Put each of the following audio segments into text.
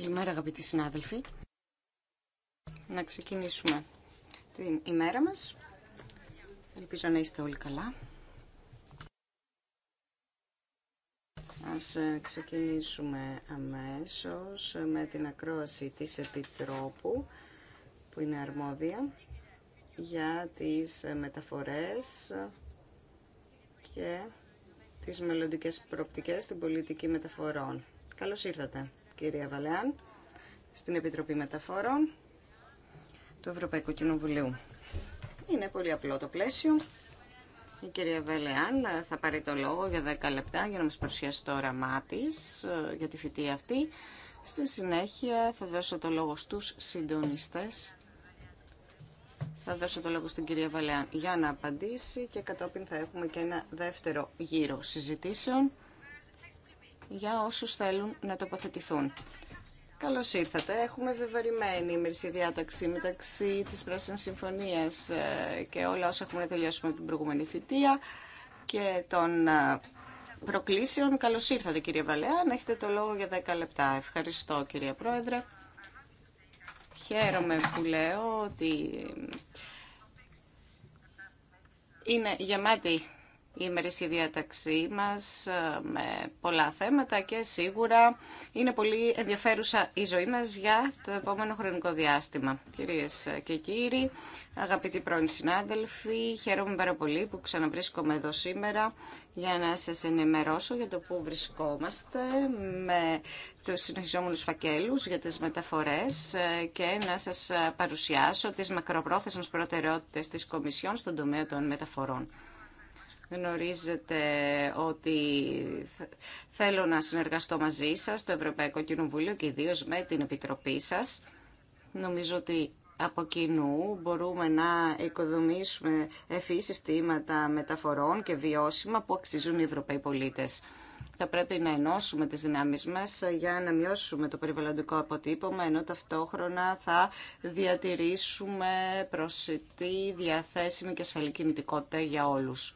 Καλημέρα αγαπητοί συνάδελφοι. Να ξεκινήσουμε την ημέρα μας. Ελπίζω να είστε όλοι καλά. Ας ε, ξεκινήσουμε αμέσως με την ακρόαση της Επιτρόπου που είναι αρμόδια για τις ε, μεταφορές και τις μελλοντικές προοπτικές στην πολιτική μεταφορών. Καλώς ήρθατε κυρία Βαλεάν, στην Επιτροπή Μεταφορών του Ευρωπαϊκού Κοινοβουλίου. Είναι πολύ απλό το πλαίσιο. Η κυρία Βαλεάν θα πάρει το λόγο για 10 λεπτά για να μας παρουσιάσει το όραμά τη ε, για τη θητεία αυτή. Στη συνέχεια θα δώσω το λόγο στους συντονιστές. Θα δώσω το λόγο στην κυρία Βαλεάν για να απαντήσει και κατόπιν θα έχουμε και ένα δεύτερο γύρο συζητήσεων για όσους θέλουν να τοποθετηθούν. Καλώς ήρθατε. Έχουμε βεβαρημένη ημερησία διάταξη μεταξύ της Πράσινης Συμφωνίας ε, και όλα όσα έχουμε τελειώσει με την προηγούμενη θητεία και των ε, προκλήσεων. Καλώς ήρθατε κύριε Βαλεάν. Έχετε το λόγο για 10 λεπτά. Ευχαριστώ κύριε Πρόεδρε. Χαίρομαι που λέω ότι είναι γεμάτη η ημερήσια διάταξή μας ε, με πολλά θέματα και σίγουρα είναι πολύ ενδιαφέρουσα η ζωή μας για το επόμενο χρονικό διάστημα. Κυρίες και κύριοι, αγαπητοί πρώην συνάδελφοι, χαίρομαι πάρα πολύ που ξαναβρίσκομαι εδώ σήμερα για να σας ενημερώσω για το που βρισκόμαστε με τους συνεχιζόμενους φακέλους για τις μεταφορές ε, και να σας παρουσιάσω τις μακροπρόθεσμες προτεραιότητες της Κομισιόν στον τομέα των μεταφορών. Γνωρίζετε ότι θέλω να συνεργαστώ μαζί σας στο Ευρωπαϊκό Κοινοβούλιο και ιδίω με την Επιτροπή σας. Νομίζω ότι από κοινού μπορούμε να οικοδομήσουμε ευφύ συστήματα μεταφορών και βιώσιμα που αξίζουν οι Ευρωπαίοι πολίτες. Θα πρέπει να ενώσουμε τις δυνάμεις μας για να μειώσουμε το περιβαλλοντικό αποτύπωμα, ενώ ταυτόχρονα θα διατηρήσουμε προσιτή, διαθέσιμη και ασφαλή κινητικότητα για όλους.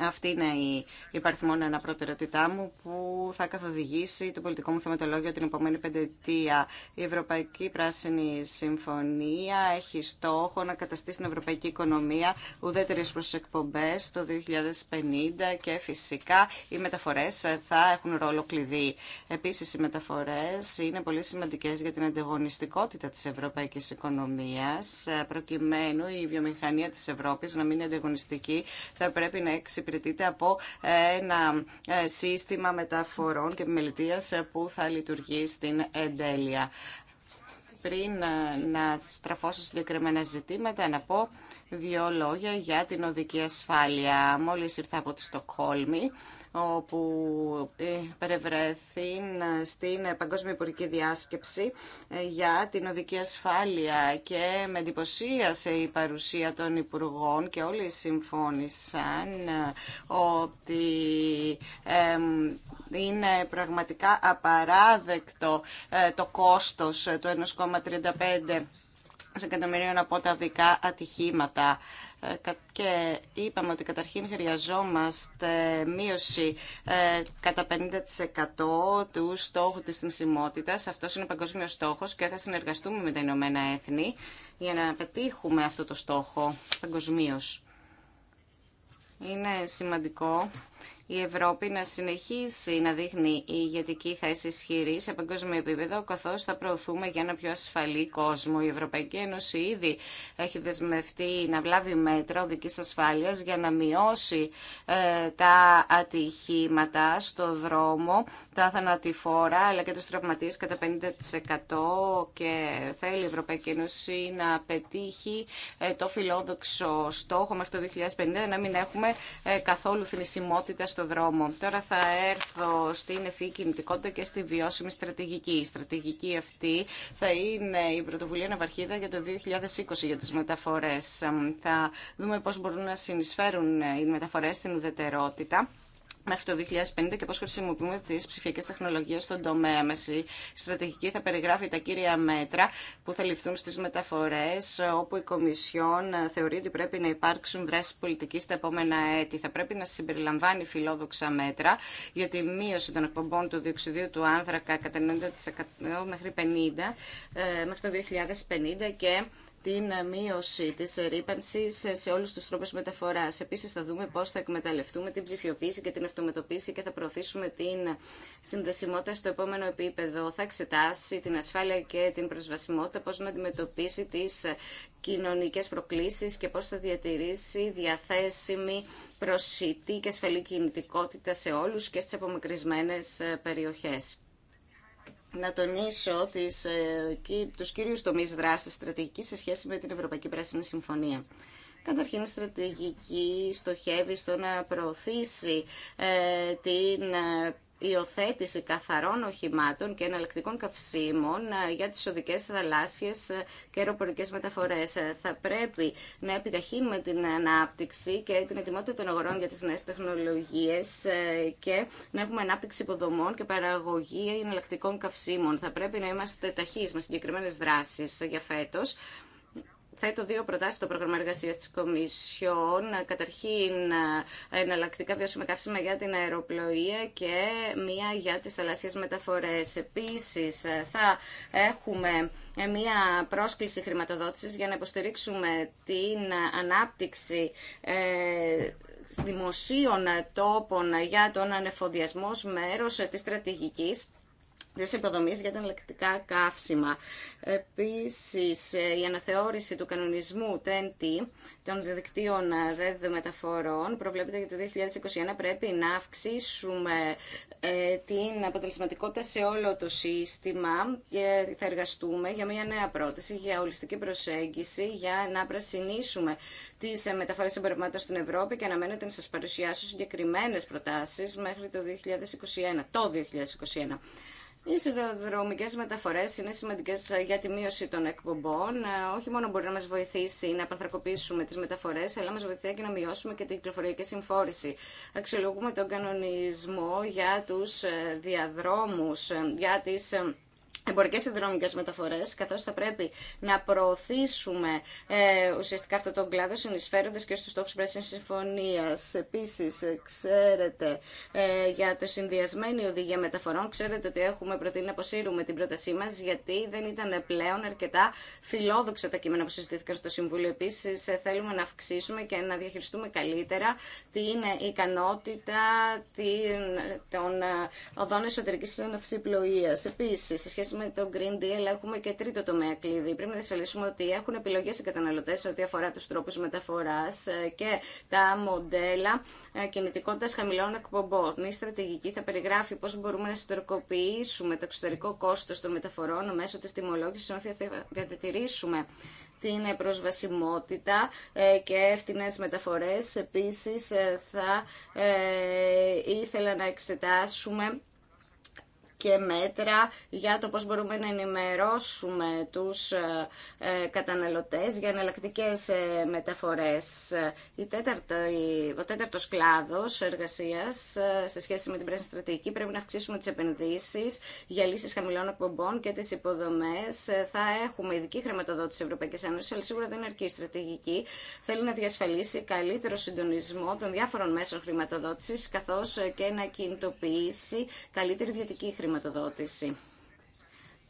Αυτή είναι η υπαριθμόν ερωτητά μου που θα καθοδηγήσει το πολιτικό μου θεματολόγιο την επόμενη πεντετία. Η Ευρωπαϊκή Πράσινη Συμφωνία έχει στόχο να καταστήσει την ευρωπαϊκή οικονομία προς προ εκπομπέ το 2050 και φυσικά οι μεταφορέ θα έχουν ρόλο κλειδί. Επίση, οι μεταφορέ είναι πολύ σημαντικέ για την ανταγωνιστικότητα τη ευρωπαϊκή οικονομία. Προκειμένου η βιομηχανία τη Ευρώπη να μην είναι ανταγωνιστική, θα πρέπει να εξυπηρετείται από ε, ένα ε, σύστημα μεταφορών και μελετίας ε, που θα λειτουργεί στην εντέλεια. Πριν να στραφώ σε συγκεκριμένα ζητήματα, να πω δύο λόγια για την οδική ασφάλεια. Μόλις ήρθα από τη Στοκχόλμη, όπου περιβρεθεί στην Παγκόσμια Υπουργική Διάσκεψη ε, για την οδική ασφάλεια και με εντυπωσίασε η παρουσία των Υπουργών και όλοι συμφώνησαν ε, ότι είναι πραγματικά απαράδεκτο ε, το κόστος του 1,35 σε εκατομμυρίων από τα δικά ατυχήματα. Ε, και είπαμε ότι καταρχήν χρειαζόμαστε μείωση ε, κατά 50% του στόχου της θνησιμότητας. Αυτός είναι ο παγκόσμιος στόχος και θα συνεργαστούμε με τα Ηνωμένα Έθνη για να πετύχουμε αυτό το στόχο παγκοσμίω. Είναι σημαντικό η Ευρώπη να συνεχίσει να δείχνει η ηγετική θέση ισχυρή σε παγκόσμιο επίπεδο, καθώ θα προωθούμε για ένα πιο ασφαλή κόσμο. Η Ευρωπαϊκή Ένωση ήδη έχει δεσμευτεί να βλάβει μέτρα οδική ασφάλεια για να μειώσει ε, τα ατυχήματα στο δρόμο, τα θανατηφόρα αλλά και του τραυματίε κατά 50% και θέλει η Ευρωπαϊκή Ένωση να πετύχει ε, το φιλόδοξο στόχο μέχρι το 2050 να μην έχουμε ε, καθόλου θνησιμότητα στο δρόμο. Τώρα θα έρθω στην ευφυή κινητικότητα και στη βιώσιμη στρατηγική. Η στρατηγική αυτή θα είναι η πρωτοβουλία Ναυαρχίδα για το 2020 για τις μεταφορές. Θα δούμε πώς μπορούν να συνεισφέρουν οι μεταφορές στην ουδετερότητα μέχρι το 2050 και πώς χρησιμοποιούμε τις ψηφιακές τεχνολογίες στον τομέα μας. Η στρατηγική θα περιγράφει τα κύρια μέτρα που θα ληφθούν στις μεταφορές, όπου η Κομισιόν θεωρεί ότι πρέπει να υπάρξουν δράσεις πολιτικής τα επόμενα έτη. Θα πρέπει να συμπεριλαμβάνει φιλόδοξα μέτρα για τη μείωση των εκπομπών του διοξιδίου του άνθρακα κατά 90% μέχρι, 50, ε, μέχρι το 2050 και την μείωση τη ρήπανση σε όλου του τρόπου μεταφορά. Επίση, θα δούμε πώ θα εκμεταλλευτούμε την ψηφιοποίηση και την αυτοματοποίηση και θα προωθήσουμε την συνδεσιμότητα στο επόμενο επίπεδο. Θα εξετάσει την ασφάλεια και την προσβασιμότητα, πώ να αντιμετωπίσει τι κοινωνικέ προκλήσει και πώ θα διατηρήσει διαθέσιμη προσιτή και ασφαλή κινητικότητα σε όλου και στι απομακρυσμένε περιοχέ να τονίσω τις, ε, τους κύριους τομείς δράσης στρατηγικής σε σχέση με την Ευρωπαϊκή Πράσινη Συμφωνία. Καταρχήν, η στρατηγική στοχεύει στο να προωθήσει ε, την ε, υιοθέτηση καθαρών οχημάτων και εναλλακτικών καυσίμων ε, για τις οδικές θαλάσσιες ε, και αεροπορικές μεταφορές. Ε, θα πρέπει να επιταχύνουμε την ανάπτυξη και την ετοιμότητα των αγορών για τις νέες τεχνολογίες και να έχουμε ανάπτυξη υποδομών και παραγωγή εναλλακτικών καυσίμων. Θα πρέπει να είμαστε ταχείς με συγκεκριμένες δράσεις για φέτος θέτω δύο προτάσει στο πρόγραμμα εργασία τη Κομισιόν. Καταρχήν, εναλλακτικά βιώσιμα καύσιμα για την αεροπλοεία και μία για τι θαλασσίε μεταφορέ. Επίση, θα έχουμε μια πρόσκληση χρηματοδότησης για να υποστηρίξουμε την ανάπτυξη ε, δημοσίων τόπων για τον ανεφοδιασμό ως μέρος της στρατηγικής της υποδομής για τα ελεκτικά καύσιμα. Επίσης, ε, η αναθεώρηση του κανονισμού TNT των διαδικτύων ε, ΔΕΔ μεταφορών προβλέπεται για το 2021 πρέπει να αυξήσουμε ε, την αποτελεσματικότητα σε όλο το σύστημα και θα εργαστούμε για μια νέα πρόταση για ολιστική προσέγγιση για να πρασινίσουμε τις μεταφορές εμπορευμάτων στην Ευρώπη και αναμένεται να σας παρουσιάσω συγκεκριμένες προτάσεις μέχρι το 2021, το 2021. Οι σιδηροδρομικέ μεταφορές είναι σημαντικές ε, για τη μείωση των εκπομπών. Ε, όχι μόνο μπορεί να μας βοηθήσει να απανθρακοποιήσουμε τις μεταφορές, αλλά μας βοηθάει και να μειώσουμε και την κυκλοφοριακή συμφόρηση. Αξιολογούμε τον κανονισμό για τους ε, διαδρόμους, για τις εμπορικές δρόμικε μεταφορέ, καθώ θα πρέπει να προωθήσουμε ε, ουσιαστικά αυτό τον κλάδο συνεισφέροντα και στου στόχους τη συμφωνία Επίση, ξέρετε ε, για το συνδυασμένη οδηγία μεταφορών, ξέρετε ότι έχουμε προτείνει να αποσύρουμε την πρότασή μα γιατί δεν ήταν πλέον αρκετά φιλόδοξα τα κείμενα που συζητήθηκαν στο Συμβούλιο. Επίσης, ε, θέλουμε να αυξήσουμε και να διαχειριστούμε καλύτερα την ε, ικανότητα ε, των οδών εσωτερική συναυσιπλοείας. Επίσης, σε με το Green Deal έχουμε και τρίτο τομέα κλειδί. Πρέπει να διασφαλίσουμε ότι έχουν επιλογέ οι καταναλωτέ ό,τι αφορά του τρόπου μεταφορά ε, και τα μοντέλα ε, κινητικότητα χαμηλών εκπομπών. Η στρατηγική θα περιγράφει πώ μπορούμε να συντορικοποιήσουμε το εξωτερικό κόστο των μεταφορών μέσω τη τιμολόγηση, ώστε θα διατηρήσουμε την προσβασιμότητα ε, και φτηνέ μεταφορέ. Επίση, θα ήθελα να εξετάσουμε και μέτρα για το πώς μπορούμε να ενημερώσουμε τους ε, ε, καταναλωτές για εναλλακτικέ ε, μεταφορές. Η τέταρτη, ο τέταρτος κλάδος εργασίας σε σχέση με την πράσινη στρατηγική πρέπει να αυξήσουμε τις επενδύσεις για λύσεις χαμηλών εκπομπών και τις υποδομές. Θα έχουμε ειδική χρηματοδότηση Ευρωπαϊκής Ένωσης, αλλά σίγουρα δεν αρκεί η στρατηγική. Θέλει να διασφαλίσει καλύτερο συντονισμό των διάφορων μέσων χρηματοδότησης, καθώς και να κινητοποιήσει καλύτερη ιδιωτική χρηματοδότηση χρηματοδότηση.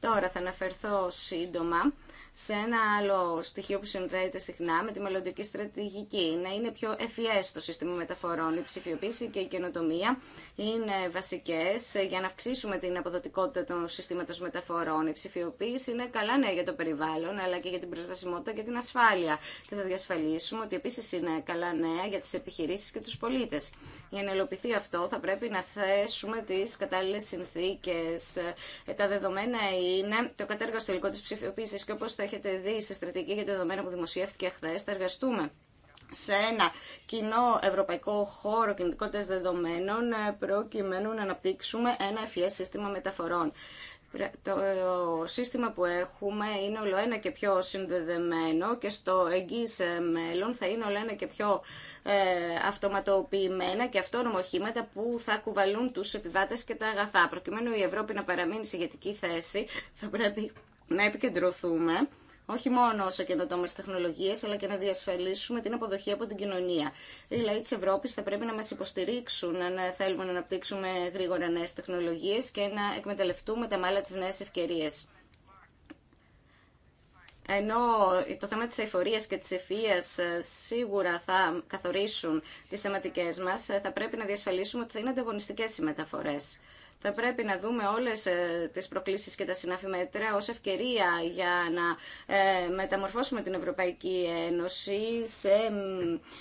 Τώρα θα αναφερθώ σύντομα σε ένα άλλο στοιχείο που συνδέεται συχνά με τη μελλοντική στρατηγική, να είναι πιο ευφυέ το σύστημα μεταφορών. Η ψηφιοποίηση και η καινοτομία είναι βασικέ για να αυξήσουμε την αποδοτικότητα των συστήματων μεταφορών. Η ψηφιοποίηση είναι καλά νέα για το περιβάλλον, αλλά και για την προσβασιμότητα και την ασφάλεια. Και θα διασφαλίσουμε ότι επίση είναι καλά νέα για τι επιχειρήσει και του πολίτε. Για να ελοπιθεί αυτό θα πρέπει να θέσουμε τι κατάλληλε συνθήκε. Ε, τα δεδομένα είναι το κατέργαστο υλικό τη ψηφιοποίηση και όπω θα έχετε δει στη στρατηγική για τα δεδομένα που δημοσιεύτηκε χθε, θα εργαστούμε σε ένα κοινό ευρωπαϊκό χώρο κινητικότητα δεδομένων ε, προκειμένου να αναπτύξουμε ένα ευφυέ σύστημα μεταφορών. Το σύστημα που έχουμε είναι όλο ένα και πιο συνδεδεμένο και στο εγγύς ε, μέλλον θα είναι όλο ένα και πιο ε, αυτοματοποιημένα και αυτόνομο οχήματα που θα κουβαλούν τους επιβάτες και τα αγαθά. Προκειμένου η Ευρώπη να παραμείνει σε ηγετική θέση θα πρέπει να επικεντρωθούμε όχι μόνο σε καινοτόμε τεχνολογίε, αλλά και να διασφαλίσουμε την αποδοχή από την κοινωνία. Οι λαοί τη Ευρώπη θα πρέπει να μα υποστηρίξουν αν θέλουμε να αναπτύξουμε γρήγορα νέε τεχνολογίε και να εκμεταλλευτούμε τα μάλλα τι νέε ευκαιρίε. Ενώ το θέμα της αηφορίας και της ευφυΐας ε, σίγουρα θα καθορίσουν τις θεματικές μας, ε, θα πρέπει να διασφαλίσουμε ότι θα είναι ανταγωνιστικές οι μεταφορές θα πρέπει να δούμε όλες ε, τις προκλήσεις και τα συνάφη μέτρα ως ευκαιρία για να ε, μεταμορφώσουμε την Ευρωπαϊκή Ένωση σε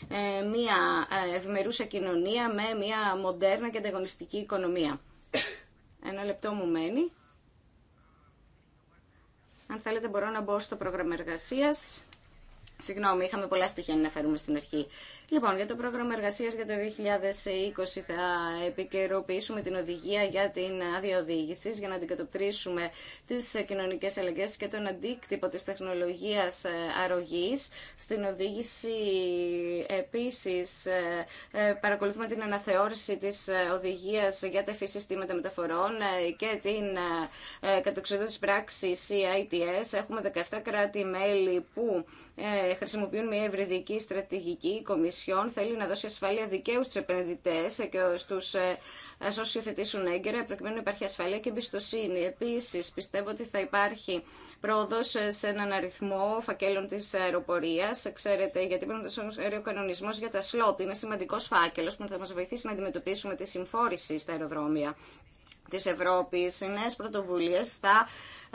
ε, μια ευημερούσα κοινωνία με μια μοντέρνα και ανταγωνιστική οικονομία. Ένα λεπτό μου μένει. Αν θέλετε μπορώ να μπω στο πρόγραμμα εργασίας. Συγγνώμη, είχαμε πολλά στοιχεία να φέρουμε στην αρχή. Λοιπόν, για το πρόγραμμα εργασία για το 2020 θα επικαιροποιήσουμε την οδηγία για την άδεια οδήγηση για να αντικατοπτρίσουμε τι κοινωνικέ αλλαγέ και τον αντίκτυπο τη τεχνολογία ε, αρρωγή στην οδήγηση. Ε, Επίση, ε, παρακολουθούμε την αναθεώρηση τη οδηγία για τα εφή συστήματα μεταφορών και την κατοξιδότηση πράξη CITS. Έχουμε 17 κράτη-μέλη που χρησιμοποιούν μια ευρυδική στρατηγική. Η θέλει να δώσει ασφάλεια δικαίου στου επενδυτέ και στους όσου ε, υιοθετήσουν έγκαιρα, προκειμένου να υπάρχει ασφαλεία και εμπιστοσύνη. Επίση, πιστεύω ότι θα υπάρχει πρόοδο ε, σε έναν αριθμό φακέλων τη αεροπορία. Ξέρετε, γιατί πρέπει να ο κανονισμό για τα σλότ. Είναι σημαντικό φάκελο που θα μα βοηθήσει να αντιμετωπίσουμε τη συμφόρηση στα αεροδρόμια της Ευρώπης, οι νέες πρωτοβουλίες θα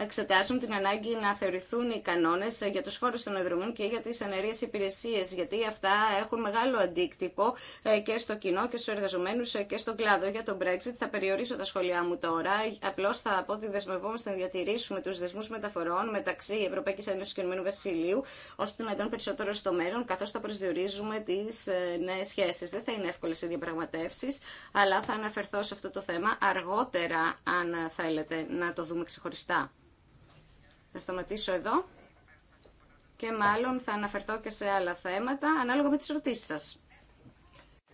εξετάσουν την ανάγκη να θεωρηθούν οι κανόνες για τους φόρους των εδρομών και για τις ανερίες υπηρεσίες, γιατί αυτά έχουν μεγάλο αντίκτυπο ε, και στο κοινό και στους εργαζομένους ε, και στον κλάδο. Για τον Brexit θα περιορίσω τα σχόλιά μου τώρα, απλώς θα πω ότι δεσμευόμαστε να διατηρήσουμε τους δεσμούς μεταφορών μεταξύ Ευρωπαϊκής Ένωσης και Ηνωμένου Βασιλείου, ώστε να ήταν περισσότερο στο μέλλον, καθώς θα προσδιορίζουμε τις ε, νέες σχέσεις. Δεν θα είναι εύκολες οι διαπραγματεύσεις, αλλά θα αναφερθώ σε αυτό το θέμα αργότερα αργότερα, αν θέλετε, να το δούμε ξεχωριστά. Θα σταματήσω εδώ και μάλλον θα αναφερθώ και σε άλλα θέματα, ανάλογα με τις ερωτήσεις σας.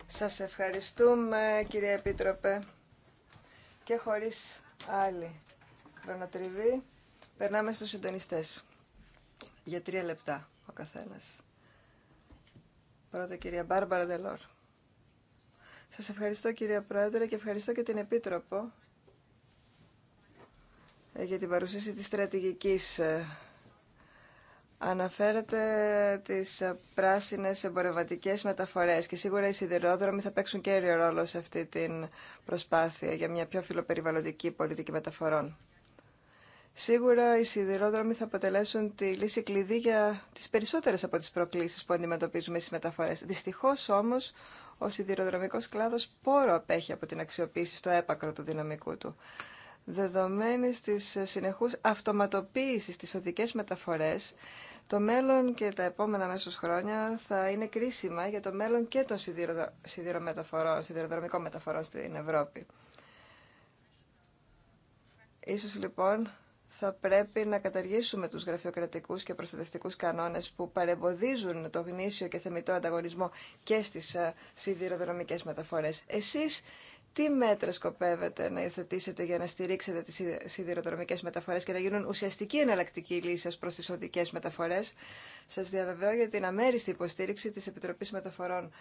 Σας ευχαριστούμε, κυρία Επίτροπε. Και χωρίς άλλη χρονοτριβή, περνάμε στους συντονιστές. Για τρία λεπτά ο καθένας. Πρώτα, κυρία Μπάρμπαρα Δελόρ. Σας ευχαριστώ, κυρία Πρόεδρε, και ευχαριστώ και την Επίτροπο για την παρουσίαση της στρατηγικής. Ε, Αναφέρατε τις ε, πράσινες εμπορευματικές μεταφορές και σίγουρα οι σιδηρόδρομοι θα παίξουν κέριο ρόλο σε αυτή την προσπάθεια για μια πιο φιλοπεριβαλλοντική πολιτική μεταφορών. Σίγουρα οι σιδηρόδρομοι θα αποτελέσουν τη λύση κλειδί για τις περισσότερες από τις προκλήσεις που αντιμετωπίζουμε στις μεταφορές. Δυστυχώς όμως ο σιδηροδρομικός κλάδος πόρο απέχει από την αξιοποίηση στο έπακρο του δυναμικού του δεδομένης της ε, συνεχούς αυτοματοποίησης της οδικές μεταφορές, το μέλλον και τα επόμενα μέσα χρόνια θα είναι κρίσιμα για το μέλλον και των σιδηρομεταφορών, σιδηροδρομικών μεταφορών στην Ευρώπη. Ίσως λοιπόν θα πρέπει να καταργήσουμε τους γραφειοκρατικούς και προστατευτικούς κανόνες που παρεμποδίζουν το γνήσιο και θεμητό ανταγωνισμό και στις ε, σιδηροδρομικές μεταφορές. Εσείς τι μέτρα σκοπεύετε να υιοθετήσετε για να στηρίξετε τις σιδηροδρομικές μεταφορές και να γίνουν ουσιαστική εναλλακτική λύση ω προς τις οδικέ μεταφορές. Σας διαβεβαιώ για την αμέριστη υποστήριξη τη Επιτροπής Μεταφορών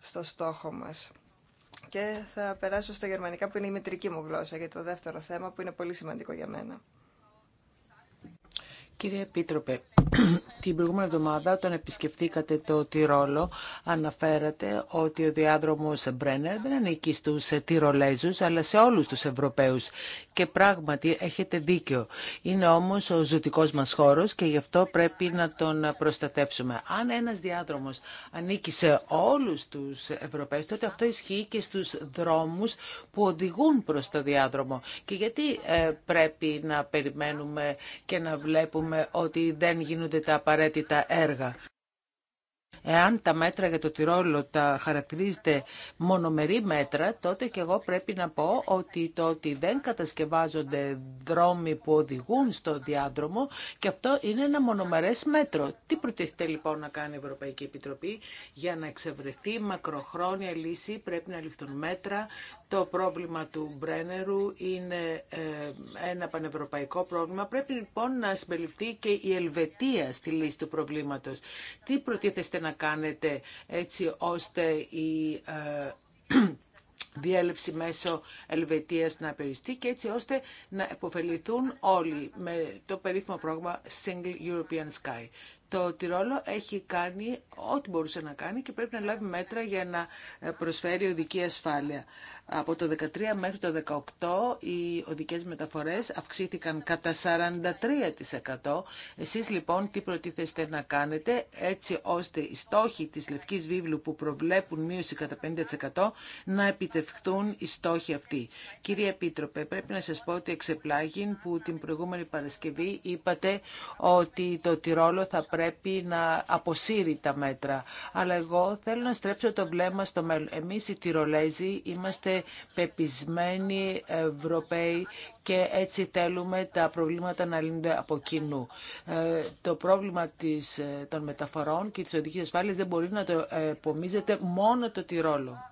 στο στόχο μας. Και θα περάσω στα γερμανικά που είναι η μετρική μου γλώσσα για το δεύτερο θέμα που είναι πολύ σημαντικό για μένα. Κύριε Επίτροπε, την προηγούμενη εβδομάδα όταν επισκεφθήκατε το Τυρόλο αναφέρατε ότι ο διάδρομος Μπρένερ δεν ανήκει στους Τυρολέζους αλλά σε όλους τους Ευρωπαίους και πράγματι έχετε δίκιο. Είναι όμως ο ζωτικός μας χώρος και γι' αυτό πρέπει να τον προστατεύσουμε. Αν ένας διάδρομος ανήκει σε όλους τους Ευρωπαίους τότε αυτό ισχύει και στους δρόμους που οδηγούν προς το διάδρομο. Και γιατί ε, πρέπει να περιμένουμε και να βλέπουμε ότι δεν γίνονται τα απαραίτητα έργα. Εάν τα μέτρα για το Τυρόλο τα χαρακτηρίζεται μονομερή μέτρα, τότε και εγώ πρέπει να πω ότι το ότι δεν κατασκευάζονται δρόμοι που οδηγούν στο διάδρομο και αυτό είναι ένα μονομερές μέτρο. Τι προτίθεται λοιπόν να κάνει η Ευρωπαϊκή Επιτροπή για να εξευρεθεί μακροχρόνια λύση, πρέπει να ληφθούν μέτρα. Το πρόβλημα του Μπρένερου είναι ε, ένα πανευρωπαϊκό πρόβλημα. Πρέπει λοιπόν να συμπεριληφθεί και η Ελβετία στη λύση του προβλήματος. Τι προτίθεστε να κάνετε έτσι ώστε η ε, διέλευση μέσω Ελβετίας να περιστεί και έτσι ώστε να επωφεληθούν όλοι με το περίφημο πρόγραμμα Single European Sky το Τυρόλο έχει κάνει ό,τι μπορούσε να κάνει και πρέπει να λάβει μέτρα για να προσφέρει οδική ασφάλεια. Από το 2013 μέχρι το 2018 οι οδικές μεταφορές αυξήθηκαν κατά 43%. Εσείς λοιπόν τι προτίθεστε να κάνετε έτσι ώστε οι στόχοι της Λευκής Βίβλου που προβλέπουν μείωση κατά 50% να επιτευχθούν οι στόχοι αυτοί. Κύριε Επίτροπε, πρέπει να σας πω ότι εξεπλάγει που την προηγούμενη Παρασκευή είπατε ότι το Τυρόλο θα πρέπει να αποσύρει τα μέτρα. Αλλά εγώ θέλω να στρέψω το βλέμμα στο μέλλον. Εμείς οι Τυρολέζοι είμαστε πεπισμένοι Ευρωπαίοι και έτσι θέλουμε τα προβλήματα να λύνονται από κοινού. Ε, το πρόβλημα της, ε, των μεταφορών και της οδικής ασφάλεια δεν μπορεί να το επομίζεται μόνο το Τυρόλο.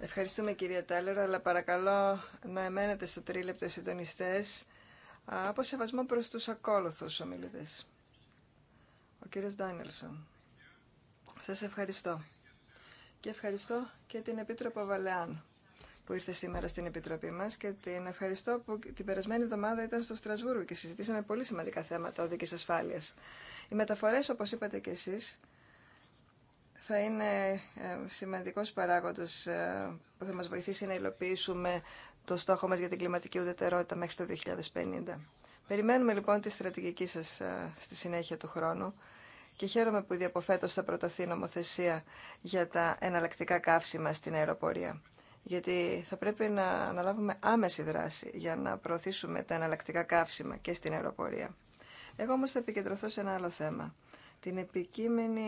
Ευχαριστούμε κυρία Τάλερα, αλλά παρακαλώ να εμένετε στο τρίλεπτο συντονιστέ. από σεβασμό προς τους ακόλουθους ομιλητές κύριος Ντάνιλσον. Σας ευχαριστώ. Και ευχαριστώ και την Επίτροπο Βαλεάν που ήρθε σήμερα στην Επιτροπή μας και την ευχαριστώ που την περασμένη εβδομάδα ήταν στο Στρασβούργο και συζητήσαμε πολύ σημαντικά θέματα οδικής ασφάλειας. Οι μεταφορές, όπως είπατε και εσείς, θα είναι ε, σημαντικός παράγοντος ε, που θα μας βοηθήσει να υλοποιήσουμε το στόχο μας για την κλιματική ουδετερότητα μέχρι το 2050. Περιμένουμε λοιπόν τη στρατηγική σας ε, στη συνέχεια του χρόνου και χαίρομαι που ήδη από φέτος θα προταθεί νομοθεσία για τα εναλλακτικά καύσιμα στην αεροπορία. Γιατί θα πρέπει να αναλάβουμε άμεση δράση για να προωθήσουμε τα εναλλακτικά καύσιμα και στην αεροπορία. Εγώ όμως θα επικεντρωθώ σε ένα άλλο θέμα. Την επικείμενη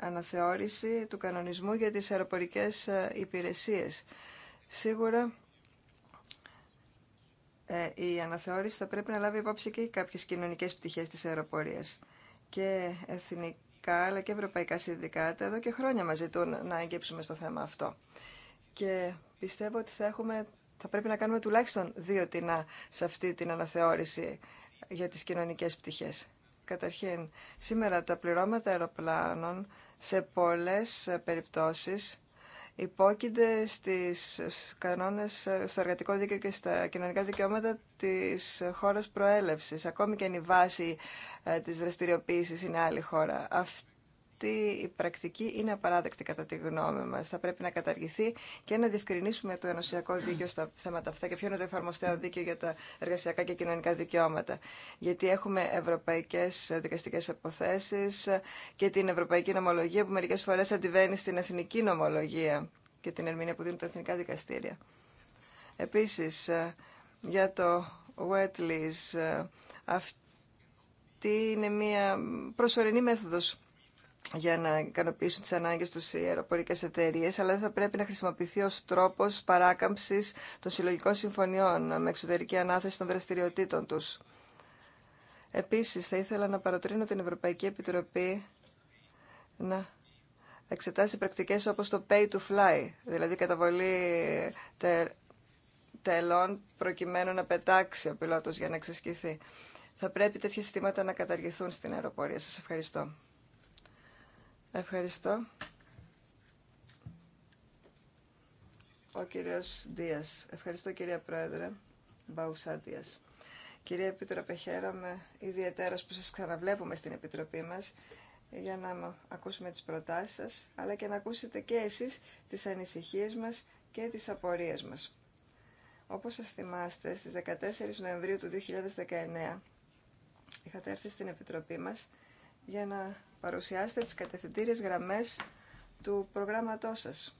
αναθεώρηση του κανονισμού για τις αεροπορικές ε, υπηρεσίες. Σίγουρα ε, η αναθεώρηση θα πρέπει να λάβει υπόψη και κάποιες κοινωνικές πτυχές της αεροπορίας και εθνικά αλλά και ευρωπαϊκά συνδικάτα εδώ και χρόνια μας ζητούν να εγκύψουμε στο θέμα αυτό. Και πιστεύω ότι θα, έχουμε, πρέπει να κάνουμε τουλάχιστον δύο τεινά σε αυτή την αναθεώρηση για τις κοινωνικές πτυχές. Καταρχήν, σήμερα τα πληρώματα αεροπλάνων σε πολλές περιπτώσεις υπόκεινται στις κανόνες, στο εργατικό δίκαιο και στα κοινωνικά δικαιώματα της χώρας προέλευσης, ακόμη και αν η βάση ε, της δραστηριοποίησης είναι άλλη χώρα αυτή η πρακτική είναι απαράδεκτη κατά τη γνώμη μας. Θα πρέπει να καταργηθεί και να διευκρινίσουμε το ενωσιακό δίκαιο στα θέματα αυτά και ποιο είναι το εφαρμοστέο δίκαιο για τα εργασιακά και κοινωνικά δικαιώματα. Γιατί έχουμε ευρωπαϊκές δικαστικές αποθέσεις και την ευρωπαϊκή νομολογία που μερικές φορές αντιβαίνει στην εθνική νομολογία και την ερμηνεία που δίνουν τα εθνικά δικαστήρια. Επίση, για το wet αυτή είναι μια προσωρινή μέθοδος για να ικανοποιήσουν τις ανάγκες του οι αεροπορικές εταιρείε, αλλά δεν θα πρέπει να χρησιμοποιηθεί ως τρόπος παράκαμψης των συλλογικών συμφωνιών με εξωτερική ανάθεση των δραστηριοτήτων τους. Επίσης, θα ήθελα να παροτρύνω την Ευρωπαϊκή Επιτροπή να εξετάσει πρακτικές όπως το pay to fly, δηλαδή καταβολή τελών προκειμένου να πετάξει ο πιλότος για να εξασκηθεί. Θα πρέπει τέτοια συστήματα να καταργηθούν στην αεροπορία. Σας ευχαριστώ. Ευχαριστώ. Ο κύριος Δίας. Ευχαριστώ κυρία Πρόεδρε Μπαουσά Δίας. Κυρία Επίτροπε, χαίρομαι ιδιαίτερα που σας ξαναβλέπουμε στην Επιτροπή μας για να ακούσουμε τις προτάσεις σας, αλλά και να ακούσετε και εσείς τις ανησυχίες μας και τις απορίες μας. Όπως σας θυμάστε, στις 14 Νοεμβρίου του 2019 είχατε έρθει στην Επιτροπή μας για να Παρουσιάστε τις κατευθυντήριες γραμμές του προγράμματός σας.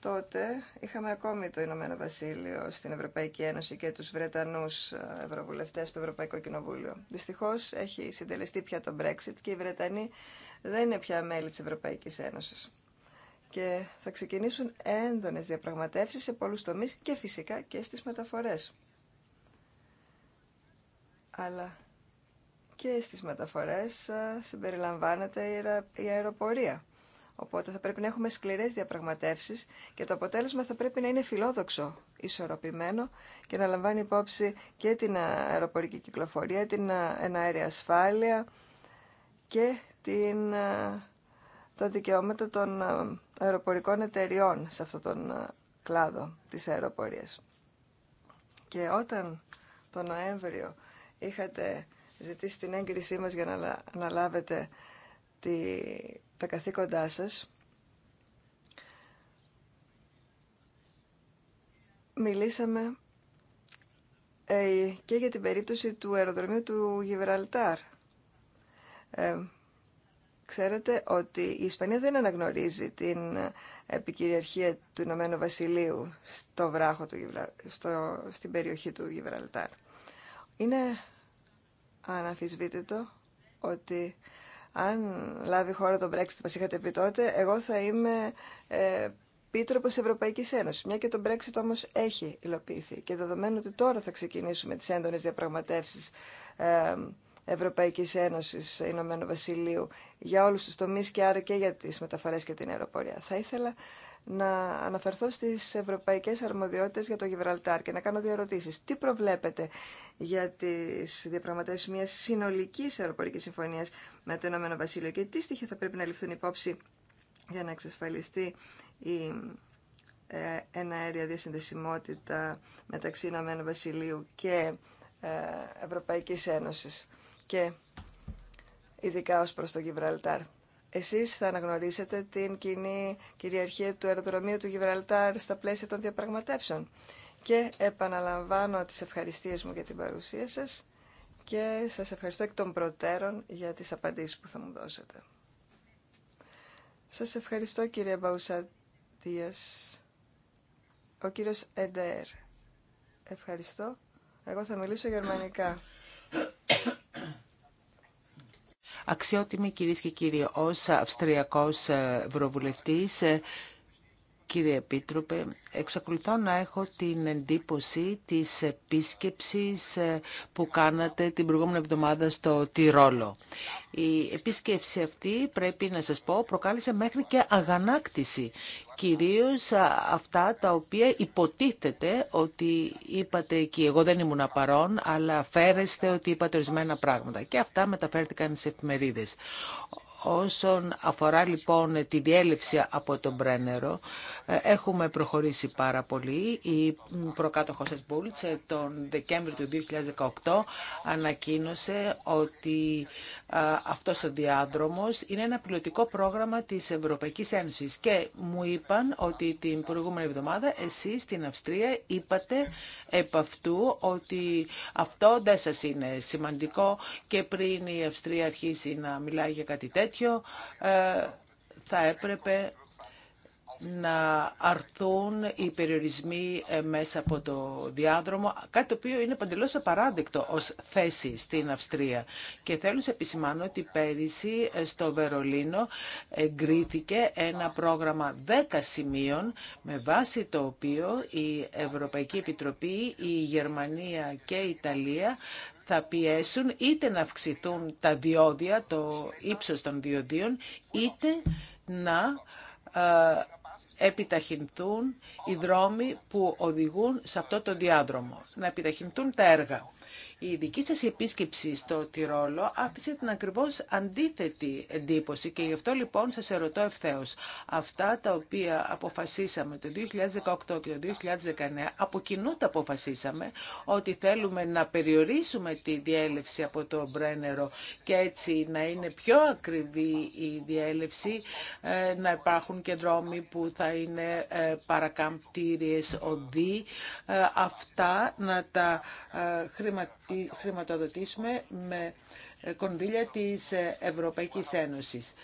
Τότε είχαμε ακόμη το Ηνωμένο Βασίλειο στην Ευρωπαϊκή Ένωση και τους Βρετανούς ε, Ευρωβουλευτές στο Ευρωπαϊκό Κοινοβούλιο. Δυστυχώς έχει συντελεστεί πια το Brexit και οι Βρετανοί δεν είναι πια μέλη της Ευρωπαϊκής Ένωσης. Και θα ξεκινήσουν έντονες διαπραγματεύσεις σε πολλούς τομείς και φυσικά και στις μεταφορές. Αλλά και στις μεταφορές ε, συμπεριλαμβάνεται η αεροπορία. Οπότε θα πρέπει να έχουμε σκληρές διαπραγματεύσεις και το αποτέλεσμα θα πρέπει να είναι φιλόδοξο, ισορροπημένο και να λαμβάνει υπόψη και την αεροπορική κυκλοφορία, την εναέρια ασφάλεια και την, ε, τα δικαιώματα των ε, αεροπορικών εταιριών σε αυτόν τον κλάδο της αεροπορίας. Και όταν το Νοέμβριο είχατε ζητήσει την έγκρισή μας για να αναλάβετε τη, τα καθήκοντά σας. Μιλήσαμε ε, και για την περίπτωση του αεροδρομίου του Γιβραλτάρ. Ε, ξέρετε ότι η Ισπανία δεν αναγνωρίζει την επικυριαρχία του Ηνωμένου Βασιλείου στο βράχο του στο... στην περιοχή του Γιβραλτάρ. Είναι το, ότι αν λάβει χώρα το Brexit, μα είχατε πει τότε, εγώ θα είμαι ε, πίτροπος Ευρωπαϊκής Ένωσης. Μια και το Brexit όμως έχει υλοποιηθεί. Και δεδομένου ότι τώρα θα ξεκινήσουμε τις έντονε διαπραγματεύσεις ε, Ευρωπαϊκής Ένωσης Ηνωμένου Βασιλείου για όλους τους τομεί και άρα και για τις μεταφορές και την αεροπορία. Θα ήθελα να αναφερθώ στις ευρωπαϊκές αρμοδιότητες για το Γιβραλτάρ και να κάνω δύο ερωτήσεις. Τι προβλέπετε για τις διαπραγματεύσεις μιας συνολικής αεροπορικής συμφωνίας με το Ηνωμένο Βασίλειο και τι στοιχεία θα πρέπει να ληφθούν υπόψη για να εξασφαλιστεί η εναέρια διασυνδεσιμότητα μεταξύ Ηνωμένου Βασιλείου και ε, Ευρωπαϊκής Ένωσης και ειδικά ως προς το Γιβραλτάρ. Εσείς θα αναγνωρίσετε την κοινή κυριαρχία του αεροδρομίου του Γιβραλτάρ στα πλαίσια των διαπραγματεύσεων. Και επαναλαμβάνω τις ευχαριστίες μου για την παρουσία σας και σας ευχαριστώ εκ των προτέρων για τις απαντήσεις που θα μου δώσετε. Σας ευχαριστώ κύριε Μπαουσαντίας. Ο κύριος Εντέρ. Ευχαριστώ. Εγώ θα μιλήσω γερμανικά. Αξιότιμοι κυρίες και κύριοι, ως Αυστριακός ε, Ευρωβουλευτής ε, Κύριε Επίτροπε, εξακολουθώ να έχω την εντύπωση της επίσκεψης ε, που κάνατε την προηγούμενη εβδομάδα στο Τιρόλο. Η επίσκεψη αυτή, πρέπει να σας πω, προκάλεσε μέχρι και αγανάκτηση. Κυρίως αυτά τα οποία υποτίθεται ότι είπατε εκεί. Εγώ δεν ήμουν παρόν, αλλά φέρεστε ότι είπατε ορισμένα πράγματα. Και αυτά μεταφέρθηκαν σε εφημερίδες. Όσον αφορά λοιπόν τη διέλευση από τον Μπρένερο, ε, έχουμε προχωρήσει πάρα πολύ. Η προκάτοχος της Μπούλτς ε, τον Δεκέμβριο του 2018 ανακοίνωσε ότι ε, αυτός ο διάδρομος είναι ένα πιλωτικό πρόγραμμα της Ευρωπαϊκής Ένωσης και μου είπαν ότι την προηγούμενη εβδομάδα εσείς στην Αυστρία είπατε επ' αυτού ότι αυτό δεν σας είναι σημαντικό και πριν η Αυστρία αρχίσει να μιλάει για κάτι τέτοιο τέτοιο ε, θα έπρεπε να αρθούν οι περιορισμοί ε, μέσα από το διάδρομο, κάτι το οποίο είναι παντελώς απαράδεκτο ως θέση στην Αυστρία. Και θέλω να επισημάνω ότι πέρυσι ε, στο Βερολίνο εγκρίθηκε ένα πρόγραμμα 10 σημείων με βάση το οποίο η Ευρωπαϊκή Επιτροπή, η Γερμανία και η Ιταλία θα πιέσουν είτε να αυξηθούν τα διόδια, το ύψος των διοδίων, είτε να επιταχυνθούν οι δρόμοι που οδηγούν σε αυτό το διάδρομο, να επιταχυνθούν τα έργα. Η δική σας επίσκεψη στο Τυρόλο άφησε την ακριβώς αντίθετη εντύπωση και γι' αυτό λοιπόν σας ερωτώ ευθέως. Αυτά τα οποία αποφασίσαμε το 2018 και το 2019, από κοινού τα αποφασίσαμε ότι θέλουμε να περιορίσουμε τη διέλευση από το Μπρένερο και έτσι να είναι πιο ακριβή η διέλευση, ε, να υπάρχουν και δρόμοι που θα είναι ε, παρακαμπτήριες οδοί, ε, αυτά να τα χρηματοδοτήσουμε χρηματοδοτήσουμε με κονδύλια της Ευρωπαϊκής Ένωσης.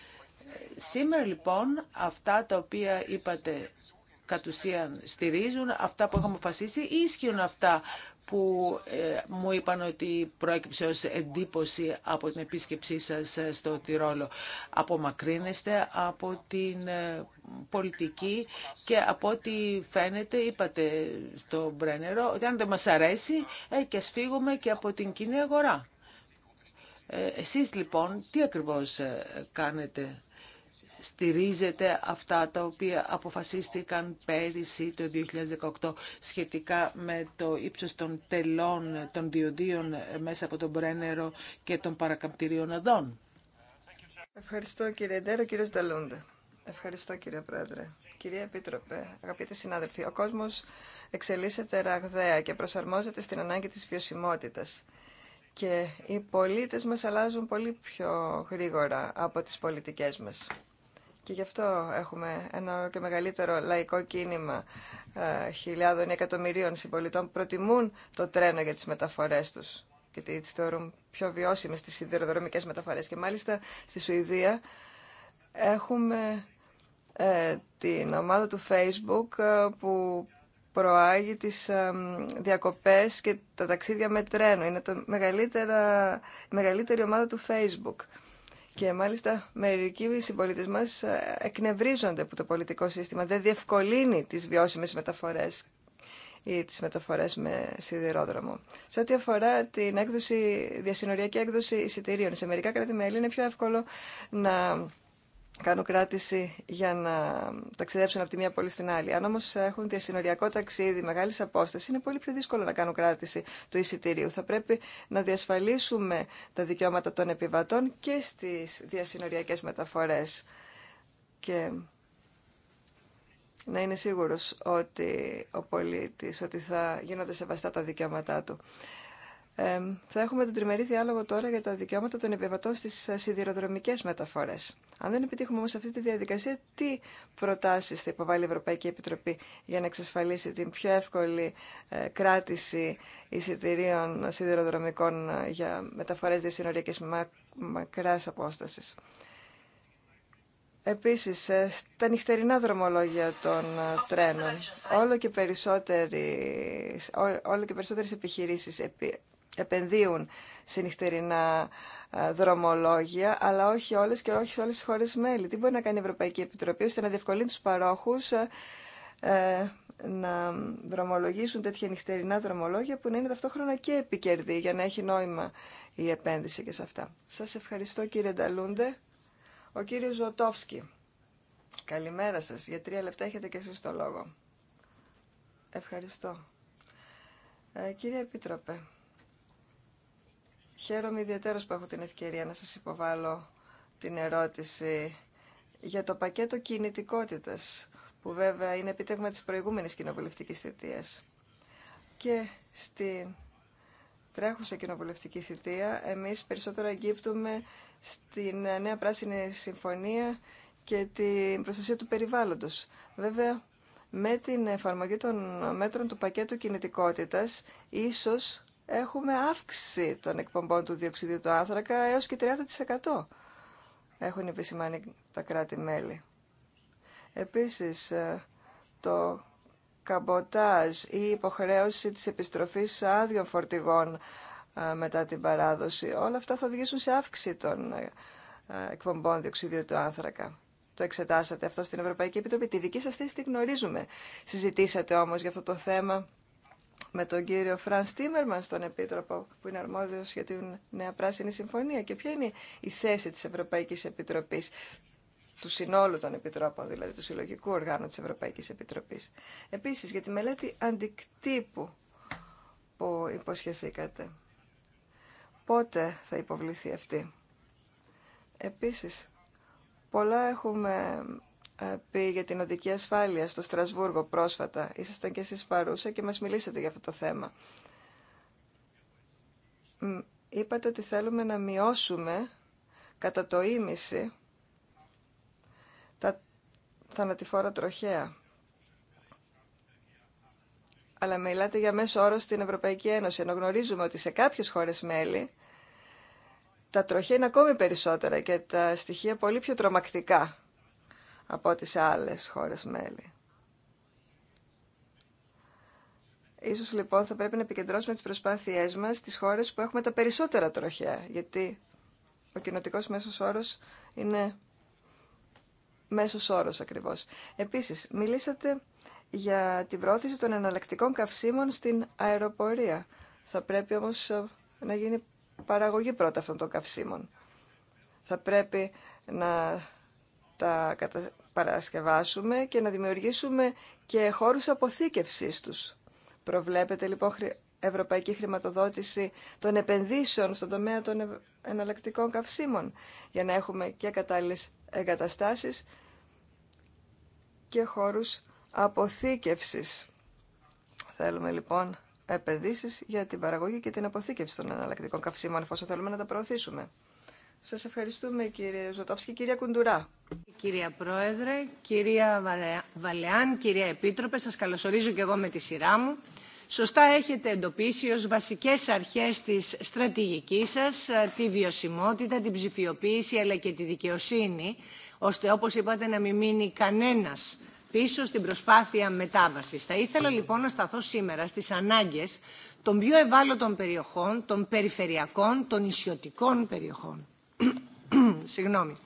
Σήμερα λοιπόν αυτά τα οποία είπατε κατ' ουσίαν στηρίζουν αυτά που έχουμε αποφασίσει ή ισχύουν αυτά που ε, μου είπαν ότι προέκυψε ως εντύπωση από την επίσκεψή σας ε, στο Τυρόλο. Απομακρύνεστε από την ε, πολιτική και από ό,τι φαίνεται, είπατε στο Μπρένερο, ότι αν δεν μας αρέσει, ε, και ας φύγουμε και από την κοινή αγορά. Ε, εσείς λοιπόν, τι ακριβώς κάνετε στηρίζεται αυτά τα οποία αποφασίστηκαν πέρυσι το 2018 σχετικά με το ύψος των τελών των διοδίων μέσα από τον Πρένερο και των παρακαμπτηρίων αδών. Ευχαριστώ κύριε Ντέρο, κύριε Σταλούντα. Ευχαριστώ κύριε Πρόεδρε. Κυρία Επίτροπε, αγαπητοί συνάδελφοι, ο κόσμος εξελίσσεται ραγδαία και προσαρμόζεται στην ανάγκη της βιωσιμότητας. Και οι πολίτες μας αλλάζουν πολύ πιο γρήγορα από τις πολιτικές μας. Και γι' αυτό έχουμε ένα και μεγαλύτερο λαϊκό κίνημα ε, χιλιάδων ή εκατομμυρίων συμπολιτών που προτιμούν το τρένο για τις μεταφορές τους και τις θεωρούν πιο βιώσιμες τις σιδηροδρομικές μεταφορές. Και μάλιστα στη Σουηδία έχουμε ε, την ομάδα του Facebook ε, που προάγει τις ε, διακοπές και τα ταξίδια με τρένο. Είναι το μεγαλύτερα, η μεγαλύτερη ομάδα του Facebook. Και μάλιστα μερικοί συμπολίτε μα ε, εκνευρίζονται που το πολιτικό σύστημα δεν διευκολύνει τι βιώσιμε μεταφορέ ή τις μεταφορές με σιδηρόδρομο. Σε ό,τι αφορά την έκδοση, διασυνοριακή έκδοση εισιτηρίων, σε μερικά κράτη-μέλη είναι πιο εύκολο να κάνουν κράτηση για να ταξιδέψουν από τη μία πόλη στην άλλη. Αν όμω έχουν διασυνοριακό ταξίδι μεγάλη απόσταση, είναι πολύ πιο δύσκολο να κάνουν κράτηση του εισιτηρίου. Θα πρέπει να διασφαλίσουμε τα δικαιώματα των επιβατών και στι διασυνοριακέ μεταφορέ. Και να είναι σίγουρος ότι ο πολίτης, ότι θα γίνονται σεβαστά τα δικαιώματά του θα έχουμε τον τριμερή διάλογο τώρα για τα δικαιώματα των επιβατών στι ε, σιδηροδρομικές μεταφορέ. Αν δεν επιτύχουμε όμω αυτή τη διαδικασία, τι προτάσει θα υποβάλει η Ευρωπαϊκή Επιτροπή για να εξασφαλίσει την πιο εύκολη ε, κράτηση εισιτηρίων σιδηροδρομικών ε, για μεταφορές διασυνοριακής μακράς απόστασης. Επίσης, τα νυχτερινά δρομολόγια των τρένων, όλο και περισσότερες, επιχειρήσει. και επενδύουν σε νυχτερινά δρομολόγια, αλλά όχι όλες και όχι σε όλες τις χώρες μέλη. Τι μπορεί να κάνει η Ευρωπαϊκή Επιτροπή ώστε να διευκολύνει τους παρόχους ε, να δρομολογήσουν τέτοια νυχτερινά δρομολόγια που να είναι ταυτόχρονα και επικερδή για να έχει νόημα η επένδυση και σε αυτά. Σας ευχαριστώ κύριε Νταλούντε. Ο κύριο Ζωτόφσκι. Καλημέρα σα Για τρία λεπτά έχετε και εσεί το λόγο. Ευχαριστώ. Ε, κύριε Επίτροπε, Χαίρομαι ιδιαίτερα που έχω την ευκαιρία να σας υποβάλω την ερώτηση για το πακέτο κινητικότητας, που βέβαια είναι επιτεύγμα της προηγούμενης κοινοβουλευτικής θητείας. Και στην τρέχουσα κοινοβουλευτική θητεία, εμείς περισσότερο αγγίπτουμε στην Νέα Πράσινη Συμφωνία και την προστασία του περιβάλλοντος. Βέβαια, με την εφαρμογή των μέτρων του πακέτου κινητικότητας, ίσως έχουμε αύξηση των εκπομπών του διοξιδίου του άνθρακα έως και 30% έχουν επισημάνει τα κράτη-μέλη. Επίσης, ε, το καμποτάζ ή η υποχρέωση της επιστροφής άδειων φορτηγών ε, μετά την παράδοση, όλα αυτά θα οδηγήσουν σε αύξηση των ε, εκπομπών διοξιδίου του άνθρακα. Το εξετάσατε αυτό στην Ευρωπαϊκή Επιτροπή. Τη δική σας θέση τη γνωρίζουμε. Συζητήσατε όμως για αυτό το θέμα με τον κύριο Φραν Τίμερμαν στον Επίτροπο που είναι αρμόδιος για την Νέα Πράσινη Συμφωνία και ποια είναι η θέση της Ευρωπαϊκής Επιτροπής του συνόλου των επιτρόπων, δηλαδή του συλλογικού οργάνου της Ευρωπαϊκής Επιτροπής. Επίσης, για τη μελέτη αντικτύπου που υποσχεθήκατε. Πότε θα υποβληθεί αυτή. Επίσης, πολλά έχουμε Πήγε για την οδική ασφάλεια στο Στρασβούργο πρόσφατα. Ήσασταν και εσείς παρούσα και μας μιλήσατε για αυτό το θέμα. Είπατε ότι θέλουμε να μειώσουμε κατά το ίμιση τα θανατηφόρα τροχέα. Αλλά μιλάτε για μέσο όρο στην Ευρωπαϊκή Ένωση, ενώ γνωρίζουμε ότι σε κάποιες χώρες μέλη τα τροχέα είναι ακόμη περισσότερα και τα στοιχεία πολύ πιο τρομακτικά από τις άλλες χώρες μέλη. Ίσως λοιπόν θα πρέπει να επικεντρώσουμε τις προσπάθειές μας στις χώρες που έχουμε τα περισσότερα τροχιά, γιατί ο κοινοτικός μέσος όρος είναι μέσος όρος ακριβώς. Επίσης, μιλήσατε για την πρόθεση των εναλλακτικών καυσίμων στην αεροπορία. Θα πρέπει όμως ε, να γίνει παραγωγή πρώτα αυτών των καυσίμων. Θα πρέπει να τα παρασκευάσουμε και να δημιουργήσουμε και χώρους αποθήκευσής τους. Προβλέπετε λοιπόν ευρωπαϊκή χρηματοδότηση των επενδύσεων στον τομέα των εναλλακτικών καυσίμων για να έχουμε και κατάλληλες εγκαταστάσεις και χώρους αποθήκευσης. Θέλουμε λοιπόν επενδύσεις για την παραγωγή και την αποθήκευση των εναλλακτικών καυσίμων εφόσον θέλουμε να τα προωθήσουμε. Σας ευχαριστούμε κύριε Ζωτόφσκη. Κυρία Κουντουρά. Κυρία Πρόεδρε, κυρία Βαλεάν, κυρία Επίτροπε, σας καλωσορίζω και εγώ με τη σειρά μου. Σωστά έχετε εντοπίσει ως βασικές αρχές της στρατηγικής σας ε, τη βιωσιμότητα, την ψηφιοποίηση αλλά και τη δικαιοσύνη, ώστε όπως είπατε να μην μείνει κανένας πίσω στην προσπάθεια μετάβασης. Θα ήθελα λοιπόν να σταθώ σήμερα στις ανάγκες των πιο ευάλωτων περιοχών, των περιφερειακών, των ισιωτικών περιοχών Συγγνώμη.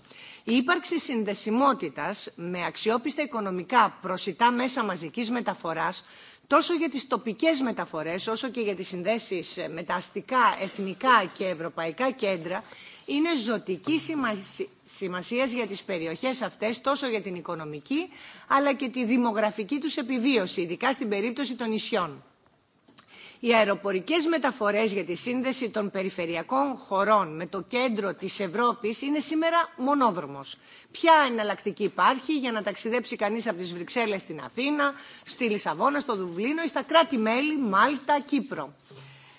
Η ύπαρξη συνδεσιμότητας με αξιόπιστα οικονομικά προσιτά μέσα μαζικής μεταφοράς τόσο για τις τοπικές μεταφορές όσο και για τις συνδέσεις με τα αστικά, εθνικά και ευρωπαϊκά κέντρα είναι ζωτική σημασία για τις περιοχές αυτές τόσο για την οικονομική αλλά και τη δημογραφική τους επιβίωση, ειδικά στην περίπτωση των νησιών οι αεροπορικές μεταφορές για τη σύνδεση των περιφερειακών χωρών με το κέντρο της Ευρώπης είναι σήμερα μονόδρομος. Ποια εναλλακτική υπάρχει για να ταξιδέψει κανείς από τις Βρυξέλλες στην Αθήνα, στη Λισαβόνα, στο Δουβλίνο ή στα κράτη-μέλη Μάλτα, Κύπρο.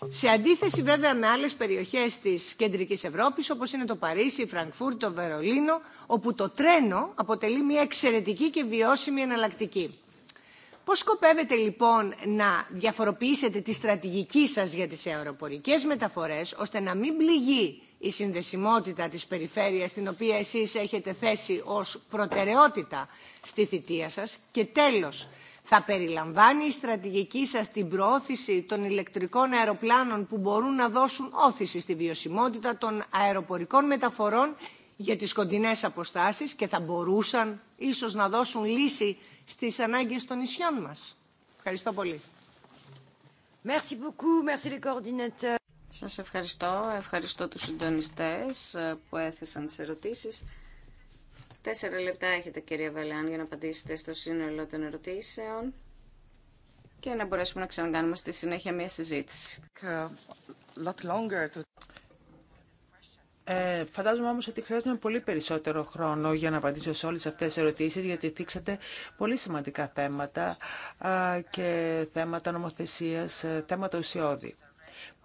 Σε αντίθεση βέβαια με άλλες περιοχές της κεντρικής Ευρώπης όπως είναι το Παρίσι, η Φραγκφούρτη, το Βερολίνο όπου το τρένο αποτελεί μια εξαιρετική και βιώσιμη εναλλακτική. Πώς σκοπεύετε λοιπόν να διαφοροποιήσετε τη στρατηγική σας για τις αεροπορικές μεταφορές, ώστε να μην πληγεί η συνδεσιμότητα της περιφέρειας, την οποία εσείς έχετε θέσει ως προτεραιότητα στη θητεία σας. Και τέλος, θα περιλαμβάνει η στρατηγική σας την προώθηση των ηλεκτρικών αεροπλάνων που μπορούν να δώσουν όθηση στη βιωσιμότητα των αεροπορικών μεταφορών για τις κοντινές αποστάσεις και θα μπορούσαν ίσως να δώσουν λύση στις ανάγκες των νησιών μας. Ευχαριστώ πολύ. Merci beaucoup, merci les coordinateurs. Σας ευχαριστώ. Ευχαριστώ τους συντονιστές ε, που έθεσαν τις ερωτήσεις. Τέσσερα λεπτά έχετε κυρία Βελάν για να απαντήσετε στο σύνολο των ερωτήσεων και να μπορέσουμε να ξανακάνουμε στη συνέχεια μια συζήτηση. Ε, φαντάζομαι όμως ότι χρειάζομαι πολύ περισσότερο χρόνο για να απαντήσω σε όλες αυτές τις ερωτήσεις γιατί θίξατε πολύ σημαντικά θέματα και θέματα νομοθεσίας, ε, θέματα ουσιώδη.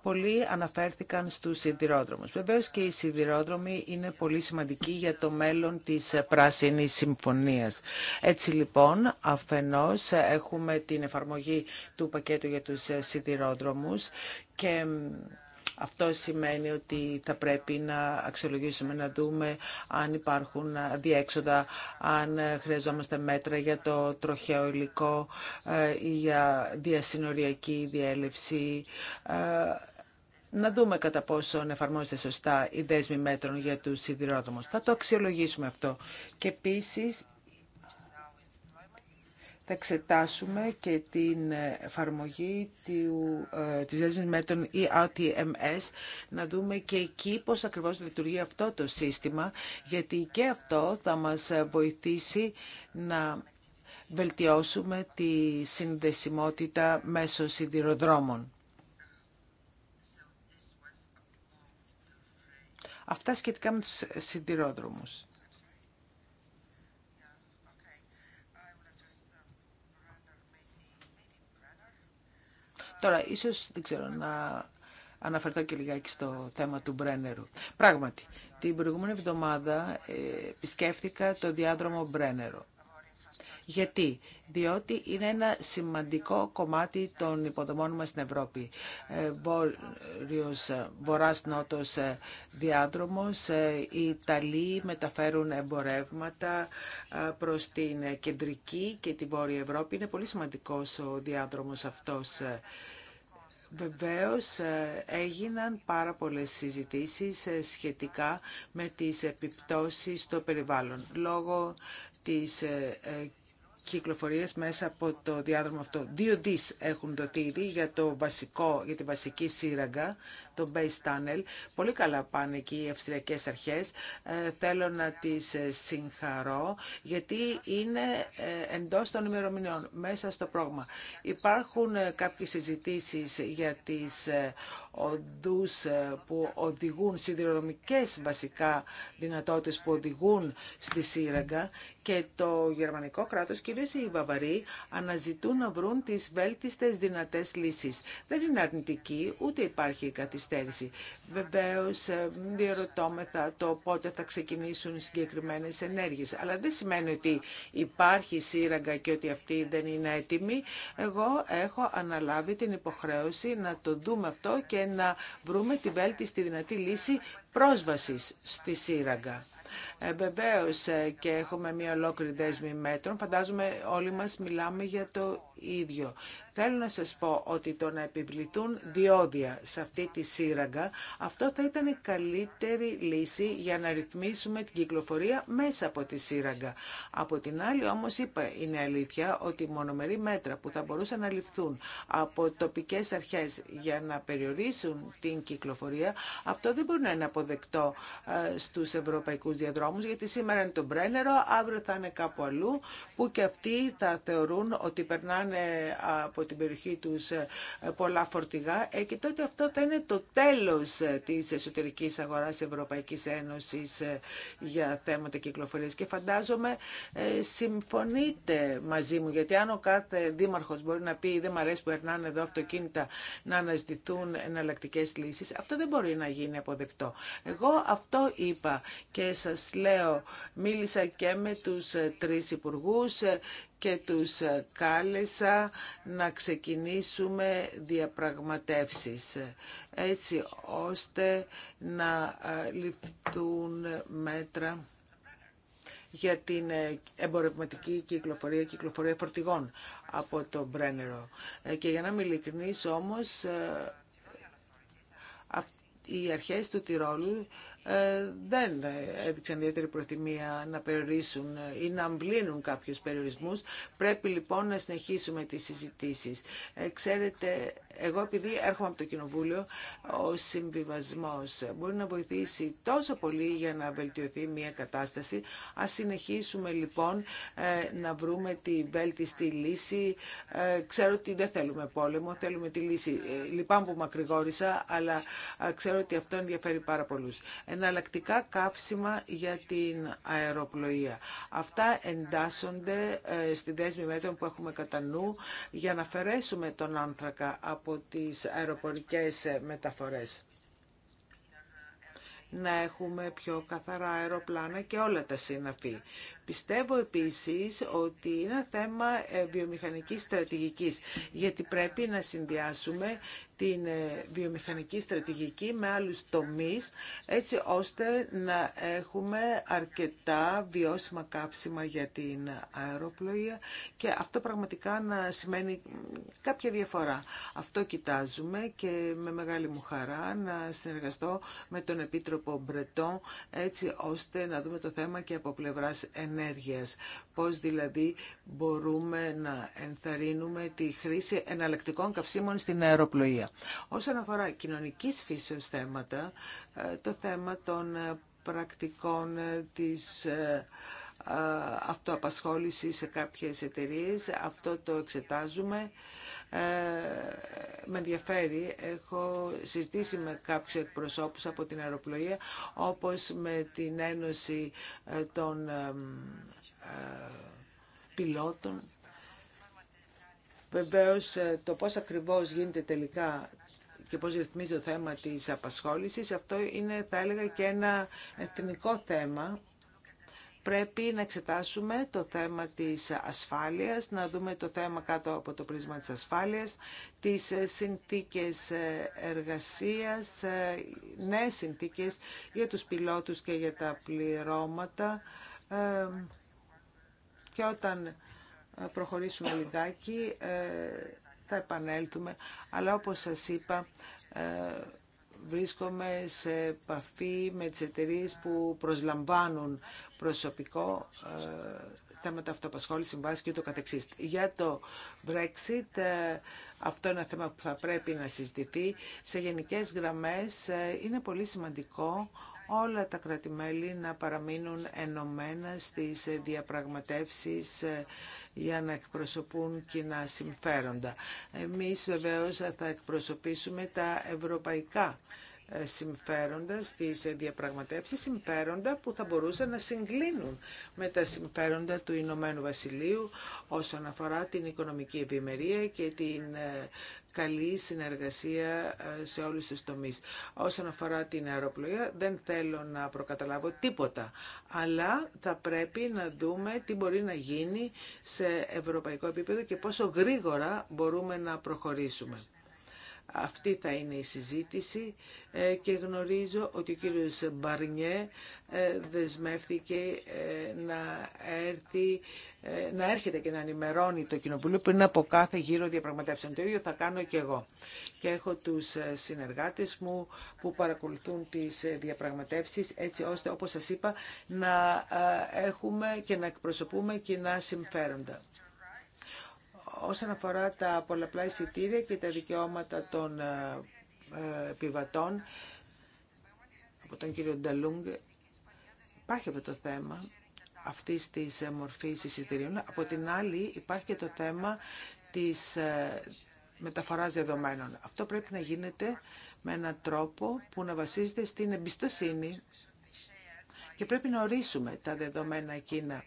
Πολλοί αναφέρθηκαν στους σιδηρόδρομους. Βεβαίως και οι σιδηρόδρομοι είναι πολύ σημαντικοί για το μέλλον της Πράσινης Συμφωνίας. Έτσι λοιπόν, αφενός έχουμε την εφαρμογή του πακέτου για τους ε, σιδηρόδρομους και αυτό σημαίνει ότι θα πρέπει να αξιολογήσουμε, να δούμε αν υπάρχουν διέξοδα, αν χρειαζόμαστε μέτρα για το τροχαίο υλικό, ε, για διασυνοριακή διέλευση, ε, να δούμε κατά πόσο εφαρμόζεται σωστά η δέσμοι μέτρων για τους σιδηρόδρομους. Θα το αξιολογήσουμε αυτό. Και επίσης θα εξετάσουμε και την εφαρμογή του, ε, της δέσμης μέτρων ERTMS, να δούμε και εκεί πώς ακριβώς λειτουργεί αυτό το σύστημα, γιατί και αυτό θα μας βοηθήσει να βελτιώσουμε τη συνδεσιμότητα μέσω σιδηροδρόμων. Αυτά σχετικά με τους σιδηρόδρομους. Τώρα, ίσω δεν ξέρω να αναφερθώ και λιγάκι στο θέμα του Μπρένερου. Πράγματι, την προηγούμενη εβδομάδα ε, επισκέφθηκα το διάδρομο Μπρένερο. Γιατί, διότι είναι ένα σημαντικό κομμάτι των υποδομών μας στην Ευρώπη. Ε, βόρειος, ε, βορράς, νότος διάδρομος, οι Ιταλοί μεταφέρουν εμπορεύματα προς την κεντρική και τη βόρεια Ευρώπη. Είναι πολύ σημαντικός ο διάδρομος αυτός Βεβαίως ε, έγιναν πάρα πολλές συζητήσεις ε, σχετικά με τις επιπτώσεις στο περιβάλλον λόγω της ε, κυκλοφορίε μέσα από το διάδρομο αυτό. Δύο δι έχουν δοθεί για, το βασικό, για τη βασική σύραγγα, το Base Tunnel. Πολύ καλά πάνε εκεί οι αυστριακέ αρχές. Ε, θέλω να τις ε, συγχαρώ, γιατί είναι ε, εντός των ημερομηνιών, μέσα στο πρόγραμμα. Υπάρχουν κάποιες συζητήσει για τις οδούς ε, που οδηγούν, σιδηροδρομικές βασικά δυνατότητες που οδηγούν στη σύραγγα και το γερμανικό κράτος, κυρίως οι Βαβαροί, αναζητούν να βρουν τις βέλτιστες δυνατές λύσεις. Δεν είναι αρνητική, ούτε υπάρχει καθυστέρηση. Βεβαίως, ε, διαρωτώμεθα το πότε θα ξεκινήσουν οι συγκεκριμένες ενέργειες. Αλλά δεν σημαίνει ότι υπάρχει σύραγγα και ότι αυτή δεν είναι έτοιμη. Εγώ έχω αναλάβει την υποχρέωση να το δούμε αυτό και να βρούμε την βέλτιστη δυνατή λύση πρόσβασης στη σύραγγα. Ε, Βεβαίω ε, και έχουμε μια ολόκληρη δέσμη μέτρων. Φαντάζομαι όλοι μας μιλάμε για το ίδιο. Θέλω να σας πω ότι το να επιβληθούν διόδια σε αυτή τη σύραγγα, αυτό θα ήταν η καλύτερη λύση για να ρυθμίσουμε την κυκλοφορία μέσα από τη σύραγγα. Από την άλλη όμως είπα, είναι αλήθεια ότι μονομερή μέτρα που θα μπορούσαν να ληφθούν από τοπικές αρχές για να περιορίσουν την κυκλοφορία, αυτό δεν μπορεί να είναι αποδεκτό ε, στους ευρωπαϊκούς διαδρόμους, γιατί σήμερα είναι το Μπρένερο, αύριο θα είναι κάπου αλλού, που και αυτοί θα θεωρούν ότι περνάνε ε, από την περιοχή τους ε, πολλά φορτηγά ε, και τότε αυτό θα είναι το τέλος της εσωτερικής αγοράς Ευρωπαϊκής Ένωσης για θέματα κυκλοφορίας και φαντάζομαι συμφωνείτε μαζί μου γιατί αν ο κάθε δήμαρχος μπορεί να πει δεν μου αρέσει που περνάνε εδώ αυτοκίνητα να αναζητηθούν εναλλακτικέ λύσεις αυτό δεν μπορεί να γίνει αποδεκτό. Εγώ αυτό είπα και σας λέω μίλησα και με τους τρεις υπουργούς και τους κάλεσα να ξεκινήσουμε διαπραγματεύσεις έτσι ώστε να ε, ληφθούν μέτρα για την ε, εμπορευματική κυκλοφορία, κυκλοφορία φορτηγών από το Μπρένερο. Και για να είμαι ειλικρινής όμως, ε, οι αρχές του Τυρόλου ε, δεν έδειξαν ιδιαίτερη προθυμία να περιορίσουν ή να αμβλύνουν κάποιους περιορισμούς. Πρέπει λοιπόν να συνεχίσουμε τις συζητήσεις. Ε, ξέρετε, εγώ επειδή έρχομαι από το Κοινοβούλιο, ο συμβιβασμός μπορεί να βοηθήσει τόσο πολύ για να βελτιωθεί μια κατάσταση. Ας συνεχίσουμε λοιπόν ε, να βρούμε τη βέλτιστη λύση. Ξέρω ότι δεν θέλουμε πόλεμο, θέλουμε τη λύση. Λυπάμαι που μακρηγόρησα, αλλά ξέρω ότι αυτό ενδιαφέρει πάρα πολλούς εναλλακτικά κάψιμα για την αεροπλοεία. Αυτά εντάσσονται ε, στη δέσμη μέτρων που έχουμε κατά νου για να αφαιρέσουμε τον άνθρακα από τις αεροπορικές μεταφορές να έχουμε πιο καθαρά αεροπλάνα και όλα τα σύναφη. Πιστεύω επίσης ότι είναι ένα θέμα ε, βιομηχανικής στρατηγικής, γιατί πρέπει να συνδυάσουμε την ε, βιομηχανική στρατηγική με άλλους τομείς, έτσι ώστε να έχουμε αρκετά βιώσιμα κάψιμα για την αεροπλοεία και αυτό πραγματικά να σημαίνει κάποια διαφορά. Αυτό κοιτάζουμε και με μεγάλη μου χαρά να συνεργαστώ με τον Επίτροπο Μπρετό, έτσι ώστε να δούμε το θέμα και από πλευράς ενέργειας ενέργειας. Πώς δηλαδή μπορούμε να ενθαρρύνουμε τη χρήση εναλλακτικών καυσίμων στην αεροπλοεία. Όσον αφορά κοινωνικής φύσεως θέματα, ε, το θέμα των ε, πρακτικών ε, της αυτοαπασχόλησης σε κάποιες εταιρείες. Αυτό το εξετάζουμε ε, με ενδιαφέρει. Έχω συζητήσει με κάποιους εκπροσώπους από την αεροπλοεία, όπως με την Ένωση ε, των ε, ε, Πιλότων. Βεβαίως, το πώς ακριβώς γίνεται τελικά και πώς ρυθμίζει το θέμα της απασχόλησης, αυτό είναι, θα έλεγα, και ένα εθνικό θέμα πρέπει να εξετάσουμε το θέμα της ασφάλειας, να δούμε το θέμα κάτω από το πρίσμα της ασφάλειας, τις συνθήκες εργασίας, νέες συνθήκες για τους πιλότους και για τα πληρώματα. Και όταν προχωρήσουμε λιγάκι ε, θα επανέλθουμε. Αλλά όπως σας είπα, ε, βρίσκομαι σε επαφή με τις εταιρείε που προσλαμβάνουν προσωπικό ε, θέματα αυτοπασχόληση, συμβάσει και το καθεξής. Για το Brexit, ε, αυτό είναι ένα θέμα που θα πρέπει να συζητηθεί. Σε γενικές γραμμές ε, είναι πολύ σημαντικό όλα τα κρατημέλη να παραμείνουν ενωμένα στις διαπραγματεύσεις ε, για να εκπροσωπούν κοινά συμφέροντα. Εμείς βεβαίως θα εκπροσωπήσουμε τα ευρωπαϊκά ε, συμφέροντα στις διαπραγματεύσεις, συμφέροντα που θα μπορούσαν να συγκλίνουν με τα συμφέροντα του Ηνωμένου Βασιλείου όσον αφορά την οικονομική ευημερία και την ε, καλή συνεργασία ε, σε όλους τους τομείς. Όσον αφορά την αεροπλοΐα, δεν θέλω να προκαταλάβω τίποτα, αλλά θα πρέπει να δούμε τι μπορεί να γίνει σε ευρωπαϊκό επίπεδο και πόσο γρήγορα μπορούμε να προχωρήσουμε. Αυτή θα είναι η συζήτηση ε, και γνωρίζω ότι ο κύριος Μπαρνιέ ε, δεσμεύτηκε ε, να, έρθει, να έρχεται και να ενημερώνει το Κοινοβούλιο πριν από κάθε γύρο διαπραγματεύσεων. Το ίδιο θα κάνω και εγώ. Και έχω τους συνεργάτες μου που παρακολουθούν τις διαπραγματεύσεις έτσι ώστε όπως σας είπα να έχουμε και να εκπροσωπούμε κοινά συμφέροντα όσον αφορά τα πολλαπλά εισιτήρια και τα δικαιώματα των ε, ε, επιβατών από τον κύριο Νταλούγκ υπάρχει αυτό το θέμα αυτή της ε, μορφή εισιτηρίων. Από την άλλη υπάρχει και το θέμα της μεταφορά δεδομένων. Αυτό πρέπει να γίνεται με έναν τρόπο που να βασίζεται στην εμπιστοσύνη και πρέπει να ορίσουμε τα δεδομένα εκείνα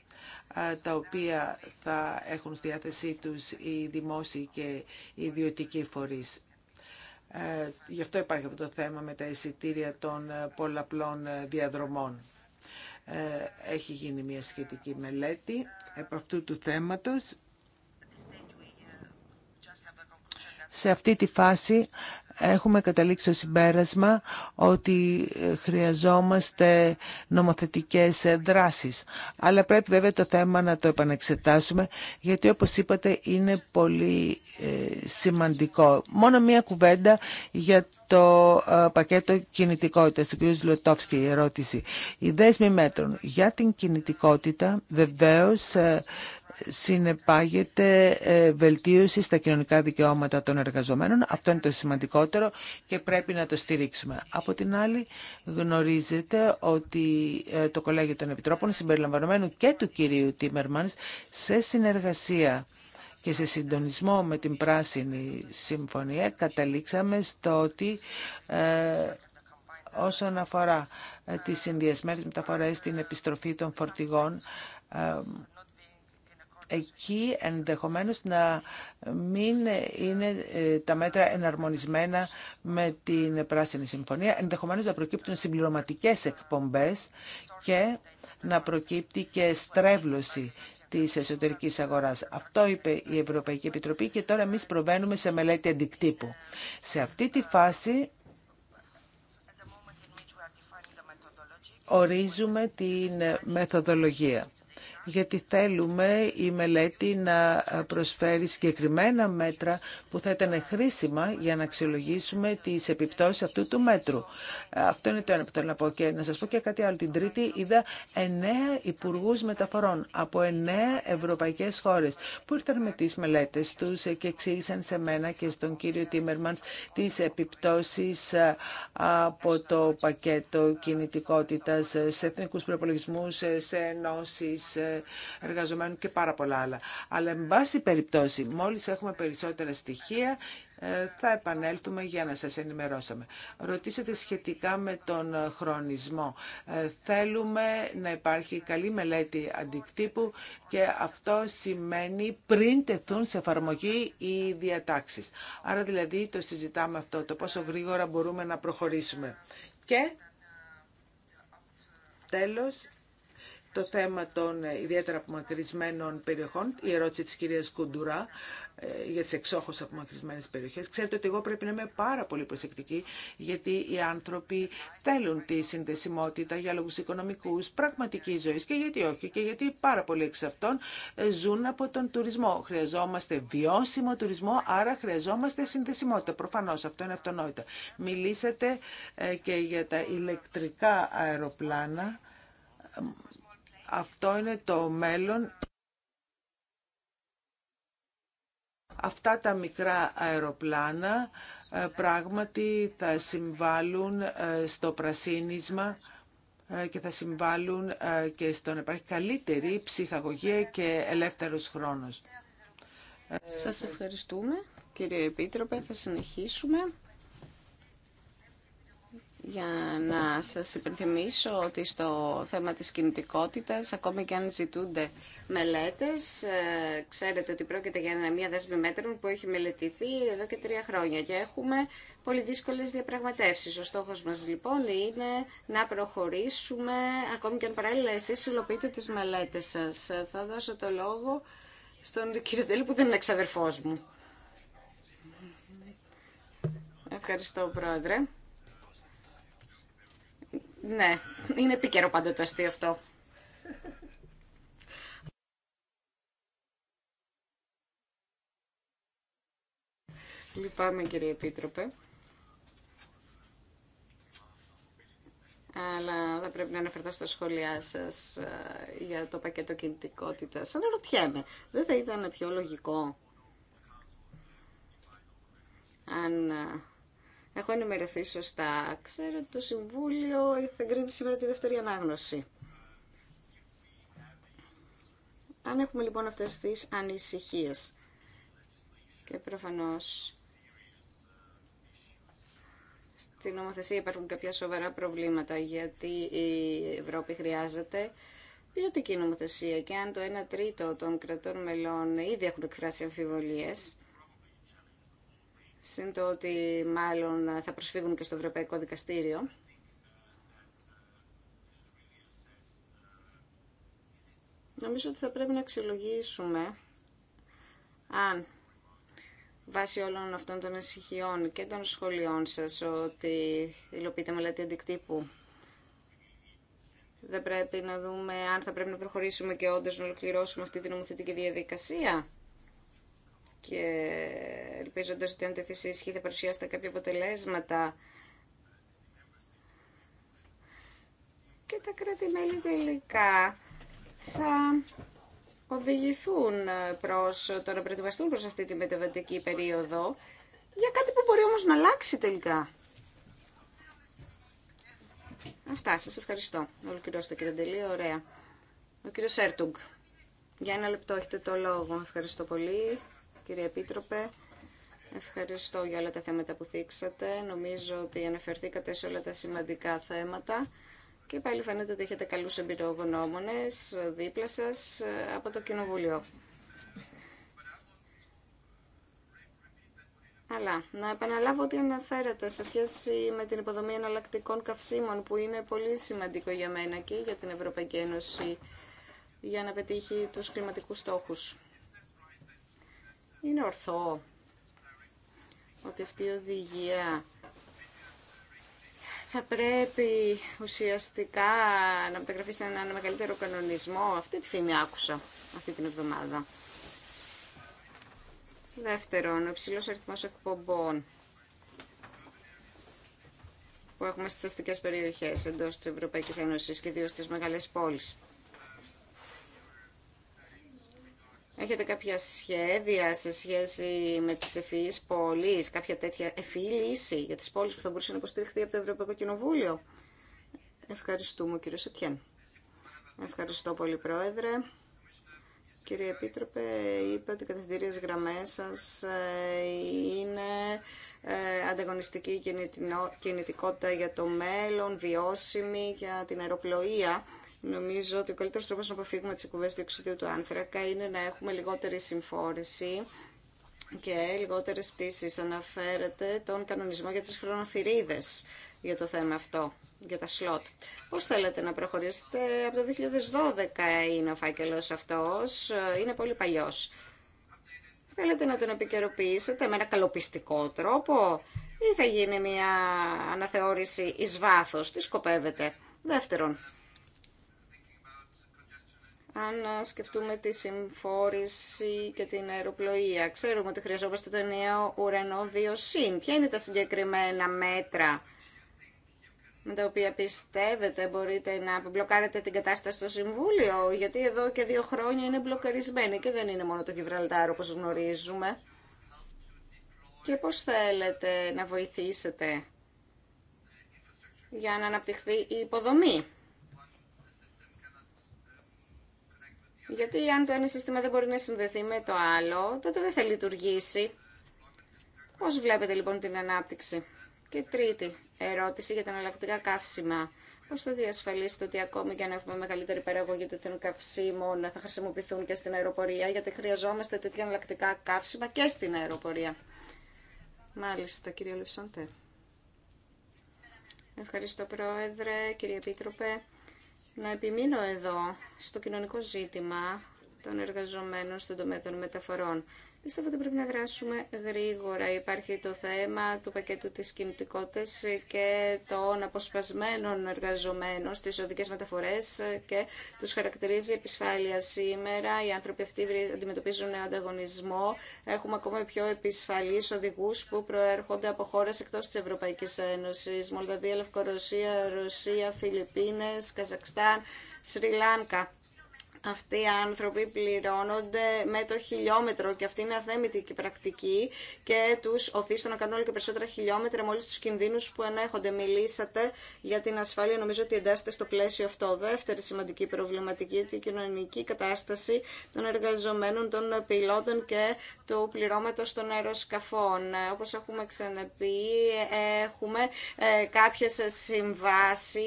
τα οποία θα έχουν στη διάθεσή τους οι δημόσιοι και οι ιδιωτικοί φορείς. Γι' αυτό υπάρχει αυτό το θέμα με τα εισιτήρια των πολλαπλών διαδρομών. Έχει γίνει μια σχετική μελέτη από αυτού του θέματος. Σε αυτή τη φάση έχουμε καταλήξει στο συμπέρασμα ότι ε, χρειαζόμαστε νομοθετικές ε, δράσεις. Αλλά πρέπει βέβαια το θέμα να το επανεξετάσουμε, γιατί όπως είπατε είναι πολύ ε, σημαντικό. Μόνο μία κουβέντα για το πακέτο κινητικότητας του κ. Λοτόφσκη η ερώτηση. Οι δέσμοι μέτρων για την κινητικότητα βεβαίως συνεπάγεται ε, βελτίωση στα κοινωνικά δικαιώματα των εργαζομένων. Αυτό είναι το σημαντικότερο και πρέπει να το στηρίξουμε. Από την άλλη, γνωρίζετε ότι ε, το Κολέγιο των Επιτρόπων, συμπεριλαμβανομένου και του κυρίου Τίμερμανς, σε συνεργασία και σε συντονισμό με την Πράσινη Συμφωνία, καταλήξαμε στο ότι ε, όσον αφορά τις συνδυασμένες μεταφορές, την επιστροφή των φορτηγών, εκεί ενδεχομένως να μην είναι ε, τα μέτρα εναρμονισμένα με την Πράσινη Συμφωνία. Ενδεχομένως να προκύπτουν συμπληρωματικές εκπομπές και να προκύπτει και στρέβλωση της εσωτερικής αγοράς. Αυτό είπε η Ευρωπαϊκή Επιτροπή και τώρα εμείς προβαίνουμε σε μελέτη αντικτύπου. Σε αυτή τη φάση ορίζουμε την μεθοδολογία γιατί θέλουμε η μελέτη να προσφέρει συγκεκριμένα μέτρα που θα ήταν χρήσιμα για να αξιολογήσουμε τις επιπτώσεις αυτού του μέτρου. Αυτό είναι το ένα που θέλω να πω και να σας πω και κάτι άλλο. Την Τρίτη είδα εννέα υπουργού μεταφορών από εννέα ευρωπαϊκές χώρες που ήρθαν με τις μελέτες τους και εξήγησαν σε μένα και στον κύριο Τίμερμαν τις επιπτώσεις ε, από το πακέτο κινητικότητας σε εθνικούς προπολογισμού, ε, σε ενώσεις ε, εργαζομένων και πάρα πολλά άλλα. Αλλά, εν πάση περιπτώσει, μόλις έχουμε περισσότερα στοιχεία, ε, θα επανέλθουμε για να σας ενημερώσαμε. Ρωτήσατε σχετικά με τον χρονισμό. Ε, θέλουμε να υπάρχει καλή μελέτη αντικτύπου και αυτό σημαίνει πριν τεθούν σε εφαρμογή οι διατάξεις. Άρα δηλαδή το συζητάμε αυτό, το πόσο γρήγορα μπορούμε να προχωρήσουμε. Και τέλος το θέμα των ε, ιδιαίτερα απομακρυσμένων περιοχών, η ερώτηση της κυρίας Κουντουρά ε, για τις εξόχως απομακρυσμένες περιοχές. Ξέρετε ότι εγώ πρέπει να είμαι πάρα πολύ προσεκτική, γιατί οι άνθρωποι θέλουν τη συνδεσιμότητα για λόγους οικονομικούς, πραγματικής ζωής και γιατί όχι, και γιατί πάρα πολλοί εξ αυτών ε, ζουν από τον τουρισμό. Χρειαζόμαστε βιώσιμο τουρισμό, άρα χρειαζόμαστε συνδεσιμότητα. Προφανώς αυτό είναι αυτονόητο. Μιλήσατε και για τα ηλεκτρικά αεροπλάνα αυτό είναι το μέλλον. Αυτά τα μικρά αεροπλάνα ε, πράγματι θα συμβάλλουν ε, στο πρασίνισμα ε, και θα συμβάλλουν και στο να υπάρχει καλύτερη ψυχαγωγία και ελεύθερος χρόνος. Σας ευχαριστούμε. Κύριε Επίτροπε, θα συνεχίσουμε για να σας υπενθυμίσω ότι στο θέμα της κινητικότητας, ακόμη και αν ζητούνται μελέτες, ε, ξέρετε ότι πρόκειται για μια δέσμη μέτρων που έχει μελετηθεί εδώ και τρία χρόνια και έχουμε πολύ δύσκολες διαπραγματεύσεις. Ο στόχος μας λοιπόν είναι να προχωρήσουμε, ακόμη και αν παράλληλα εσείς υλοποιείτε τις μελέτες σας. Θα δώσω το λόγο στον κύριο Τέλη που δεν είναι εξαδερφός μου. Ευχαριστώ πρόεδρε. Ναι, είναι επίκαιρο πάντα το αστείο αυτό. Λυπάμαι κύριε Επίτροπε. αλλά θα πρέπει να αναφερθώ στα σχόλιά σας ε, για το πακέτο κινητικότητας. Αναρωτιέμαι, δεν θα ήταν πιο λογικό αν ε, Έχω ενημερωθεί σωστά. Ξέρω ότι το Συμβούλιο θα εγκρίνει σήμερα τη δεύτερη ανάγνωση. Αν έχουμε λοιπόν αυτές τις ανησυχίες και προφανώς στην νομοθεσία υπάρχουν κάποια σοβαρά προβλήματα γιατί η Ευρώπη χρειάζεται ποιοτική νομοθεσία και αν το 1 τρίτο των κρατών μελών ήδη έχουν εκφράσει αμφιβολίες Συν το ότι μάλλον θα προσφύγουμε και στο Ευρωπαϊκό Δικαστήριο. Νομίζω ότι θα πρέπει να αξιολογήσουμε αν βάσει όλων αυτών των ανησυχιών και των σχολιών σας ότι υλοποιείται μελέτη αντικτύπου δεν πρέπει να δούμε αν θα πρέπει να προχωρήσουμε και όντως να ολοκληρώσουμε αυτή την νομοθετική διαδικασία και ελπίζοντα ότι αν τεθεί σε ισχύ θα παρουσιάσετε κάποια αποτελέσματα. Και τα κράτη-μέλη τελικά θα οδηγηθούν προς το να προετοιμαστούν προς αυτή τη μεταβατική περίοδο για κάτι που μπορεί όμως να αλλάξει τελικά. Αυτά, σας ευχαριστώ. Ολοκληρώστε κύριε Ντελή, ωραία. Ο κύριος Σέρτουγκ. Για ένα λεπτό έχετε το λόγο. Ευχαριστώ πολύ. Κύριε Επίτροπε, ευχαριστώ για όλα τα θέματα που θίξατε. Νομίζω ότι αναφερθήκατε σε όλα τα σημαντικά θέματα. Και πάλι φαίνεται ότι έχετε καλούς εμπειρογνώμονες δίπλα σας ε, από το Κοινοβουλίο. Αλλά να επαναλάβω ότι αναφέρατε σε σχέση με την υποδομή εναλλακτικών καυσίμων που είναι πολύ σημαντικό για μένα και για την Ευρωπαϊκή Ένωση για να πετύχει τους κλιματικούς στόχους. Είναι ορθό ότι αυτή η οδηγία θα πρέπει ουσιαστικά να μεταγραφεί σε έναν μεγαλύτερο κανονισμό. Αυτή τη φήμη άκουσα αυτή την εβδομάδα. Δεύτερον, ο υψηλός αριθμός εκπομπών που έχουμε στις αστικές περιοχές εντός της Ευρωπαϊκής Ένωσης και δύο στις μεγάλες πόλεις. Έχετε κάποια σχέδια σε σχέση με τις ευφυείς πόλεις, κάποια τέτοια ευφυή για τις πόλεις που θα μπορούσε να υποστηριχθεί από το Ευρωπαϊκό Κοινοβούλιο. Ευχαριστούμε, κύριε Σετιέν. Ευχαριστώ πολύ, Πρόεδρε. Κύριε Επίτροπε, είπε ότι οι κατευθυντήριες γραμμές σας ε, είναι ε, ανταγωνιστική κινητικότητα για το μέλλον, βιώσιμη για την αεροπλοεία Νομίζω ότι ο καλύτερο τρόπο να αποφύγουμε τι εκπομπέ εξωτερικού του άνθρακα είναι να έχουμε λιγότερη συμφόρηση και λιγότερε πτήσει. Αναφέρεται τον κανονισμό για τι χρονοθυρίδε για το θέμα αυτό, για τα σλότ. Πώ θέλετε να προχωρήσετε, από το 2012 είναι ο φάκελο αυτό. είναι πολύ παλιό. Θέλετε να τον επικαιροποιήσετε με ένα καλοπιστικό τρόπο ή θα γίνει μια αναθεώρηση εις βάθος, τι σκοπεύετε. Δεύτερον, αν σκεφτούμε τη συμφόρηση και την αεροπλοεία. Ξέρουμε ότι χρειαζόμαστε το νεο ουρανό 2 συν. Ποια είναι τα συγκεκριμένα μέτρα με τα οποία πιστεύετε μπορείτε να μπλοκάρετε την κατάσταση στο Συμβούλιο, γιατί εδώ και δύο χρόνια είναι μπλοκαρισμένη και δεν είναι μόνο το Γιβραλτάρο όπως γνωρίζουμε. Και πώς θέλετε να βοηθήσετε για να αναπτυχθεί η υποδομή. Γιατί αν το ένα σύστημα δεν μπορεί να συνδεθεί με το άλλο, τότε δεν θα λειτουργήσει. Πώς βλέπετε λοιπόν την ανάπτυξη. Και τρίτη ερώτηση για τα εναλλακτικά καύσιμα. Πώ θα διασφαλίσετε ότι ακόμη και αν έχουμε μεγαλύτερη παραγωγή τέτοιων καυσίμων θα χρησιμοποιηθούν και στην αεροπορία, γιατί χρειαζόμαστε τέτοια εναλλακτικά καύσιμα και στην αεροπορία. Μάλιστα, κύριε Λευσόντε. Ευχαριστώ, Πρόεδρε, κύριε Επίτροπε να επιμείνω εδώ στο κοινωνικό ζήτημα των εργαζομένων στον τομέα των μεταφορών. Πιστεύω ότι πρέπει να δράσουμε γρήγορα. Υπάρχει το θέμα του πακέτου της κινητικότητας και των αποσπασμένων εργαζομένων στις οδικές μεταφορές και τους χαρακτηρίζει επισφάλεια. Σήμερα οι άνθρωποι αυτοί αντιμετωπίζουν ανταγωνισμό. Έχουμε ακόμα πιο επισφαλείς οδηγούς που προέρχονται από χώρες εκτός της Ευρωπαϊκής Ένωσης. Μολδαβία, Λευκορωσία, Ρωσία, Φιλιππίνες, Καζακστάν, Σρι αυτοί οι άνθρωποι πληρώνονται με το χιλιόμετρο και αυτή είναι αθέμητη και πρακτική και τους οθεί να κάνουν όλο και περισσότερα χιλιόμετρα με όλου τους κινδύνους που ενέχονται. Μιλήσατε για την ασφάλεια, νομίζω ότι εντάσσεται στο πλαίσιο αυτό. Δεύτερη σημαντική προβληματική, η κοινωνική κατάσταση των εργαζομένων, των πιλότων και του πληρώματος των αεροσκαφών. Όπως έχουμε ξαναπεί, έχουμε ε, κάποιες συμβάσει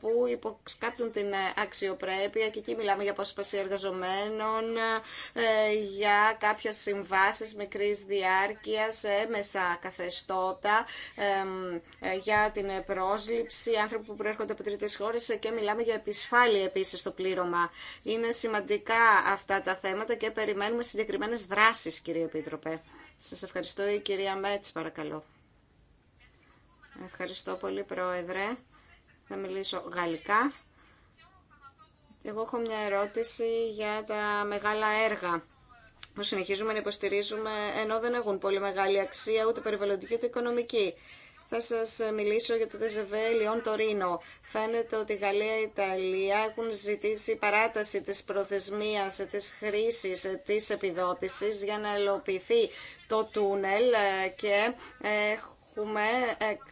που υποσκάπτουν την αξιοπρέπεια και εκεί μιλάμε για απόσπαση εργαζομένων ε, για κάποιες συμβάσεις μικρής διάρκειας, ε, έμεσα καθεστώτα ε, για την πρόσληψη άνθρωποι που προέρχονται από τρίτες χώρες και μιλάμε για επισφάλεια επίσης στο πλήρωμα. Είναι σημαντικά αυτά τα θέματα και περιμένουμε συγκεκριμένες δράσεις, κύριε Επίτροπε. Σας ευχαριστώ η κυρία Μέτς, παρακαλώ. Ευχαριστώ πολύ, Πρόεδρε. Θα μιλήσω γαλλικά. Εγώ έχω μια ερώτηση για τα μεγάλα έργα που συνεχίζουμε να υποστηρίζουμε ενώ δεν έχουν πολύ μεγάλη αξία ούτε περιβαλλοντική ούτε οικονομική. Θα σας μιλήσω για το ΤΖΒ Λιόν Τωρίνο. Φαίνεται ότι η Γαλλία και η Ιταλία έχουν ζητήσει παράταση της προθεσμίας, της χρήση τη επιδότηση για να ελοποιηθεί το τούνελ ε, και έχουμε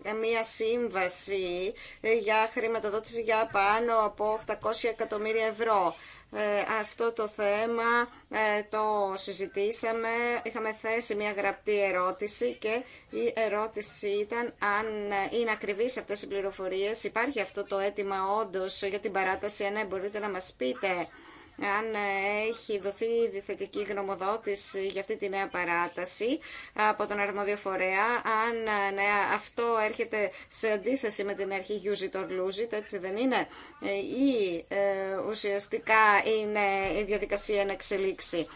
ε, μία σύμβαση για χρηματοδότηση για πάνω από 800 εκατομμύρια ευρώ. Ε, αυτό το θέμα ε, το συζητήσαμε, είχαμε θέσει μια γραπτή ερώτηση και η ερώτηση ήταν αν είναι ακριβείς αυτές οι πληροφορίες. Υπάρχει αυτό το αίτημα όντως για την παράταση, αν ναι, μπορείτε να μας πείτε αν ε, έχει δοθεί διθετική γνωμοδότηση για αυτή τη νέα παράταση από τον αρμόδιο φορέα, αν ε, ναι, αυτό έρχεται σε αντίθεση με την αρχή use it or lose it, έτσι δεν είναι, ε, ή ε, ουσιαστικά είναι η ουσιαστικα ειναι η διαδικασια να εξελίξει.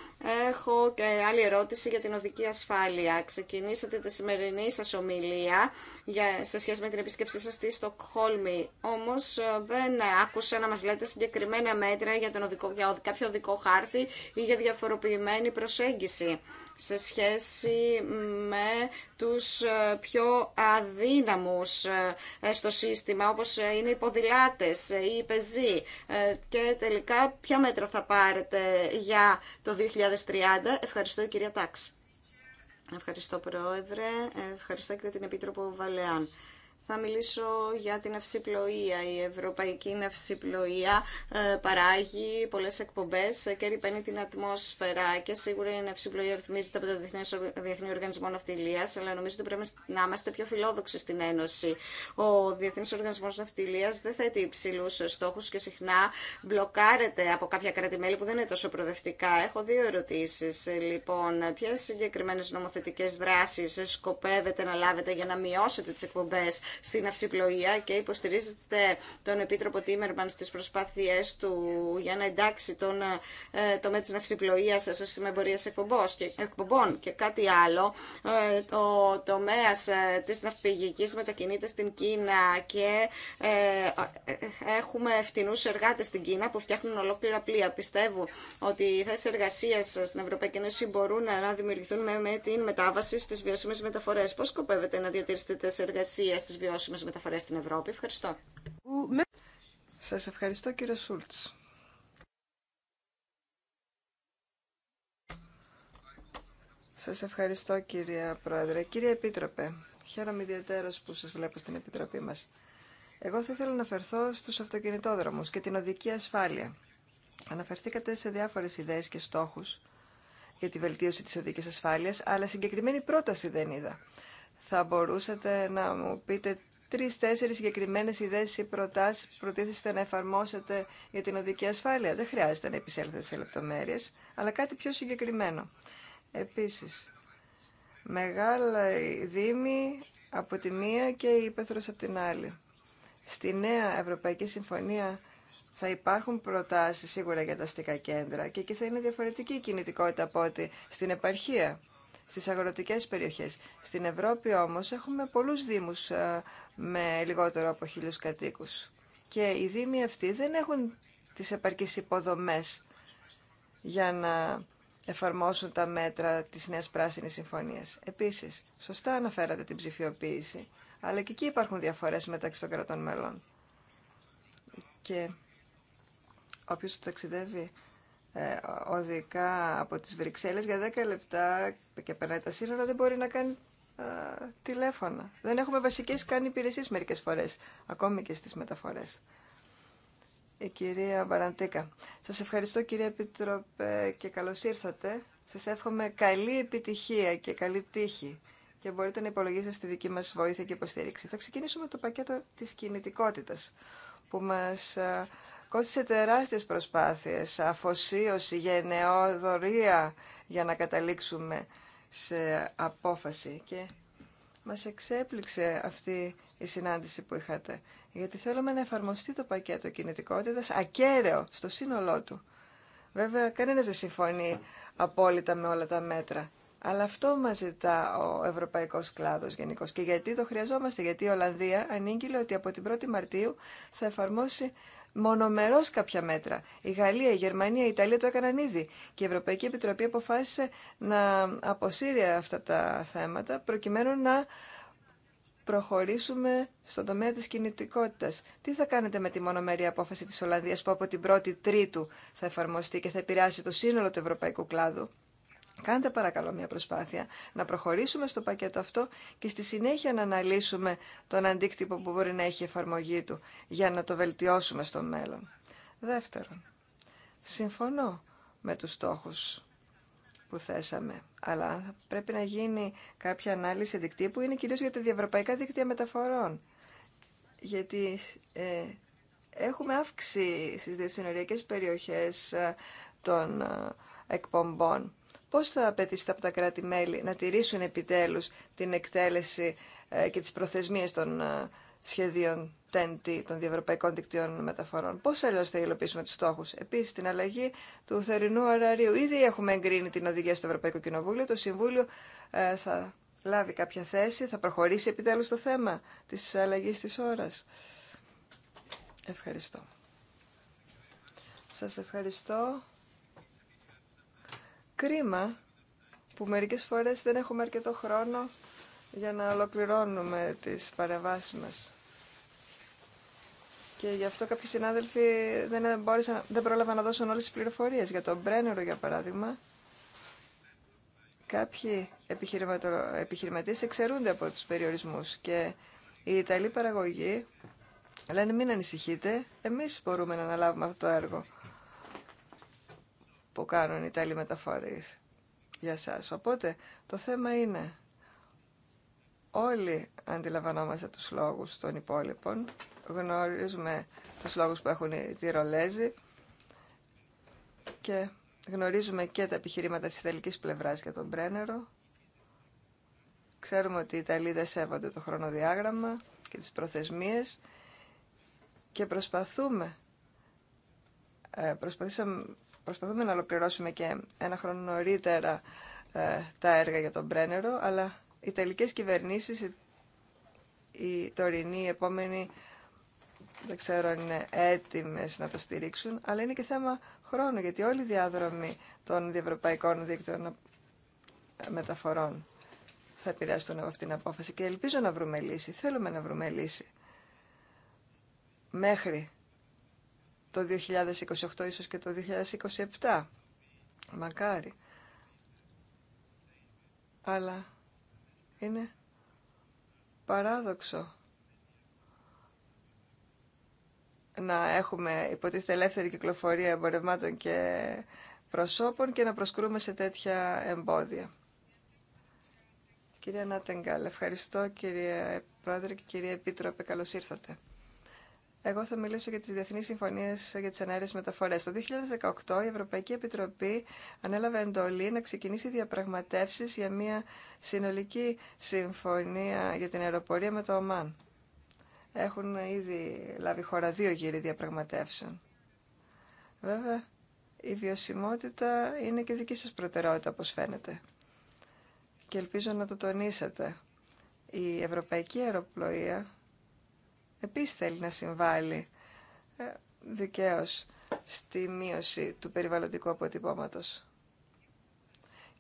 Έχω και άλλη ερώτηση για την οδική ασφάλεια. Ξεκινήσατε τη σημερινή σας ομιλία για, σε σχέση με την επίσκεψή σας στη Στοκχόλμη. Όμως ε, δεν άκουσα να μας λέτε συγκεκριμένα μέτρα για, τον οδικό, για κάποιο οδικό χάρτη ή για διαφοροποιημένη προσέγγιση σε σχέση με τους ε, πιο αδύναμους ε, στο σύστημα, όπως ε, είναι οι ποδηλάτες, οι πεζοί. Και τελικά, ποια μέτρα θα πάρετε για το 2030. Ευχαριστώ, κυρία Τάξη. Ευχαριστώ, Πρόεδρε. Ευχαριστώ και την Επίτροπο Βαλεάν. Θα μιλήσω για την ευσυπλοεία. Η ευρωπαϊκή Ευσυπλοεία ε, παράγει πολλέ εκπομπέ και ρηπαίνει την ατμόσφαιρα και σίγουρα η ευσυπλοεία ρυθμίζεται από το Διεθνή Οργανισμό Ναυτιλία, αλλά νομίζω ότι πρέπει να είμαστε πιο φιλόδοξοι στην Ένωση. Ο Διεθνή Οργανισμό Ναυτιλία δεν θέτει υψηλού στόχου και συχνά μπλοκάρεται από κάποια κράτη-μέλη που δεν είναι τόσο προοδευτικά. Έχω δύο ερωτήσει, λοιπόν. ποιε συγκεκριμένε νομοθετικέ δράσει σκοπεύετε να λάβετε για να μειώσετε τι εκπομπέ στην αυσιπλοεία και υποστηρίζετε τον Επίτροπο Τίμερμαν στις προσπάθειές του για να εντάξει τον ε, τομέα της αυσιπλοείας στο σύστημα εμπορίας εκπομπών και κάτι άλλο. Ε, το τομέα ε, της ναυπηγικής μετακινείται στην Κίνα και έχουμε φτηνούς εργάτες στην Κίνα που φτιάχνουν ολόκληρα πλοία. Πιστεύω ότι οι θέσει εργασία στην Ευρωπαϊκή Ένωση μπορούν να δημιουργηθούν με, την μετάβαση στις βιώσιμε μεταφορές Πώ σκοπεύετε να διατηρήσετε τις εργασίες στις βιώσιμε μεταφορές στην Ευρώπη. Ευχαριστώ. Σας ευχαριστώ κύριε Σούλτς. Σας ευχαριστώ κύριε Πρόεδρε. Κύριε Επίτροπε, χαίρομαι ιδιαίτερα που σας βλέπω στην Επιτροπή μας. Εγώ θα ήθελα να αφερθώ στους αυτοκινητόδρομους και την οδική ασφάλεια. Αναφερθήκατε σε διάφορες ιδέες και στόχους για τη βελτίωση της οδικής ασφάλειας, αλλά συγκεκριμένη πρόταση δεν είδα. Θα μπορούσατε να μου πείτε τρει-τέσσερι συγκεκριμένε ιδέε ή προτάσει που προτίθεστε να εφαρμόσετε για την οδική ασφάλεια. Δεν χρειάζεται να επισέλθετε σε λεπτομέρειε, αλλά κάτι πιο συγκεκριμένο. Επίση, μεγάλα δήμη από τη μία και η Ήπεθρος από την άλλη. Στη νέα Ευρωπαϊκή Συμφωνία θα υπάρχουν προτάσεις σίγουρα για τα αστικά κέντρα και εκεί θα είναι διαφορετική η κινητικότητα από ό,τι στην επαρχία στις αγροτικές περιοχές. Στην Ευρώπη όμως έχουμε πολλούς δήμους ε, με λιγότερο από χίλιους κατοίκους. Και οι δήμοι αυτοί δεν έχουν τις επαρκείς υποδομές για να εφαρμόσουν τα μέτρα της Νέας Πράσινης Συμφωνίας. Επίσης, σωστά αναφέρατε την ψηφιοποίηση, αλλά και εκεί υπάρχουν διαφορές μεταξύ των κρατών μελών. Και όποιος ταξιδεύει ε, οδικά από τις Βρυξέλλες για 10 λεπτά και περνάει τα σύνορα δεν μπορεί να κάνει ε, τηλέφωνα. Δεν έχουμε βασικές καν υπηρεσίες μερικές φορές, ακόμη και στις μεταφορές. Η κυρία Μπαραντίκα, σας ευχαριστώ κυρία Επιτροπέ και καλώς ήρθατε. Σας εύχομαι καλή επιτυχία και καλή τύχη και μπορείτε να υπολογίσετε στη δική μας βοήθεια και υποστήριξη. Θα ξεκινήσουμε το πακέτο της κινητικότητας που μας ε, κόστισε τεράστιες προσπάθειες, αφοσίωση, γενναιοδορία για να καταλήξουμε σε απόφαση και μας εξέπληξε αυτή η συνάντηση που είχατε. Γιατί θέλουμε να εφαρμοστεί το πακέτο κινητικότητας ακέραιο στο σύνολό του. Βέβαια, κανένας δεν συμφωνεί απόλυτα με όλα τα μέτρα. Αλλά αυτό μα ζητά ο ευρωπαϊκός κλάδος γενικώ. Και γιατί το χρειαζόμαστε, γιατί η Ολλανδία ανήγγειλε ότι από την 1η Μαρτίου θα εφαρμόσει Μονομερό κάποια μέτρα. Η Γαλλία, η Γερμανία, η Ιταλία το έκαναν ήδη και η Ευρωπαϊκή Επιτροπή αποφάσισε να αποσύρει αυτά τα θέματα προκειμένου να προχωρήσουμε στον τομέα της κινητικότητας. Τι θα κάνετε με τη μονομερή απόφαση της Ολλανδίας που από την 1η Τρίτου θα εφαρμοστεί και θα επηρεάσει το σύνολο του ευρωπαϊκού κλάδου. Κάντε παρακαλώ μια προσπάθεια να προχωρήσουμε στο πακέτο αυτό και στη συνέχεια να αναλύσουμε τον αντίκτυπο που μπορεί να έχει η εφαρμογή του για να το βελτιώσουμε στο μέλλον. Δεύτερον, συμφωνώ με τους στόχους που θέσαμε, αλλά πρέπει να γίνει κάποια ανάλυση που είναι κυρίως για τα διευρωπαϊκά δίκτυα μεταφορών. Γιατί ε, έχουμε αύξηση στις διασυνοριακές περιοχές ε, των ε, εκπομπών Πώς θα απαιτήσετε από τα κράτη-μέλη να τηρήσουν επιτέλους την εκτέλεση ε, και τις προθεσμίες των ε, σχεδίων TNT, των διευρωπαϊκών δικτύων μεταφορών. Πώς αλλιώς θα υλοποιήσουμε τους στόχους. Επίσης, την αλλαγή του θερινού ωραρίου. Ήδη έχουμε εγκρίνει την οδηγία στο Ευρωπαϊκό Κοινοβούλιο. Το Συμβούλιο ε, θα λάβει κάποια θέση, θα προχωρήσει επιτέλους το θέμα της αλλαγής της ώρας. Ευχαριστώ. Σας ευχαριστώ κρίμα που μερικές φορές δεν έχουμε αρκετό χρόνο για να ολοκληρώνουμε τις παρεμβάσεις μας. Και γι' αυτό κάποιοι συνάδελφοι δεν, μπόρεσαν, δεν πρόλαβαν να δώσουν όλες τις πληροφορίες. Για τον Μπρένερο, για παράδειγμα, κάποιοι επιχειρηματίες εξαιρούνται από τους περιορισμούς και η Ιταλή Παραγωγή λένε μην ανησυχείτε, εμείς μπορούμε να αναλάβουμε αυτό το έργο που κάνουν οι τέλη μεταφορείς για σας. Οπότε το θέμα είναι όλοι αντιλαμβανόμαστε τους λόγους των υπόλοιπων, γνωρίζουμε τους λόγους που έχουν οι Τυρολέζοι και γνωρίζουμε και τα επιχειρήματα της ιταλικής πλευράς για τον Μπρένερο. Ξέρουμε ότι οι Ιταλοί δεν σέβονται το χρονοδιάγραμμα και τις προθεσμίες και προσπαθούμε, ε, προσπαθήσαμε προσπαθούμε να ολοκληρώσουμε και ένα χρόνο νωρίτερα ε, τα έργα για τον Μπρένερο, αλλά οι τελικές κυβερνήσεις, η, η τωρινή, η επόμενη, δεν ξέρω αν είναι έτοιμες να το στηρίξουν, αλλά είναι και θέμα χρόνου, γιατί όλοι οι διάδρομοι των διευρωπαϊκών δίκτυων μεταφορών θα επηρεαστούν από αυτήν την απόφαση και ελπίζω να βρούμε λύση, θέλουμε να βρούμε λύση μέχρι το 2028, ίσως και το 2027. Μακάρι. Αλλά είναι παράδοξο να έχουμε υποτίθεται ελεύθερη κυκλοφορία εμπορευμάτων και προσώπων και να προσκρούμε σε τέτοια εμπόδια. Κυρία Νάτεγκαλ, ευχαριστώ κύριε Πρόεδρε και κύριε Επίτροπε, καλώς ήρθατε. Εγώ θα μιλήσω για τις Διεθνείς συμφωνίε για τις ενέργειε Μεταφορές. Το 2018 η Ευρωπαϊκή Επιτροπή ανέλαβε εντολή να ξεκινήσει διαπραγματεύσεις για μια συνολική συμφωνία για την αεροπορία με το ΟΜΑΝ. Έχουν ήδη λάβει χώρα δύο γύρι διαπραγματεύσεων. Βέβαια, η βιωσιμότητα είναι και δική σας προτεραιότητα, όπως φαίνεται. Και ελπίζω να το τονίσατε. Η Ευρωπαϊκή Αεροπλοεία επίσης θέλει να συμβάλλει ε, δικαίως στη μείωση του περιβαλλοντικού αποτυπώματος.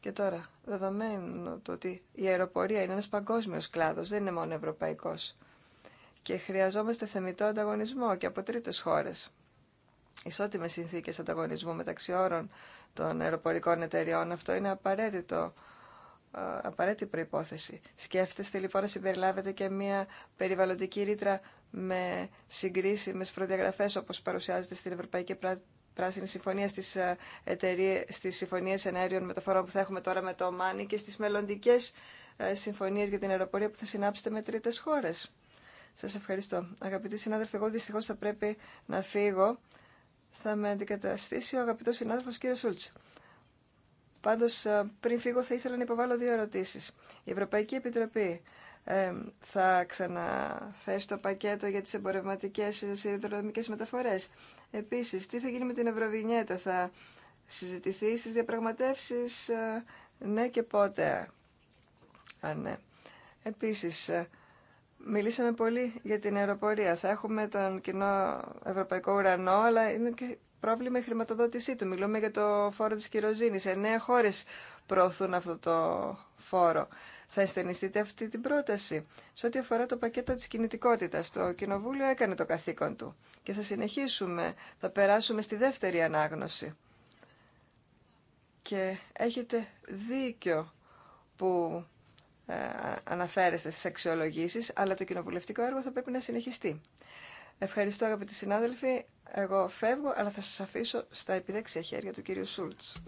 Και τώρα, δεδομένου το ότι η αεροπορία είναι ένας παγκόσμιος κλάδος, δεν είναι μόνο ευρωπαϊκός και χρειαζόμαστε θεμητό ανταγωνισμό και από τρίτες χώρες. Ισότιμες συνθήκες ανταγωνισμού μεταξύ όρων των αεροπορικών εταιριών, αυτό είναι απαραίτητο ε, απαραίτητη προϋπόθεση. Σκέφτεστε λοιπόν να συμπεριλάβετε και μια περιβαλλοντική ρήτρα με συγκρίσιμες προδιαγραφές όπως παρουσιάζεται στην Ευρωπαϊκή Πράσινη Συμφωνία στις, ε, εταιρείες, στις συμφωνίες ενέργειων μεταφορών που θα έχουμε τώρα με το ΟΜΑΝΙ και στις μελλοντικέ ε, συμφωνίες για την αεροπορία που θα συνάψετε με τρίτες χώρες. Σας ευχαριστώ. Αγαπητοί συνάδελφοι, εγώ δυστυχώς θα πρέπει να φύγω. Θα με αντικαταστήσει ο αγαπητός συνάδελφος κύριος Σούλτς. Πάντως, ε, πριν φύγω θα ήθελα να υποβάλω δύο ερωτήσεις. Η Ευρωπαϊκή Επιτροπή θα ξαναθέσει το πακέτο για τις εμπορευματικές σιδηροδρομικές μεταφορές. Επίσης, τι θα γίνει με την Ευρωβινιέτα, θα συζητηθεί στις διαπραγματεύσεις, ε, ναι και πότε, αν ναι. Επίσης, ε, μιλήσαμε πολύ για την αεροπορία. Θα έχουμε τον κοινό ευρωπαϊκό ουρανό, αλλά είναι και πρόβλημα η χρηματοδότησή του. Μιλούμε για το φόρο της κυροζήνης. Εννέα χώρες προωθούν αυτό το φόρο θα αισθενιστείτε αυτή την πρόταση. Σε ό,τι αφορά το πακέτο της κινητικότητας, το Κοινοβούλιο έκανε το καθήκον του και θα συνεχίσουμε, θα περάσουμε στη δεύτερη ανάγνωση. Και έχετε δίκιο που ε, αναφέρεστε στις αξιολογήσεις, αλλά το κοινοβουλευτικό έργο θα πρέπει να συνεχιστεί. Ευχαριστώ αγαπητοί συνάδελφοι. Εγώ φεύγω, αλλά θα σας αφήσω στα επιδέξια χέρια του κύριου Σούλτς.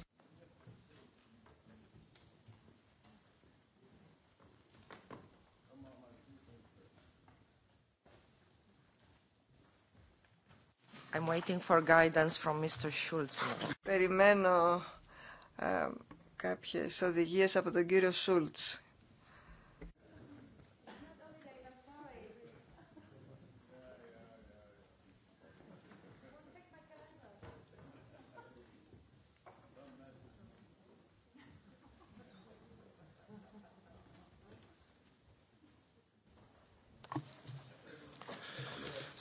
I'm waiting for guidance from Mr. Schulz. Περιμένω ε, κάποιες οδηγίες από τον κύριο Σούλτς.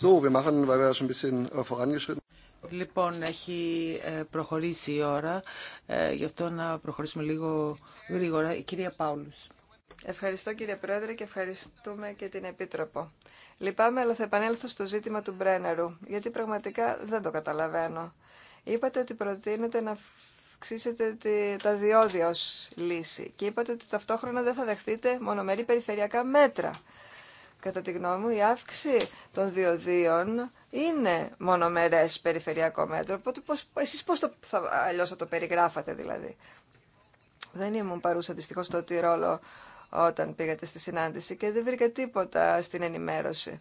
So, wir machen, weil wir schon ein bisschen äh, vorangeschritten Λοιπόν, έχει ε, προχωρήσει η ώρα, ε, γι' αυτό να προχωρήσουμε λίγο γρήγορα. Η κυρία Πάουλους. Ευχαριστώ κύριε Πρόεδρε και ευχαριστούμε και την Επίτροπο. Λυπάμαι, αλλά θα επανέλθω στο ζήτημα του Μπρένερου, γιατί πραγματικά δεν το καταλαβαίνω. Είπατε ότι προτείνετε να αυξήσετε τα διόδια ως λύση και είπατε ότι ταυτόχρονα δεν θα δεχτείτε μονομερή περιφερειακά μέτρα. Κατά τη γνώμη μου, η αύξηση των διοδίων είναι μονομερές περιφερειακό μέτρο. Οπότε πώς, εσείς πώς το, θα, αλλιώς θα το περιγράφατε δηλαδή. Δεν ήμουν παρούσα δυστυχώς στο Τυρόλο όταν πήγατε στη συνάντηση και δεν βρήκα τίποτα στην ενημέρωση.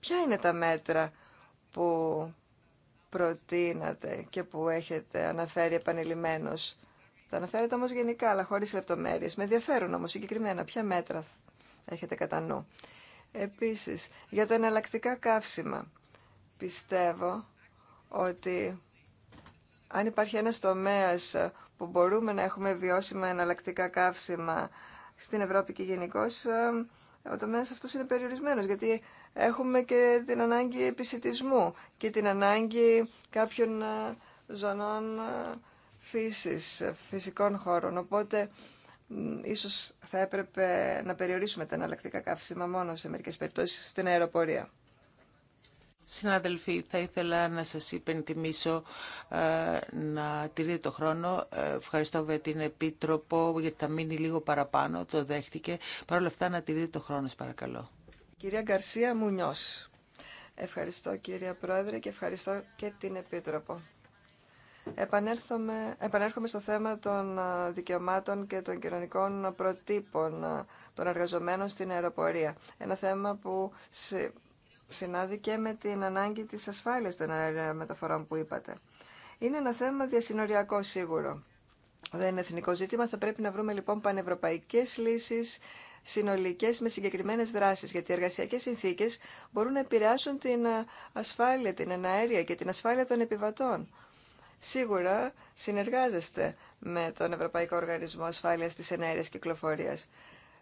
Ποια είναι τα μέτρα που προτείνατε και που έχετε αναφέρει επανειλημμένως. Τα αναφέρετε όμως γενικά, αλλά χωρίς λεπτομέρειες. Με ενδιαφέρουν όμως συγκεκριμένα ποια μέτρα έχετε κατά νου. Επίσης, για τα εναλλακτικά καύσιμα, πιστεύω ότι αν υπάρχει ένας τομέας που μπορούμε να έχουμε βιώσιμα εναλλακτικά καύσιμα στην Ευρώπη και γενικώ, ο τομέας αυτός είναι περιορισμένος, γιατί έχουμε και την ανάγκη επισητισμού και την ανάγκη κάποιων ε, ζωνών ε, φύσης, ε, φυσικών χώρων. Οπότε ίσως θα έπρεπε να περιορίσουμε τα εναλλακτικά καύσιμα μόνο σε μερικές περιπτώσεις στην αεροπορία. Συνάδελφοι, θα ήθελα να σας υπενθυμίσω ε, να τηρείτε το χρόνο. Ε, ευχαριστώ για την Επίτροπο, γιατί θα μείνει λίγο παραπάνω, το δέχτηκε. Παρ' όλα αυτά, να τηρείτε το χρόνο, σας παρακαλώ. Κυρία Γκαρσία Μουνιός. Ευχαριστώ, κυρία Πρόεδρε, και ευχαριστώ και την Επίτροπο. Επανέρχομαι στο θέμα των δικαιωμάτων και των κοινωνικών προτύπων των εργαζομένων στην αεροπορία. Ένα θέμα που συνάδει και με την ανάγκη της ασφάλειας των αερομεταφορών που είπατε. Είναι ένα θέμα διασυνοριακό σίγουρο. Δεν είναι εθνικό ζήτημα. Θα πρέπει να βρούμε λοιπόν πανευρωπαϊκές λύσεις συνολικέ με συγκεκριμένε δράσει, γιατί οι εργασιακέ συνθήκε μπορούν να επηρεάσουν την ασφάλεια, την εναέρεια και την ασφάλεια των επιβατών. Σίγουρα συνεργάζεστε με τον Ευρωπαϊκό Οργανισμό Ασφάλειας της Ενέργειας Κυκλοφορίας.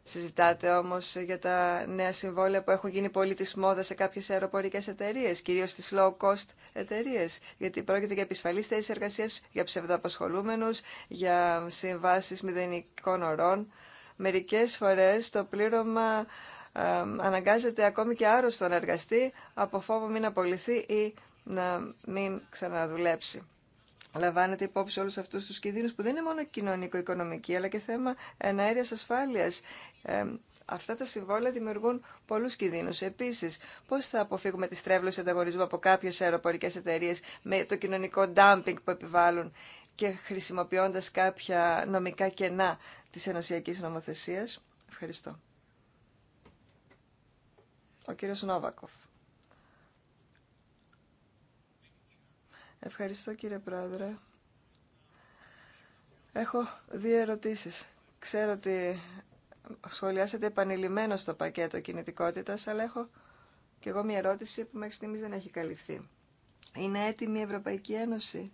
Συζητάτε όμως για τα νέα συμβόλαια που έχουν γίνει πολύ της μόδας σε κάποιες αεροπορικές εταιρείες, κυρίως στις low cost εταιρείες, γιατί πρόκειται για επισφαλείς θέσεις εργασίας, για ψευδοαπασχολούμενους, για συμβάσεις μηδενικών ορών. Μερικές φορές το πλήρωμα αναγκάζεται ακόμη και άρρωστο να εργαστεί από φόβο μην απολυθεί ή να μην ξαναδουλέψει λαμβάνετε υπόψη όλους αυτούς τους κινδύνους που δεν είναι μόνο κοινωνικο-οικονομικοί αλλά και θέμα ε, εναέρειας ασφάλειας. Ε, αυτά τα συμβόλαια δημιουργούν πολλούς κινδύνους. Επίσης, πώς θα αποφύγουμε τη στρέβλωση ανταγωνισμού από κάποιες αεροπορικές εταιρείε με το κοινωνικό dumping που επιβάλλουν και χρησιμοποιώντας κάποια νομικά κενά της ενωσιακής νομοθεσίας. Ευχαριστώ. Ο κύριος Νόβακοφ. Ευχαριστώ κύριε Πρόεδρε. Έχω δύο ερωτήσεις. Ξέρω ότι σχολιάσατε επανειλημμένο στο πακέτο κινητικότητας, αλλά έχω και εγώ μια ερώτηση που μέχρι στιγμής δεν έχει καλυφθεί. Είναι έτοιμη η Ευρωπαϊκή Ένωση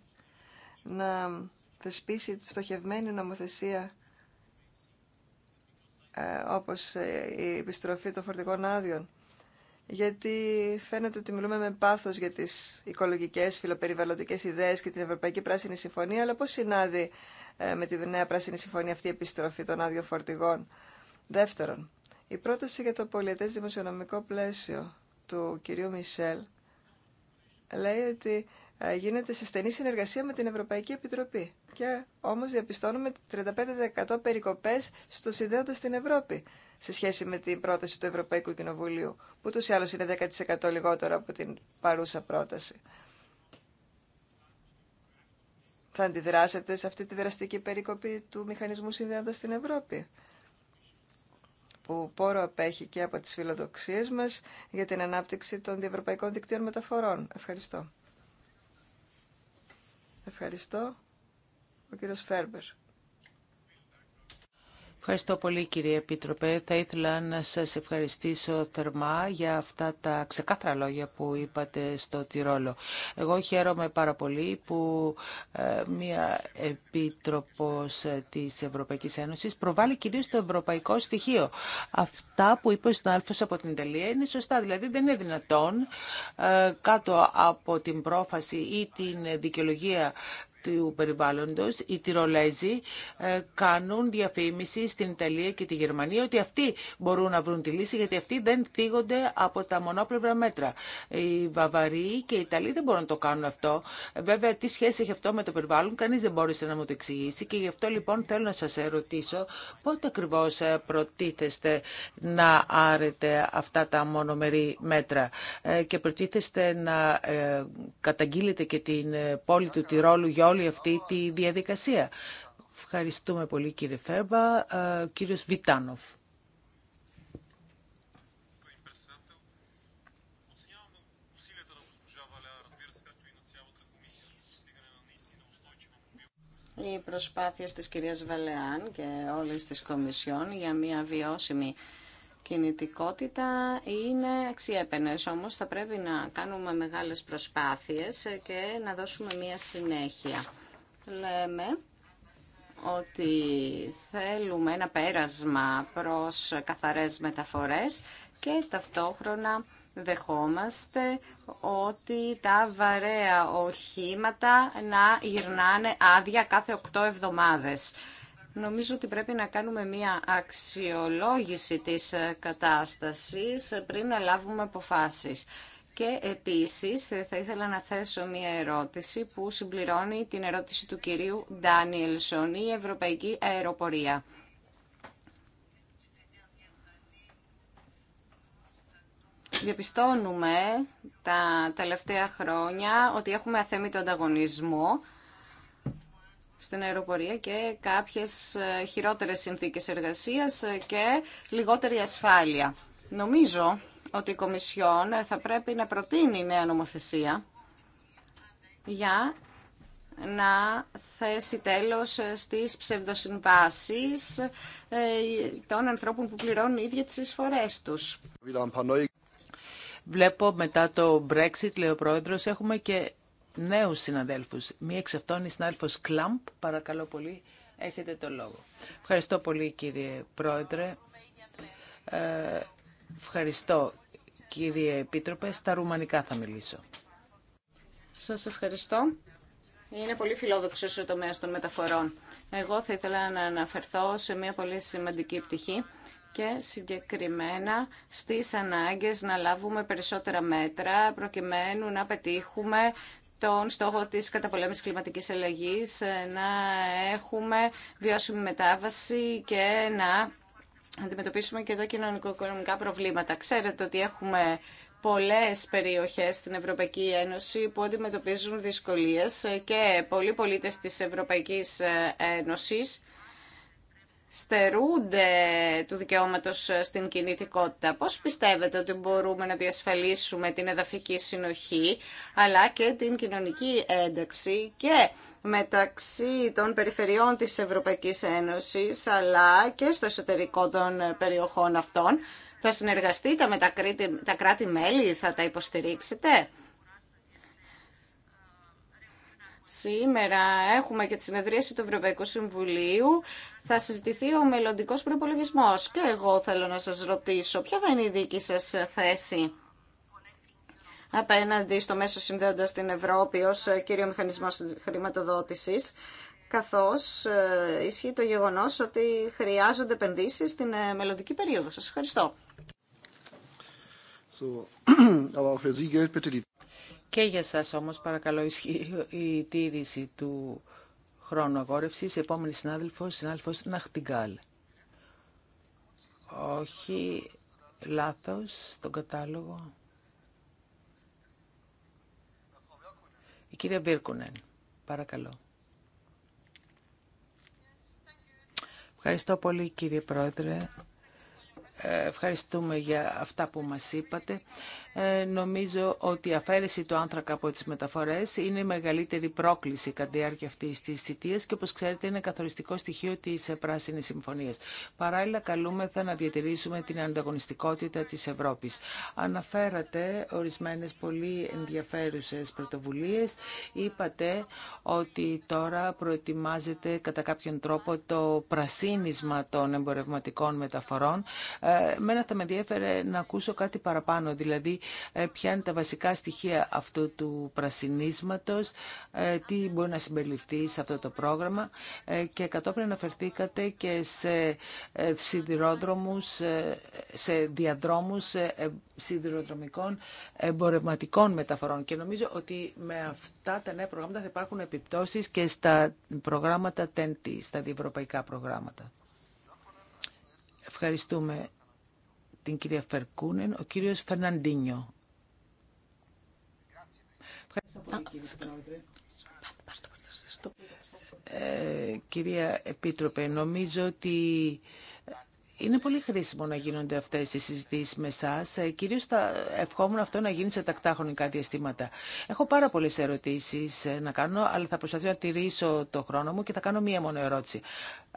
να θεσπίσει στοχευμένη νομοθεσία ε, όπως ε, η επιστροφή των φορτικών άδειων γιατί φαίνεται ότι μιλούμε με πάθος για τις οικολογικές, φιλοπεριβαλλοντικές ιδέες και την Ευρωπαϊκή Πράσινη Συμφωνία, αλλά πώ συνάδει ε, με τη Νέα Πράσινη Συμφωνία αυτή η επιστροφή των άδειων φορτηγών. Δεύτερον, η πρόταση για το πολιετές δημοσιονομικό πλαίσιο του κυρίου Μισελ λέει ότι ε, γίνεται σε στενή συνεργασία με την Ευρωπαϊκή Επιτροπή. Και όμως διαπιστώνουμε 35% περικοπές στο συνδέοντα στην Ευρώπη σε σχέση με την πρόταση του Ευρωπαϊκού Κοινοβουλίου, που τους ή άλλως είναι 10% λιγότερο από την παρούσα πρόταση. Θα αντιδράσετε σε αυτή τη δραστική περικοπή του μηχανισμού συνδέοντα στην Ευρώπη που πόρο απέχει και από τις φιλοδοξίες μας για την ανάπτυξη των διευρωπαϊκών δικτύων μεταφορών. Ευχαριστώ. Ευχαριστώ. Ο κύριος Φέρμπερ. Ευχαριστώ πολύ κύριε Επίτροπε. Θα ήθελα να σας ευχαριστήσω θερμά για αυτά τα ξεκάθαρα λόγια που είπατε στο Τυρόλο. Εγώ χαίρομαι πάρα πολύ που ε, μία Επίτροπος της Ευρωπαϊκής Ένωσης προβάλλει κυρίως το ευρωπαϊκό στοιχείο. Αυτά που είπε στον Άλφος από την Ιταλία είναι σωστά. Δηλαδή δεν είναι δυνατόν ε, κάτω από την πρόφαση ή την δικαιολογία του περιβάλλοντος, οι Τυρολέζοι ε, κάνουν διαφήμιση στην Ιταλία και τη Γερμανία ότι αυτοί μπορούν να βρουν τη λύση γιατί αυτοί δεν θίγονται από τα μονόπλευρα μέτρα. Οι Βαβαροί και οι Ιταλοί δεν μπορούν να το κάνουν αυτό. Βέβαια, τι σχέση έχει αυτό με το περιβάλλον, κανείς δεν μπόρεσε να μου το εξηγήσει και γι' αυτό λοιπόν θέλω να σας ερωτήσω πότε ακριβώς ε, προτίθεστε να άρετε αυτά τα μονομερή μέτρα ε, και προτίθεστε να καταγγείλετε και την πόλη του Τυρόλου για όλη αυτή τη διαδικασία. Ευχαριστούμε πολύ κύριε Φέρμπα. Ε, κύριος Βιτάνοφ. Οι προσπάθειες της κυρίας Βαλεάν και όλες της Κομισιόν για μια βιώσιμη κινητικότητα είναι αξιέπαινες, όμως θα πρέπει να κάνουμε μεγάλες προσπάθειες και να δώσουμε μία συνέχεια. Λέμε ότι θέλουμε ένα πέρασμα προς καθαρές μεταφορές και ταυτόχρονα δεχόμαστε ότι τα βαρέα οχήματα να γυρνάνε άδεια κάθε 8 εβδομάδες. Νομίζω ότι πρέπει να κάνουμε μία αξιολόγηση της ε, κατάστασης ε, πριν να λάβουμε αποφάσεις. Και επίσης ε, θα ήθελα να θέσω μία ερώτηση που συμπληρώνει την ερώτηση του κυρίου Ντάνιελσον, η Ευρωπαϊκή Αεροπορία. Διαπιστώνουμε τα τελευταία χρόνια ότι έχουμε αθέμητο ανταγωνισμό στην αεροπορία και κάποιες ε, χειρότερες συνθήκες εργασίας ε, και λιγότερη ασφάλεια. Νομίζω ότι η Κομισιόν ε, θα πρέπει να προτείνει νέα νομοθεσία για να θέσει τέλος στις ψευδοσυμβάσεις των ανθρώπων που πληρώνουν ίδια τις εισφορές τους. Βλέπω μετά το Brexit, λέει ο Πρόεδρος, έχουμε και νέους συναδέλφους. Μία εξ αυτών η συνάδελφος Κλάμπ. Παρακαλώ πολύ, έχετε το λόγο. Ευχαριστώ πολύ κύριε Πρόεδρε. Ε, ευχαριστώ κύριε Επίτροπε. Στα ρουμανικά θα μιλήσω. Σας ευχαριστώ. Είναι πολύ φιλόδοξο ο τομέα των μεταφορών. Εγώ θα ήθελα να αναφερθώ σε μια πολύ σημαντική πτυχή και συγκεκριμένα στις ανάγκες να λάβουμε περισσότερα μέτρα προκειμένου να πετύχουμε τον στόχο της καταπολέμησης κλιματικής αλλαγής, ε, να έχουμε βιώσιμη μετάβαση και να αντιμετωπίσουμε και εδω κοινωνικο-οικονομικά προβλήματα. Ξέρετε ότι έχουμε πολλές περιοχές στην Ευρωπαϊκή Ένωση που αντιμετωπίζουν δυσκολίες και πολλοί πολίτες της Ευρωπαϊκής ε, Ένωσης στερούνται του δικαιώματος στην κινητικότητα. Πώς πιστεύετε ότι μπορούμε να διασφαλίσουμε την εδαφική συνοχή αλλά και την κοινωνική ένταξη και μεταξύ των περιφερειών της Ευρωπαϊκής Ένωσης αλλά και στο εσωτερικό των περιοχών αυτών. Θα συνεργαστείτε με τα κράτη-μέλη, θα τα υποστηρίξετε. Σήμερα έχουμε και τη συνεδρίαση του Ευρωπαϊκού Συμβουλίου θα συζητηθεί ο μελλοντικό προπολογισμό. Και εγώ θέλω να σας ρωτήσω, ποια θα είναι η δική σα θέση απέναντι στο μέσο συνδέοντα την Ευρώπη ω κύριο μηχανισμό χρηματοδότηση καθώς ε, ισχύει το γεγονός ότι χρειάζονται επενδύσει στην ε, μελλοντική περίοδο. Σα ευχαριστώ. Και για σας όμως παρακαλώ η τήρηση του χρόνο αγόρευσης. Η επόμενη συνάδελφος, συνάδελφος Ναχτιγκάλ. Όχι, λάθος τον κατάλογο. Η κυρία Βίρκουνεν, παρακαλώ. Ευχαριστώ πολύ κύριε Πρόεδρε. Ε, ευχαριστούμε για αυτά που μας είπατε. Ε, νομίζω ότι η αφαίρεση του άνθρακα από τις μεταφορές είναι η μεγαλύτερη πρόκληση κατά τη διάρκεια αυτής της θητείας και όπως ξέρετε είναι καθοριστικό στοιχείο της Πράσινης Συμφωνίας. Παράλληλα καλούμεθα να διατηρήσουμε την ανταγωνιστικότητα της Ευρώπης. Αναφέρατε ορισμένες πολύ ενδιαφέρουσες πρωτοβουλίες. Είπατε ότι τώρα προετοιμάζεται κατά κάποιον τρόπο το πρασίνισμα των εμπορευματικών μεταφορών. Ε, μένα θα με ενδιαφέρε να ακούσω κάτι παραπάνω, δηλαδή ε, ποια είναι τα βασικά στοιχεία αυτού του πρασινίσματος, ε, τι μπορεί να συμπεριληφθεί σε αυτό το πρόγραμμα ε, και κατόπιν αναφερθήκατε και σε σιδηρόδρομους, σε διαδρόμους σιδηροδρομικών εμπορευματικών μεταφορών και νομίζω ότι με αυτά τα νέα προγράμματα θα υπάρχουν επιπτώσεις και στα προγράμματα στα διευρωπαϊκά προγράμματα. Ευχαριστούμε την κυρία Φερκούνεν, ο κύριος Φερναντίνιο. κυρία Επίτροπε, νομίζω ότι είναι πολύ χρήσιμο να γίνονται αυτέ οι συζητήσει με εσά. Ε, Κυρίω θα ευχόμουν αυτό να γίνει σε τακτά χρονικά διαστήματα. Έχω πάρα πολλέ ερωτήσει ε, να κάνω, αλλά θα προσπαθήσω να τηρήσω το χρόνο μου και θα κάνω μία μόνο ερώτηση.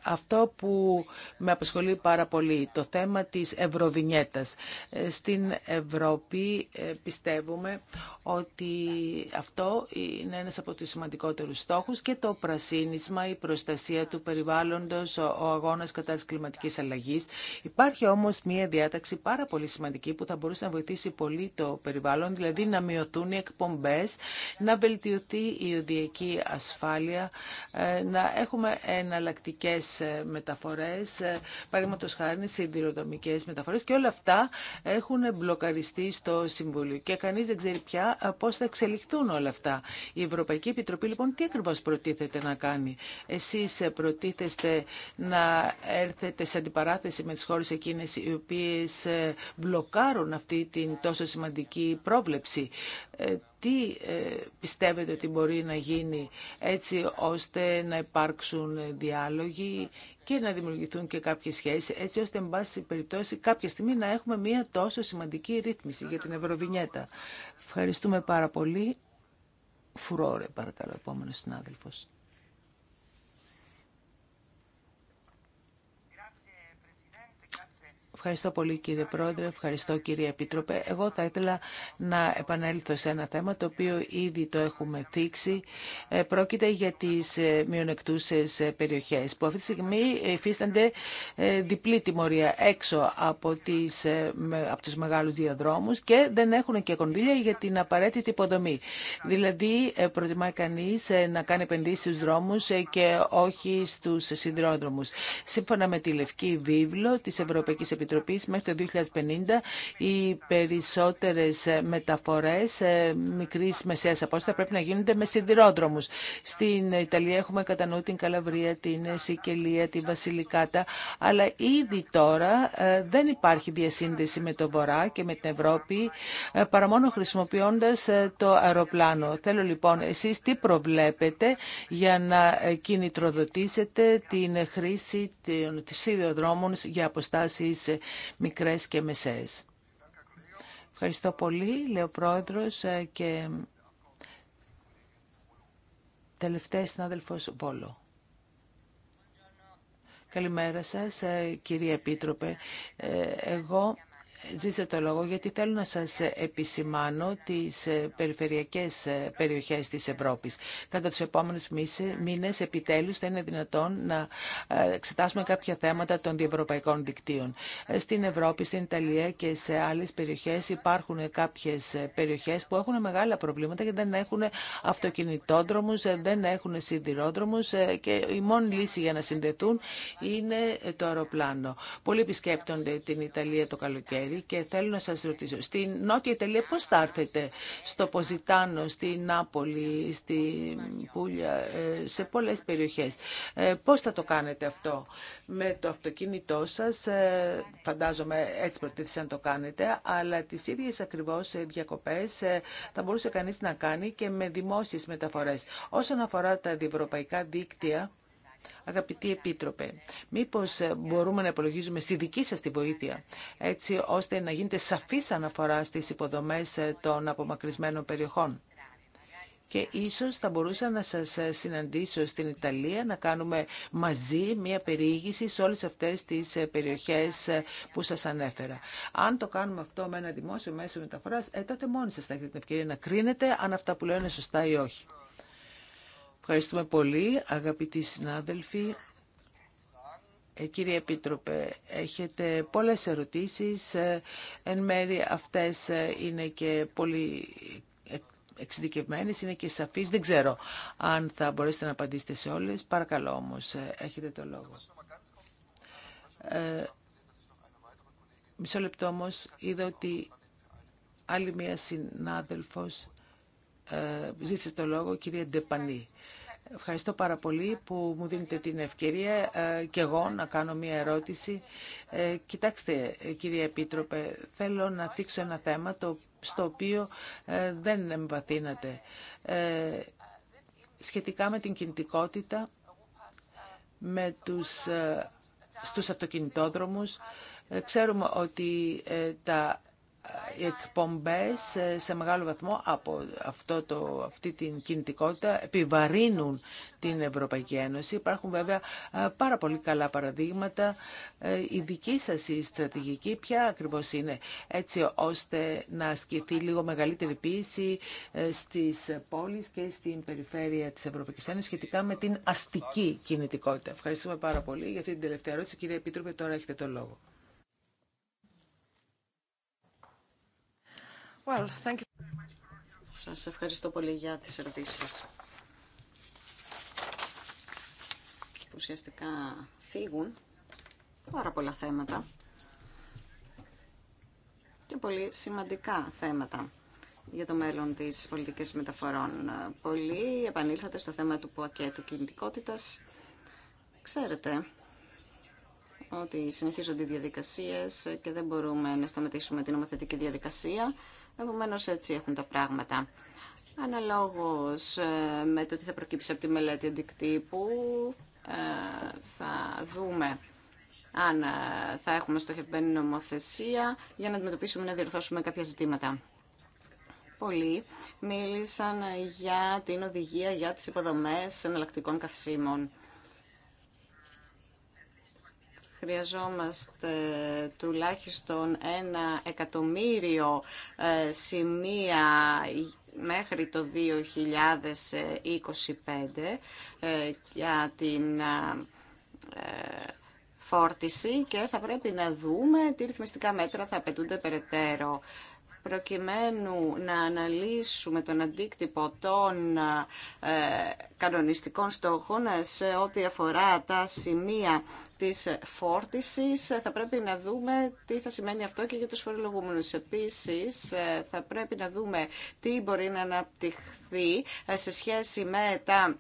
Αυτό που με απασχολεί πάρα πολύ, το θέμα τη Ευρωβινιέτα. Ε, στην Ευρώπη πιστεύουμε ότι αυτό είναι ένα από του σημαντικότερου στόχου και το πρασίνισμα, η προστασία του περιβάλλοντο ο αγώνα κατά τη κλιματική αλλαγή. Υπάρχει όμως μια διάταξη πάρα πολύ σημαντική που θα μπορούσε να βοηθήσει πολύ το περιβάλλον, δηλαδή να μειωθούν οι εκπομπές, να βελτιωθεί η οδιακή ασφάλεια, ε, να έχουμε εναλλακτικέ ε, μεταφορές, ε, παραδείγματο χάρη σιδηροδρομικές μεταφορές και όλα αυτά έχουν μπλοκαριστεί στο Συμβούλιο και κανείς δεν ξέρει πια πώς θα εξελιχθούν όλα αυτά. Η Ευρωπαϊκή Επιτροπή λοιπόν τι ακριβώς προτίθεται να κάνει. Εσείς προτίθεστε να έρθετε σε αντιπαράθεση με τις χώρες εκείνες οι οποίες ε, μπλοκάρουν αυτή την τόσο σημαντική πρόβλεψη. Ε, τι ε, πιστεύετε ότι μπορεί να γίνει έτσι ώστε να υπάρξουν διάλογοι και να δημιουργηθούν και κάποιες σχέσεις έτσι ώστε εν πάση περιπτώσει κάποια στιγμή να έχουμε μια τόσο σημαντική ρύθμιση για την Ευρωβινιέτα. Ευχαριστούμε πάρα πολύ. Φουρόρε παρακαλώ επόμενος συνάδελφος. Ευχαριστώ πολύ κύριε Πρόεδρε, ευχαριστώ κύριε Επίτροπε. Εγώ θα ήθελα να επανέλθω σε ένα θέμα το οποίο ήδη το έχουμε θίξει. Ε, πρόκειται για τις ε, μειονεκτούσες ε, περιοχές που αυτή τη στιγμή υφίστανται διπλή τιμωρία έξω από, τις, από τους μεγάλους διαδρόμους και δεν έχουν και κονδύλια για την απαραίτητη υποδομή. Δηλαδή προτιμάει κανείς να κάνει επενδύσεις στους δρόμους και όχι στους συνδρόδρομους. Σύμφωνα με τη Λευκή Βίβλο της Ευρωπαϊκής Επιτροπής Επιτροπής μέχρι το 2050 οι περισσότερες μεταφορές ε, μικρής μεσαίας απόστασης πρέπει να γίνονται με σιδηρόδρομους. Στην Ιταλία έχουμε κατά νου την Καλαβρία, την Σικελία, την Βασιλικάτα, αλλά ήδη τώρα ε, δεν υπάρχει διασύνδεση με το Βορρά και με την Ευρώπη ε, παρά μόνο χρησιμοποιώντας το αεροπλάνο. Θέλω λοιπόν εσείς τι προβλέπετε για να κινητροδοτήσετε την χρήση των σιδηροδρόμων για αποστάσεις μικρές και μεσές. Ευχαριστώ πολύ, λέει ο Πρόεδρος ε, και τελευταία συνάδελφος Βόλο. Καλημέρα σας, ε, κύριε Επίτροπε. Ε, εγώ ζήσετε το λόγο γιατί θέλω να σας επισημάνω τις ε, περιφερειακές ε, περιοχές της Ευρώπης. Κατά τους επόμενους μήνες επιτέλους θα είναι δυνατόν να ε, εξετάσουμε κάποια θέματα των διευρωπαϊκών δικτύων. Στην Ευρώπη, στην Ιταλία και σε άλλες περιοχές υπάρχουν κάποιες περιοχές που έχουν μεγάλα προβλήματα και δεν έχουν αυτοκινητόδρομους, δεν έχουν σιδηρόδρομους και η μόνη λύση για να συνδεθούν είναι το αεροπλάνο. Πολλοί επισκέπτονται την Ιταλία το καλοκαίρι και θέλω να σας ρωτήσω, στην Νότια Ιταλία πώς θα έρθετε στο Ποζιτάνο, στη Νάπολη, στη Πούλια, ε, σε πολλές περιοχές. Ε, πώς θα το κάνετε αυτό με το αυτοκίνητό σας, ε, φαντάζομαι έτσι προτίθεται να το κάνετε, αλλά τις ίδιες ακριβώς διακοπές θα μπορούσε κανείς να κάνει και με δημόσιες μεταφορές. Όσον αφορά τα διευρωπαϊκά δίκτυα, Αγαπητοί Επίτροπε, μήπως ε, μπορούμε να υπολογίζουμε στη δική σας τη βοήθεια, έτσι ώστε να γίνεται σαφής αναφορά στις υποδομές ε, των απομακρυσμένων περιοχών. Και ίσως θα μπορούσα να σας ε, συναντήσω στην Ιταλία να κάνουμε μαζί μια περιήγηση σε όλες αυτές τις περιοχές που σας ανέφερα. Αν το κάνουμε αυτό με ένα δημόσιο μέσο μεταφοράς, ε, τότε μόνοι σας θα έχετε την ευκαιρία να κρίνετε αν αυτά που λέω είναι σωστά ή όχι. Ευχαριστούμε πολύ, αγαπητοί συνάδελφοι. Ε, κύριε Επίτροπε, έχετε πολλές ερωτήσεις. Ε, εν μέρη αυτές ε, είναι και πολύ εξειδικευμένες, είναι και σαφείς. Δεν ξέρω αν θα μπορέσετε να απαντήσετε σε όλες. Παρακαλώ όμως, ε, έχετε το λόγο. Ε, μισό λεπτό όμως, είδα ότι άλλη μία συνάδελφος ζήτησε το λόγο, κυρία Ντεπανή. Ευχαριστώ πάρα πολύ που μου δίνετε την ευκαιρία ε, και εγώ να κάνω μία ερώτηση. Ε, κοιτάξτε, κύριε Επίτροπε, θέλω να θίξω ένα θέμα στο οποίο ε, δεν εμβαθύνατε. Σχετικά με την κινητικότητα, με τους, στους αυτοκινητόδρομους, ξέρουμε ότι τα εκπομπές ε, σε μεγάλο βαθμό από αυτό το, αυτή την κινητικότητα επιβαρύνουν την Ευρωπαϊκή Ένωση. Υπάρχουν βέβαια ε, πάρα πολύ καλά παραδείγματα. Ε, η δική σας στρατηγική ποια ακριβώς είναι έτσι ώστε να ασκηθεί λίγο μεγαλύτερη πίεση στις πόλεις και στην περιφέρεια της Ευρωπαϊκής Ένωσης σχετικά με την αστική κινητικότητα. Ευχαριστούμε πάρα πολύ για αυτή την τελευταία ερώτηση. Κύριε Επίτροπε, τώρα έχετε το λόγο. Well, Σας ευχαριστώ πολύ για τις ερωτήσεις σας. ουσιαστικά φύγουν πάρα πολλά θέματα και πολύ σημαντικά θέματα για το μέλλον της πολιτικής μεταφορών. Πολύ επανήλθατε στο θέμα του πακέτου κινητικότητας. Ξέρετε ότι συνεχίζονται οι διαδικασίες και δεν μπορούμε να σταματήσουμε την νομοθετική διαδικασία. Επομένω έτσι έχουν τα πράγματα. Αναλόγως ε, με το τι θα προκύψει από τη μελέτη αντικτύπου, ε, θα δούμε αν ε, θα έχουμε στοχευμένη νομοθεσία για να αντιμετωπίσουμε να διορθώσουμε κάποια ζητήματα. Πολλοί μίλησαν για την οδηγία για τις υποδομές εναλλακτικών καυσίμων χρειαζόμαστε τουλάχιστον ένα εκατομμύριο ε, σημεία μέχρι το 2025 ε, για την ε, φόρτιση και θα πρέπει να δούμε τι ρυθμιστικά μέτρα θα απαιτούνται περαιτέρω προκειμένου να αναλύσουμε τον αντίκτυπο των ε, κανονιστικών στόχων σε ό,τι αφορά τα σημεία της φόρτισης. Θα πρέπει να δούμε τι θα σημαίνει αυτό και για τους φορολογούμενους. Επίσης, ε, θα πρέπει να δούμε τι μπορεί να αναπτυχθεί ε, σε σχέση με τα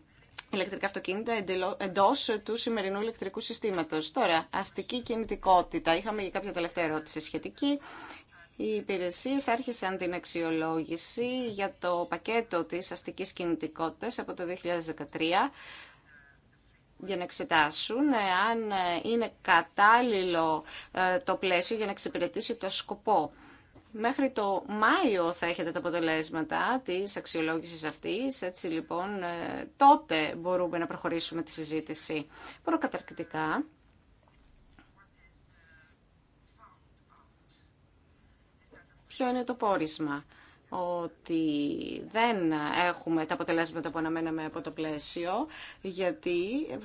ηλεκτρικά αυτοκίνητα εντό του σημερινού ηλεκτρικού συστήματο. Τώρα, αστική κινητικότητα. Είχαμε κάποια τελευταία ερώτηση σχετική οι υπηρεσίε άρχισαν την αξιολόγηση για το πακέτο της αστικής κινητικότητας από το 2013 για να εξετάσουν αν είναι κατάλληλο ε, το πλαίσιο για να εξυπηρετήσει το σκοπό. Μέχρι το Μάιο θα έχετε τα αποτελέσματα της αξιολόγησης αυτής, έτσι λοιπόν ε, τότε μπορούμε να προχωρήσουμε τη συζήτηση. Προκαταρκτικά, ποιο είναι το πόρισμα. Ότι δεν έχουμε τα αποτελέσματα που αναμέναμε από το πλαίσιο, γιατί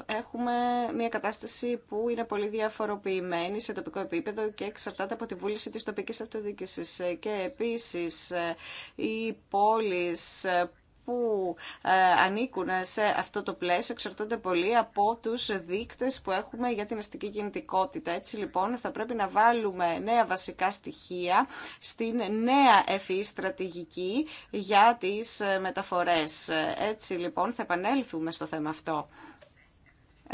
έχουμε μια κατάσταση που είναι πολύ διαφοροποιημένη σε τοπικό επίπεδο και εξαρτάται από τη βούληση της τοπικής αυτοδιοίκησης. Και επίσης οι πόλεις που ε, ανήκουν σε αυτό το πλαίσιο εξαρτώνται πολύ από τους δείκτες που έχουμε για την αστική κινητικότητα. Έτσι λοιπόν θα πρέπει να βάλουμε νέα βασικά στοιχεία στην νέα ευφυή e στρατηγική για τις ε, μεταφορές. Ε, έτσι λοιπόν θα επανέλθουμε στο θέμα αυτό.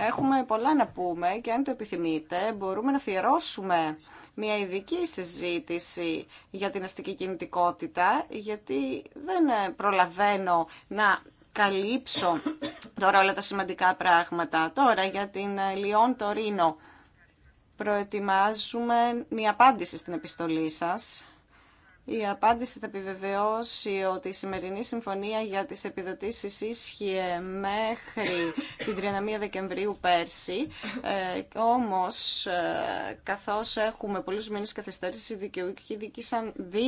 Έχουμε πολλά να πούμε και αν το επιθυμείτε μπορούμε να αφιερώσουμε μια ειδική συζήτηση για την αστική κινητικότητα γιατί δεν ε, προλαβαίνω να καλύψω τώρα όλα τα σημαντικά πράγματα. Τώρα για την ε, Λιόν Τωρίνο προετοιμάζουμε μια απάντηση στην επιστολή σας η απάντηση θα επιβεβαιώσει ότι η σημερινή συμφωνία για τις επιδοτήσεις ίσχυε μέχρι την 31 Δεκεμβρίου πέρσι. Ε, όμως, ε, καθώς έχουμε πολλούς μήνες καθυστέρηση, οι δικαιούχοι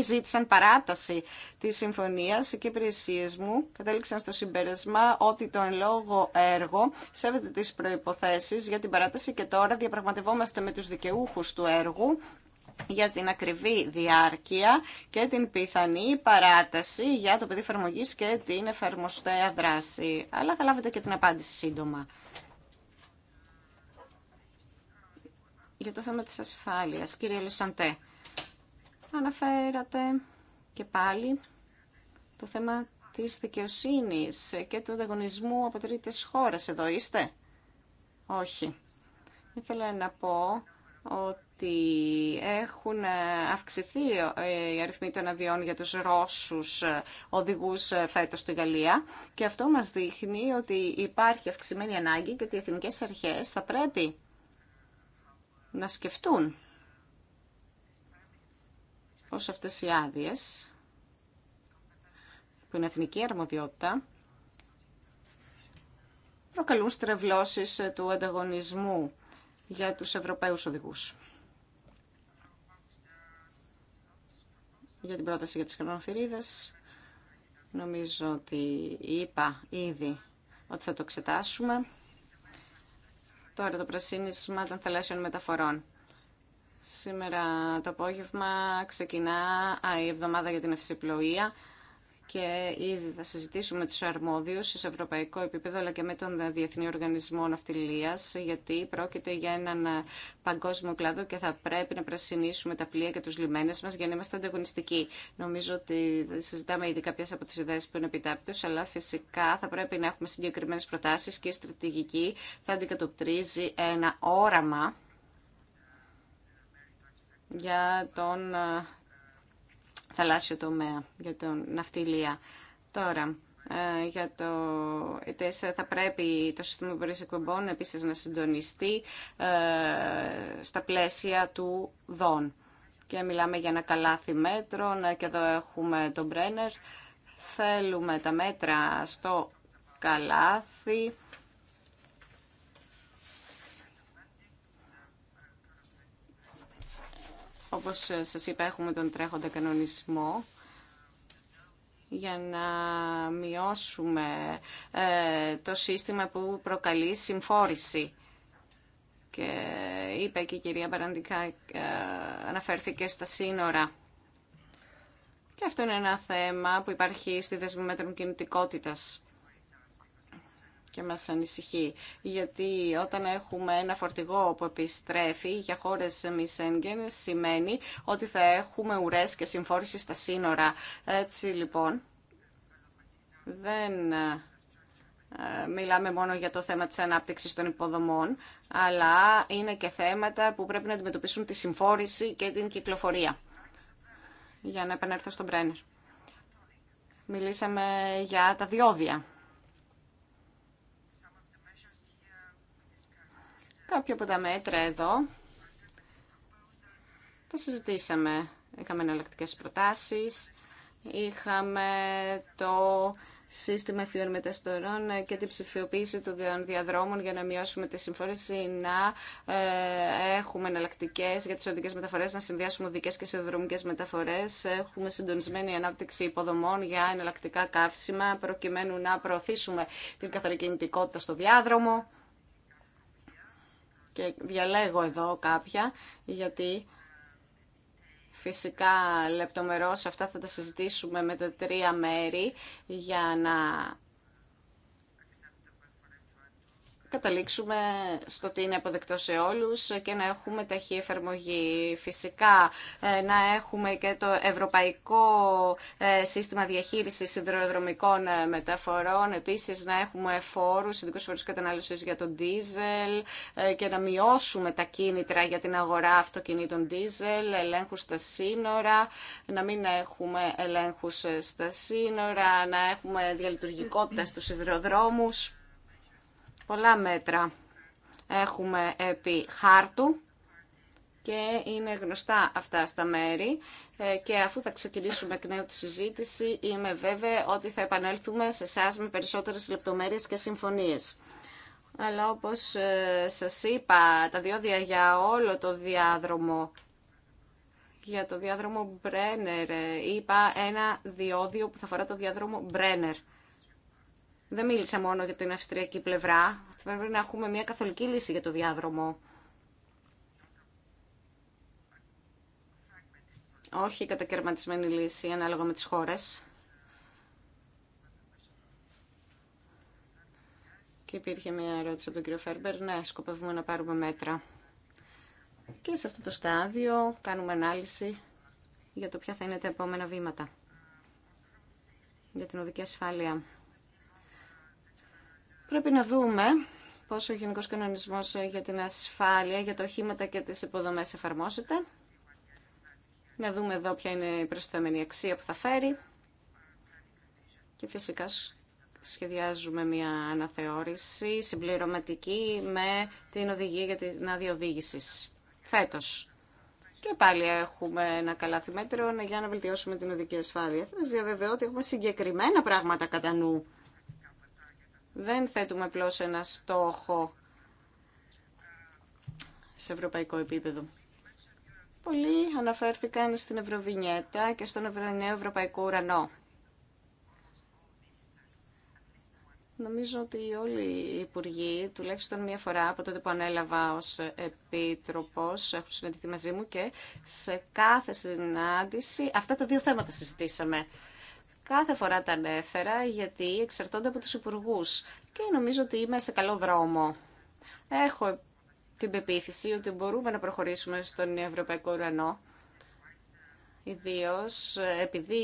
ζήτησαν παράταση της συμφωνίας και οι υπηρεσίε μου κατέληξαν στο συμπέρασμα ότι το εν λόγω έργο σέβεται τις προϋποθέσεις για την παράταση και τώρα διαπραγματευόμαστε με τους δικαιούχους του έργου για την ακριβή διάρκεια και την πιθανή παράταση για το παιδί εφαρμογή και την εφαρμοστέα δράση. Αλλά θα λάβετε και την απάντηση σύντομα. Για το θέμα της ασφάλειας, κύριε Λεσαντέ, αναφέρατε και πάλι το θέμα της δικαιοσύνης και του ανταγωνισμού από τρίτες χώρες. Εδώ είστε? Όχι. Ήθελα να πω ότι έχουν αυξηθεί ε, οι αριθμοί των αδειών για τους Ρώσους ε, οδηγούς ε, φέτος στη Γαλλία και αυτό μας δείχνει ότι υπάρχει αυξημένη ανάγκη και ότι οι εθνικές αρχές θα πρέπει να σκεφτούν πως αυτές οι άδειες που είναι εθνική αρμοδιότητα προκαλούν στρεβλώσεις του ανταγωνισμού για τους Ευρωπαίους οδηγούς. Για την πρόταση για τις χρονοθυρίδες, νομίζω ότι είπα ήδη ότι θα το εξετάσουμε. Τώρα το πρασίνισμα των θελάσσιων μεταφορών. Σήμερα το απόγευμα ξεκινά η εβδομάδα για την ευσυπλοεία και ήδη θα συζητήσουμε τους αρμόδιους σε ευρωπαϊκό επίπεδο αλλά και με τον Διεθνή Οργανισμό Ναυτιλίας γιατί πρόκειται για έναν παγκόσμιο κλάδο και θα πρέπει να πρασινίσουμε τα πλοία και τους λιμένες μας για να είμαστε ανταγωνιστικοί. Νομίζω ότι συζητάμε ήδη κάποιες από τις ιδέες που είναι επιτάπτους αλλά φυσικά θα πρέπει να έχουμε συγκεκριμένες προτάσεις και η στρατηγική θα αντικατοπτρίζει ένα όραμα για τον θαλάσσιο τομέα για τον ναυτιλία. Τώρα, ε, για το ΕΤΕΣ ε, θα πρέπει το σύστημα εμπορίας εκπομπών επίσης να συντονιστεί ε, στα πλαίσια του ΔΟΝ. Και μιλάμε για ένα καλάθι μέτρων και εδώ έχουμε τον Μπρένερ. Θέλουμε τα μέτρα στο καλάθι Όπως ε, σας είπα, έχουμε τον τρέχοντα κανονισμό για να μειώσουμε ε, το σύστημα που προκαλεί συμφόρηση. Και είπε και η κυρία Παραντικά, ε, αναφέρθηκε στα σύνορα. Και αυτό είναι ένα θέμα που υπάρχει στη μέτρων κινητικότητας και μας ανησυχεί. Γιατί όταν έχουμε ένα φορτηγό που επιστρέφει για χώρες μη Σέγγεν σημαίνει ότι θα έχουμε ουρές και συμφόρηση στα σύνορα. Έτσι λοιπόν δεν ε, μιλάμε μόνο για το θέμα της ανάπτυξης των υποδομών, αλλά είναι και θέματα που πρέπει να αντιμετωπίσουν τη συμφόρηση και την κυκλοφορία. Για να επανέλθω στον Μπρένερ. Μιλήσαμε για τα διόδια Κάποια από τα μέτρα εδώ τα συζητήσαμε. Είχαμε εναλλακτικέ προτάσεις, είχαμε το σύστημα μεταστορών και την ψηφιοποίηση των διαδρόμων για να μειώσουμε τη συμφόρηση, να ε, έχουμε εναλλακτικέ για τι οδικέ μεταφορέ, να συνδυάσουμε οδικέ και σιδηροδρομικέ μεταφορέ. Έχουμε συντονισμένη ανάπτυξη υποδομών για εναλλακτικά καύσιμα, προκειμένου να προωθήσουμε την καθαρή κινητικότητα στο διάδρομο και διαλέγω εδώ κάποια γιατί φυσικά λεπτομερώς αυτά θα τα συζητήσουμε με τα τρία μέρη για να καταλήξουμε στο ότι είναι αποδεκτό σε όλους και να έχουμε ταχύ εφαρμογή. Φυσικά ε, να έχουμε και το Ευρωπαϊκό ε, Σύστημα Διαχείρισης Συνδροδρομικών ε, Μεταφορών, επίσης να έχουμε φόρους, ειδικούς φόρους κατανάλωσης για τον δίζελ και να μειώσουμε τα κίνητρα για την αγορά αυτοκινήτων δίζελ, ελέγχου στα σύνορα, να μην έχουμε ελέγχους στα σύνορα, να έχουμε διαλειτουργικότητα στους σιδηροδρόμους Πολλά μέτρα έχουμε επί χάρτου και είναι γνωστά αυτά στα μέρη ε, και αφού θα ξεκινήσουμε εκ νέου τη συζήτηση είμαι βέβαια ότι θα επανέλθουμε σε εσά με περισσότερες λεπτομέρειες και συμφωνίες. Αλλά όπως ε, σας είπα, τα διόδια για όλο το διάδρομο, για το διάδρομο Μπρένερ, ε, είπα ένα διόδιο που θα φορά το διάδρομο Μπρένερ. Δεν μίλησα μόνο για την αυστριακή πλευρά. Θα πρέπει να έχουμε μια καθολική λύση για το διάδρομο. Όχι κατακαιρματισμένη λύση ανάλογα με τις χώρες. Και υπήρχε μια ερώτηση από τον κύριο Φέρμπερ. Ναι, σκοπεύουμε να πάρουμε μέτρα. Και σε αυτό το στάδιο κάνουμε ανάλυση για το ποια θα είναι τα επόμενα βήματα για την οδική ασφάλεια. Πρέπει να δούμε πώς ο Γενικός Κανονισμός για την ασφάλεια, για τα οχήματα και τις υποδομές εφαρμόζεται. Να δούμε εδώ ποια είναι η προσθεμένη αξία που θα φέρει. Και φυσικά σχεδιάζουμε μια αναθεώρηση συμπληρωματική με την οδηγία για την άδεια οδήγηση Φέτος. Και πάλι έχουμε ένα καλάθι μέτρων για να βελτιώσουμε την οδική ασφάλεια. Θα σας διαβεβαιώ ότι έχουμε συγκεκριμένα πράγματα κατά νου δεν θέτουμε απλώ ένα στόχο σε ευρωπαϊκό επίπεδο. Πολλοί αναφέρθηκαν στην Ευρωβινιέτα και στον Ευρωνέο Ευρωπαϊκό Ουρανό. Νομίζω ότι όλοι οι υπουργοί, τουλάχιστον μία φορά από τότε που ανέλαβα ως επίτροπος, έχουν συναντηθεί μαζί μου και σε κάθε συνάντηση αυτά τα δύο θέματα συζητήσαμε. Κάθε φορά τα ανέφερα γιατί εξαρτώνται από τους υπουργού και νομίζω ότι είμαι σε καλό δρόμο. Έχω την πεποίθηση ότι μπορούμε να προχωρήσουμε στον Ευρωπαϊκό Ουρανό Ιδίω επειδή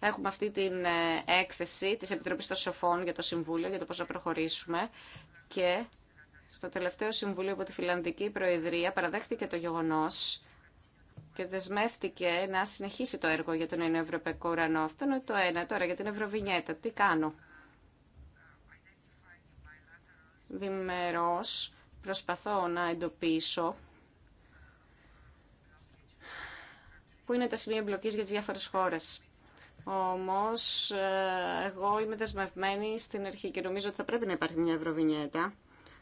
έχουμε αυτή την ε, έκθεση της Επιτροπής των Σοφών για το Συμβούλιο, για το πώς να προχωρήσουμε και στο τελευταίο Συμβούλιο από τη Φιλανδική Προεδρία παραδέχτηκε το γεγονός και δεσμεύτηκε να συνεχίσει το έργο για τον Ευρωπαϊκό Ουρανό. Αυτό είναι το ένα. Τώρα για την Ευρωβινιέτα, τι κάνω. Δημερός προσπαθώ να εντοπίσω που είναι τα σημεία εμπλοκής για τις διάφορες χώρες. Όμως, ε, εγώ είμαι δεσμευμένη στην αρχή και νομίζω ότι θα πρέπει να υπάρχει μια ευρωβινιέτα.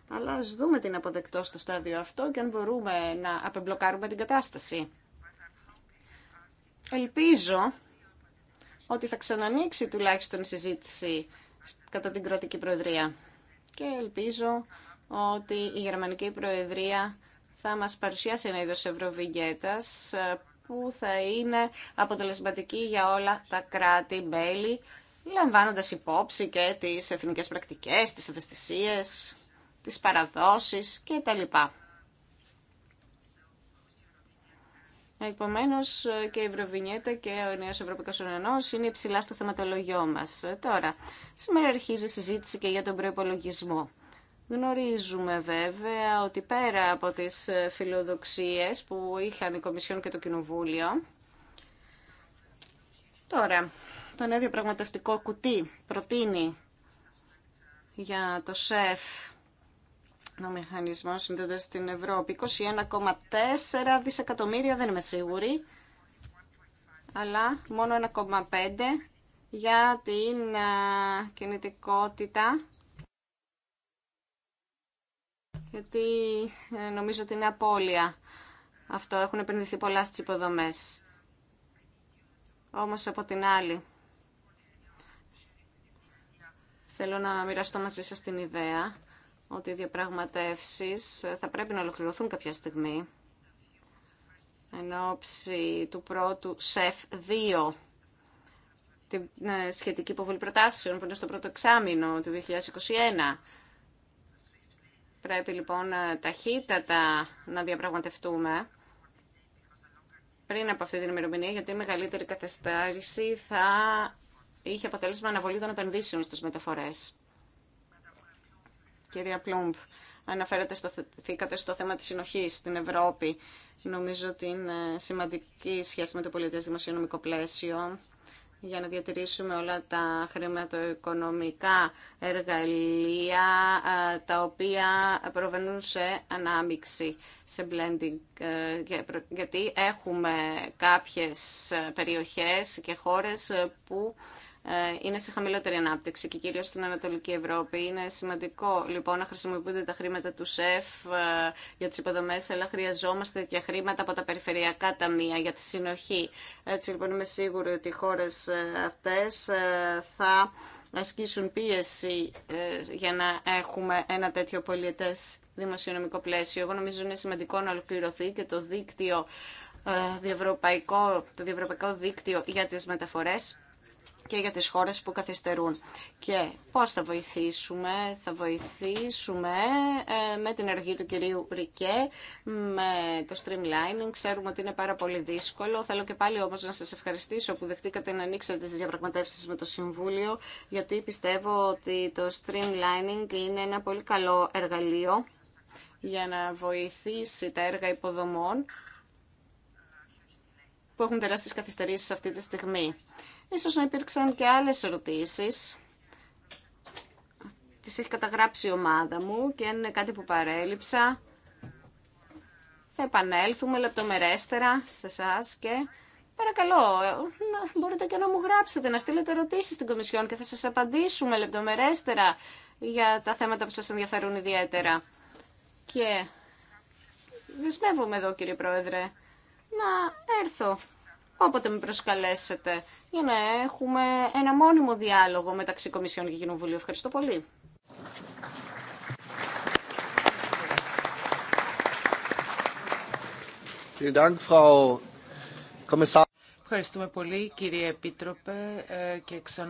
Αλλά ας δούμε την αποδεκτό στο στάδιο αυτό και αν μπορούμε να απεμπλοκάρουμε την κατάσταση. Ελπίζω ότι θα ξανανοίξει τουλάχιστον η συζήτηση κατά την κρατική προεδρία. Και ελπίζω ότι η Γερμανική Προεδρία θα μας παρουσιάσει ένα είδος ευρωβιγγέτας ε, που θα είναι αποτελεσματική για όλα τα κράτη-μέλη, λαμβάνοντας υπόψη και τις εθνικές πρακτικές, τις ευαισθησίες, τις παραδόσεις κτλ. Επομένω και η Ευρωβινιέτα και ο Νέο Ευρωπαϊκό Ουρανό είναι υψηλά στο θεματολογιό μα. Ε, τώρα, σήμερα αρχίζει η συζήτηση και για τον προπολογισμό. Γνωρίζουμε βέβαια ότι πέρα από τις ε, φιλοδοξίες που είχαν η Κομισιόν και το Κοινοβούλιο, τώρα το ίδιο πραγματευτικό κουτί προτείνει για το ΣΕΦ ο μηχανισμό συνδέεται στην Ευρώπη. 21,4 δισεκατομμύρια, δεν είμαι σίγουρη, αλλά μόνο 1,5 για την κινητικότητα. Γιατί ε, νομίζω ότι είναι απώλεια αυτό. Έχουν επενδυθεί πολλά στις υποδομές. Όμως από την άλλη, θέλω να μοιραστώ μαζί σας την ιδέα ότι οι διαπραγματεύσει θα πρέπει να ολοκληρωθούν κάποια στιγμή εν ώψη του πρώτου ΣΕΦ 2 την ε, σχετική υποβολή προτάσεων που είναι στο πρώτο εξάμεινο του 2021. Πρέπει λοιπόν ε, ταχύτατα να διαπραγματευτούμε πριν από αυτή την ημερομηνία, γιατί η μεγαλύτερη καθεστάριση θα είχε αποτέλεσμα αναβολή των επενδύσεων στις μεταφορές. Κυρία Πλούμπ, αναφέρατε στο, στο θέμα της συνοχής στην Ευρώπη. Νομίζω ότι είναι σημαντική σχέση με το πολιτικό δημοσιονομικό πλαίσιο για να διατηρήσουμε όλα τα χρηματοοικονομικά εργαλεία τα οποία προβαίνουν σε ανάμιξη, σε blending. Ε, γιατί έχουμε κάποιες ε, περιοχές και χώρες ε, που ε, είναι σε χαμηλότερη ανάπτυξη και κυρίως στην Ανατολική Ευρώπη. Είναι σημαντικό λοιπόν να χρησιμοποιούνται τα χρήματα του ΣΕΦ ε, για τις υποδομές, αλλά χρειαζόμαστε και χρήματα από τα περιφερειακά ταμεία για τη συνοχή. Έτσι λοιπόν είμαι σίγουρη ότι οι χώρες ε, αυτές θα ασκήσουν πίεση για να έχουμε ένα τέτοιο πολιετές δημοσιονομικό πλαίσιο. Εγώ νομίζω είναι σημαντικό να ολοκληρωθεί και το δίκτυο διευρωπαϊκό, το διευρωπαϊκό δίκτυο για τις μεταφορές και για τις χώρες που καθυστερούν. Και πώς θα βοηθήσουμε, θα βοηθήσουμε ε, με την εργή του κυρίου Ρικέ, με το streamlining, ξέρουμε ότι είναι πάρα πολύ δύσκολο. Θέλω και πάλι όμως να σας ευχαριστήσω που δεχτήκατε να ανοίξετε τις διαπραγματεύσεις με το Συμβούλιο, γιατί πιστεύω ότι το streamlining είναι ένα πολύ καλό εργαλείο για να βοηθήσει τα έργα υποδομών που έχουν τεράστιες καθυστερήσεις αυτή τη στιγμή. Ίσως να υπήρξαν και άλλες ερωτήσεις. Τις έχει καταγράψει η ομάδα μου και αν είναι κάτι που παρέλειψα, θα επανέλθουμε λεπτομερέστερα σε εσά και παρακαλώ, μπορείτε και να μου γράψετε, να στείλετε ερωτήσεις στην Κομισιόν και θα σας απαντήσουμε λεπτομερέστερα για τα θέματα που σας ενδιαφέρουν ιδιαίτερα. Και δεσμεύομαι εδώ κύριε Πρόεδρε να έρθω όποτε με προσκαλέσετε, για να έχουμε ένα μόνιμο διάλογο μεταξύ Κομισιών και Κοινοβουλίου. Ευχαριστώ πολύ. Ευχαριστούμε πολύ κύριε Επίτροπε ε, και εξ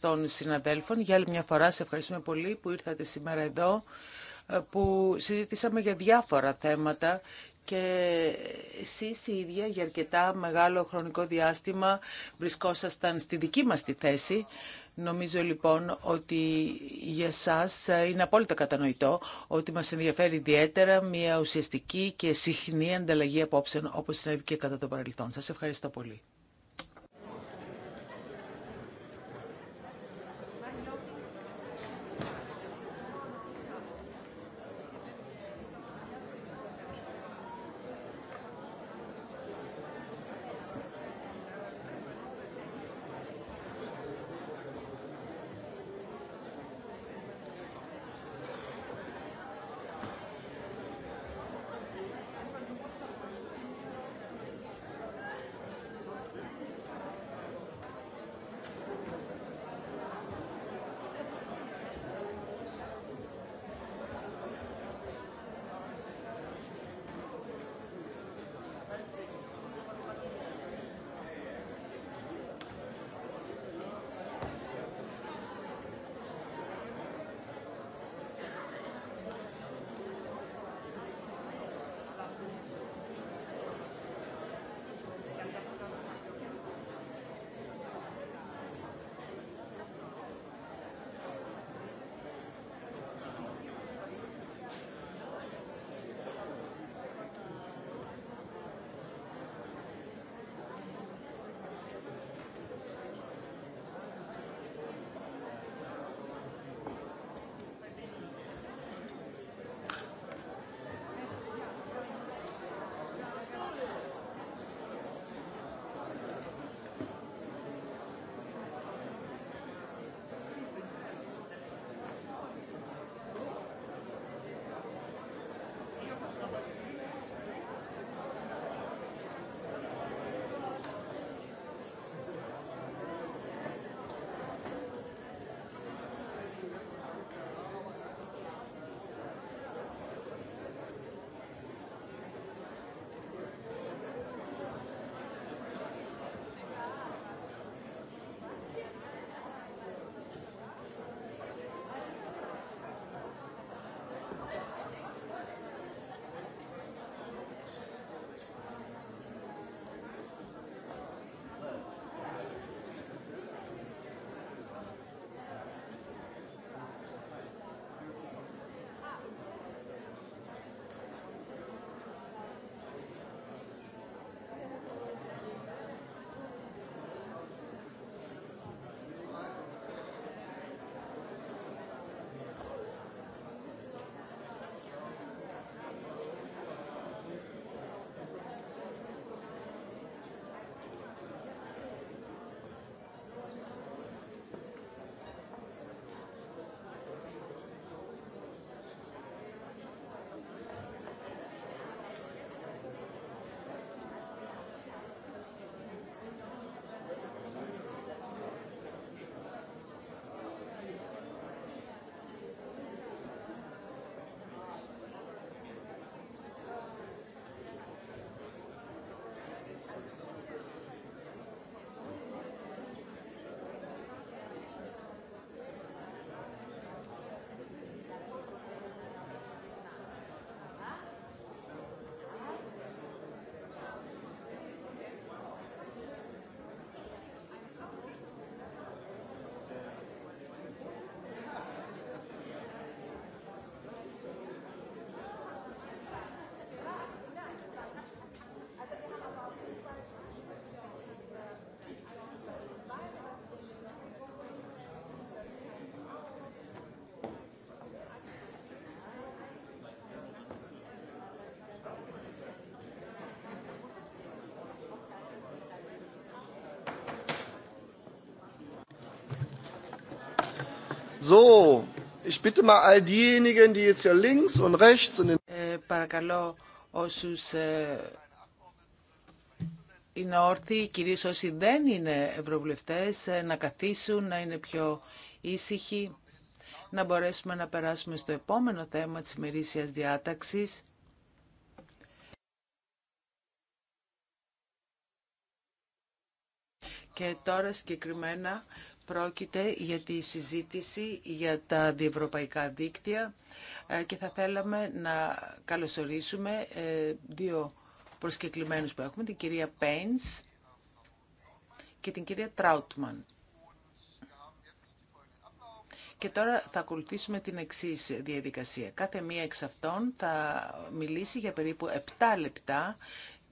των συναδέλφων. Για άλλη μια φορά σε ευχαριστούμε πολύ που ήρθατε σήμερα εδώ ε, που συζητήσαμε για διάφορα θέματα και εσείς η ίδια για αρκετά μεγάλο χρονικό διάστημα βρισκόσασταν στη δική μας τη θέση. Νομίζω λοιπόν ότι για σας είναι απόλυτα κατανοητό ότι μας ενδιαφέρει ιδιαίτερα μια ουσιαστική και συχνή ανταλλαγή απόψεων όπως συνέβη και κατά το παρελθόν. Σας ευχαριστώ πολύ. So, Παρακαλώ όσους ε, είναι όρθιοι, κυρίως όσοι δεν είναι ευρωβουλευτές, ε, να καθίσουν, να είναι πιο ήσυχοι, να μπορέσουμε να περάσουμε στο επόμενο θέμα της ημερήσιας διάταξης. Και τώρα συγκεκριμένα Πρόκειται για τη συζήτηση για τα διευρωπαϊκά δίκτυα ε, και θα θέλαμε να καλωσορίσουμε ε, δύο προσκεκλημένους που έχουμε, την κυρία Πέινς και την κυρία Τράουτμαν. Και τώρα θα ακολουθήσουμε την εξή διαδικασία. Κάθε μία εξ αυτών θα μιλήσει για περίπου 7 λεπτά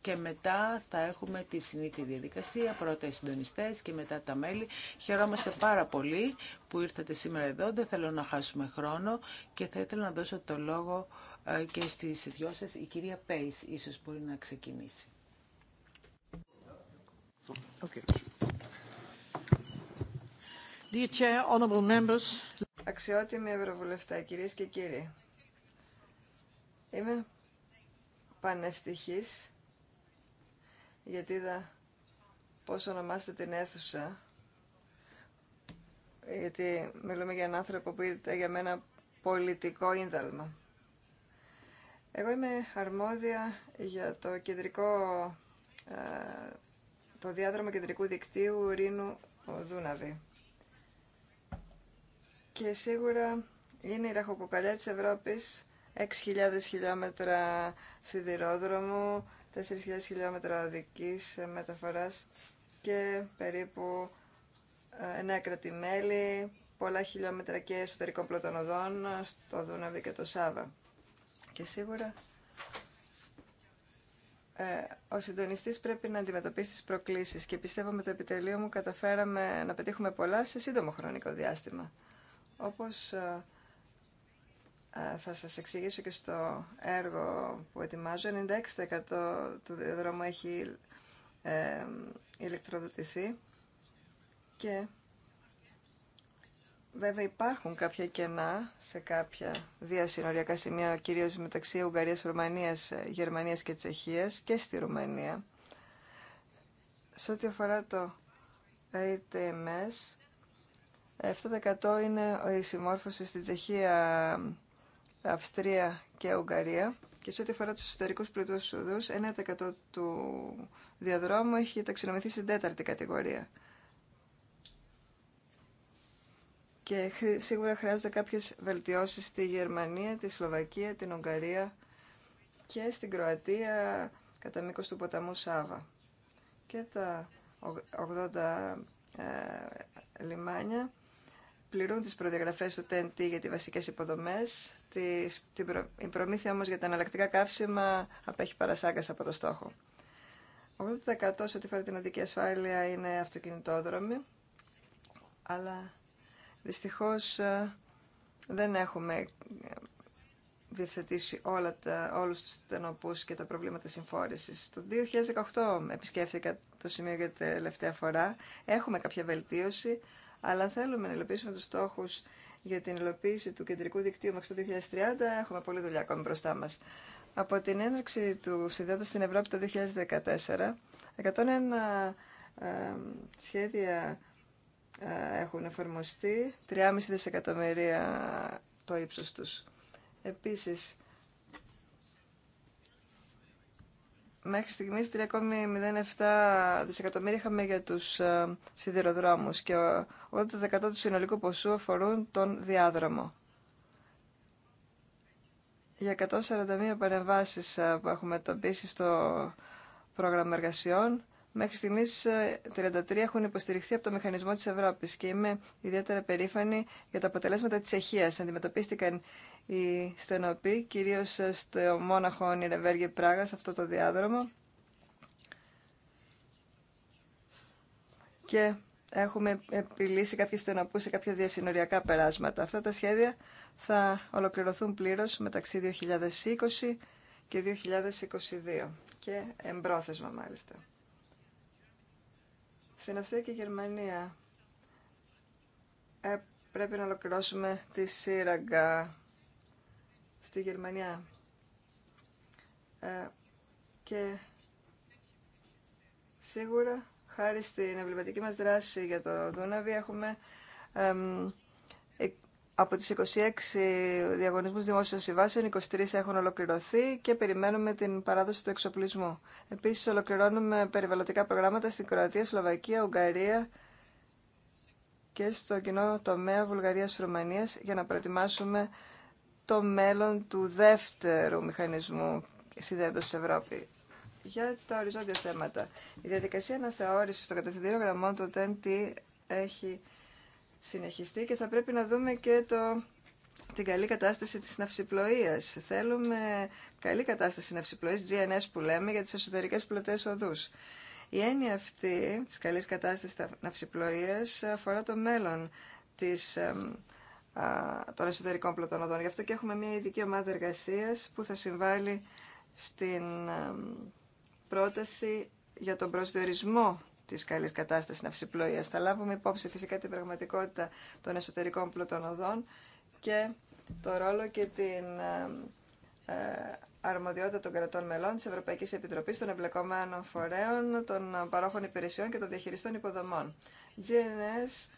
και μετά θα έχουμε τη συνήθεια διαδικασία, πρώτα οι συντονιστές και μετά τα μέλη. Χαιρόμαστε πάρα πολύ που ήρθατε σήμερα εδώ, δεν θέλω να χάσουμε χρόνο και θα ήθελα να δώσω το λόγο ε, και στις δυο σας. Η κυρία Πέις ίσως μπορεί να ξεκινήσει. Okay. Dear Chair, honorable members. Αξιότιμοι Ευρωβουλευτά, κυρίες και κύριοι. Είμαι πανευτυχής γιατί είδα πώς ονομάστε την αίθουσα. Γιατί μιλούμε για έναν άνθρωπο που ήρθε για μένα πολιτικό ίνταλμα. Εγώ είμαι αρμόδια για το κεντρικό, ε, το διάδρομο κεντρικού δικτύου Ρήνου Δούναβη. Και σίγουρα είναι η ραχοκοκαλιά της Ευρώπης, 6.000 χιλιόμετρα σιδηρόδρομου, 4.000 χιλιόμετρα οδικής ε, μεταφοράς και περίπου 9 ε, μέλη, πολλά χιλιόμετρα και εσωτερικών οδών ε, στο Δούναβι και το Σάβα. Και σίγουρα ο συντονιστή πρέπει να αντιμετωπίσει τις προκλήσεις και πιστεύω με το επιτελείο μου καταφέραμε να πετύχουμε πολλά σε σύντομο χρονικό διάστημα. Όπως ε, θα σας εξηγήσω και στο έργο που ετοιμάζω, 96% του διαδρόμου έχει ε, ηλεκτροδοτηθεί και βέβαια υπάρχουν κάποια κενά σε κάποια διασυνοριακά σημεία, κυρίως μεταξύ Ουγγαρίας, Ρουμανίας, Γερμανίας και Τσεχίας και στη Ρουμανία. Σε ό,τι αφορά το ATMS, 7% είναι η συμμόρφωση στην Τσεχία Αυστρία και Ουγγαρία. Και σε ό,τι αφορά του εσωτερικού πλουτού 1% του διαδρόμου έχει ταξινομηθεί στην τέταρτη κατηγορία. Και σίγουρα χρειάζονται κάποιε βελτιώσει στη Γερμανία, τη Σλοβακία, την Ουγγαρία και στην Κροατία κατά μήκο του ποταμού Σάβα. Και τα 80 ε, λιμάνια πληρούν τις προδιαγραφές του TNT για τις βασικές υποδομές η προμήθεια όμως για τα εναλλακτικά καύσιμα απέχει παρασάγκας από το στόχο. 80% σε ό,τι φέρει την οδική ασφάλεια είναι αυτοκινητόδρομοι, αλλά δυστυχώς ε, δεν έχουμε ε, διευθετήσει όλα τα, όλους τους στενοπούς και τα προβλήματα συμφόρησης. Το 2018 επισκέφθηκα το σημείο για τελευταία φορά. Έχουμε κάποια βελτίωση, αλλά θέλουμε να υλοποιήσουμε τους στόχους για την υλοποίηση του κεντρικού δικτύου μέχρι το 2030 έχουμε πολλή δουλειά ακόμη μπροστά μα. Από την έναρξη του συνδέοντο στην Ευρώπη το 2014, 101 ε, σχέδια ε, έχουν εφαρμοστεί, 3,5 δισεκατομμύρια το ύψος τους. Επίσης, Μέχρι στιγμής 3,07 δισεκατομμύρια είχαμε για τους ε, σιδηροδρόμους και 80% του συνολικού ποσού αφορούν τον διάδρομο. Για 141 παρεμβάσεις ε, που έχουμε τοπίσει στο πρόγραμμα εργασιών Μέχρι στιγμή 33 ε, έχουν υποστηριχθεί από το Μηχανισμό τη Ευρώπη και είμαι ιδιαίτερα περήφανη για τα αποτελέσματα τη Αιχία. Αντιμετωπίστηκαν οι στενοποί, Κυρίω ε, στο Μόναχο Νιρεβέργη Πράγα, σε αυτό το διάδρομο. Και έχουμε επιλύσει κάποιες στενοπού σε κάποια διασυνοριακά περάσματα. Αυτά τα σχέδια θα ολοκληρωθούν πλήρω μεταξύ 2020 και 2022 και εμπρόθεσμα μάλιστα. Στην Αυστρία και Γερμανία ε, πρέπει να ολοκληρώσουμε τη σύραγγα στη Γερμανία. Ε, και σίγουρα χάρη στην ευληματική μας δράση για το Δούναβι έχουμε από τις 26 διαγωνισμούς δημόσιων συμβάσεων, 23 έχουν ολοκληρωθεί και περιμένουμε την παράδοση του εξοπλισμού. Επίσης, ολοκληρώνουμε περιβαλλοντικά προγράμματα στην Κροατία, Σλοβακία, Ουγγαρία και στο κοινό τομέα Βουλγαρίας-Ρουμανίας για να προετοιμάσουμε το μέλλον του δεύτερου μηχανισμού συνδέοντος Ευρώπη για τα οριζόντια θέματα. Η διαδικασία αναθεώρησης των κατευθυντήρων γραμμών του TNT έχει συνεχιστεί και θα πρέπει να δούμε και το, την καλή κατάσταση της ναυσιπλοείας. Θέλουμε καλή κατάσταση ναυσιπλοείας, GNS που λέμε, για τις εσωτερικές πλωτές οδούς. Η έννοια αυτή της καλής κατάστασης ναυσιπλοείας αφορά το μέλλον της, των εσωτερικών πλωτών οδών. Γι' αυτό και έχουμε μια ειδική ομάδα εργασίας που θα συμβάλλει στην πρόταση για τον προσδιορισμό της καλή κατάστασης ναυσιπλοείας. Θα λάβουμε υπόψη φυσικά την πραγματικότητα των εσωτερικών πλωτών οδών και το ρόλο και την ε, ε, αρμοδιότητα των κρατών μελών, τη Ευρωπαϊκή Επιτροπή των εμπλεκομένων φορέων, των παρόχων υπηρεσιών και των διαχειριστών υποδομών. GNS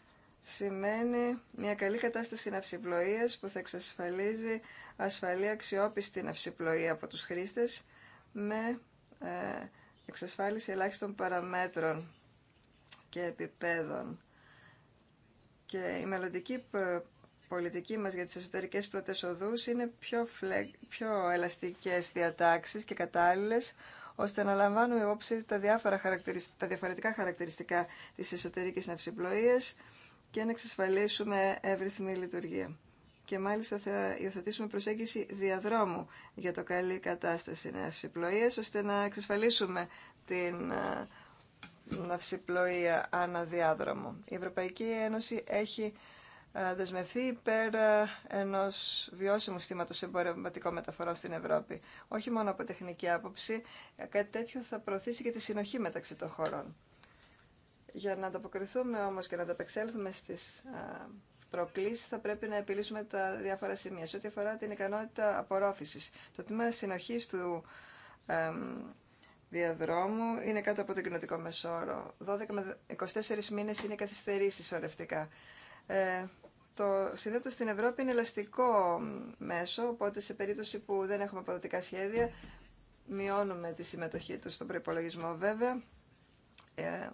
σημαίνει μια καλή κατάσταση ναυσιπλοεία που θα εξασφαλίζει ασφαλή αξιόπιστη ναυσιπλοεία από του χρήστε με ε, εξασφάλιση ελάχιστων παραμέτρων και επιπέδων. Και η μελλοντική πολιτική μας για τις εσωτερικές πρώτες είναι πιο, πιο ελαστικές διατάξεις και κατάλληλες, ώστε να λαμβάνουμε υπόψη τα, διάφορα τα διαφορετικά χαρακτηριστικά της εσωτερικής ναυσιπλοείας και να εξασφαλίσουμε εύρυθμη λειτουργία. Και μάλιστα θα υιοθετήσουμε προσέγγιση διαδρόμου για το καλή κατάσταση ναυσιπλοείας, ώστε να εξασφαλίσουμε την ε, ναυσιπλοεία αναδιάδρομο. Η Ευρωπαϊκή Ένωση έχει ε, δεσμευθεί υπέρ ε, ενός βιώσιμου στήματος εμπορευματικών μεταφορών στην Ευρώπη. Όχι μόνο από τεχνική άποψη, ε, κάτι τέτοιο θα προωθήσει και τη συνοχή μεταξύ των χωρών. Για να ανταποκριθούμε όμως και να ανταπεξέλθουμε στις προκλήσεις θα πρέπει να επιλύσουμε τα διάφορα σημεία. Σε ό,τι αφορά την ικανότητα απορρόφησης, το τμήμα συνοχή του διαδρόμου είναι κάτω από το κοινοτικό μεσόρο. 12 με 24 μήνες είναι καθυστερήσει ορευτικά. Ε, το συνδέεται στην Ευρώπη είναι ελαστικό μέσο, οπότε σε περίπτωση που δεν έχουμε αποδοτικά σχέδια, μειώνουμε τη συμμετοχή του στον προπολογισμό βέβαια. Ε,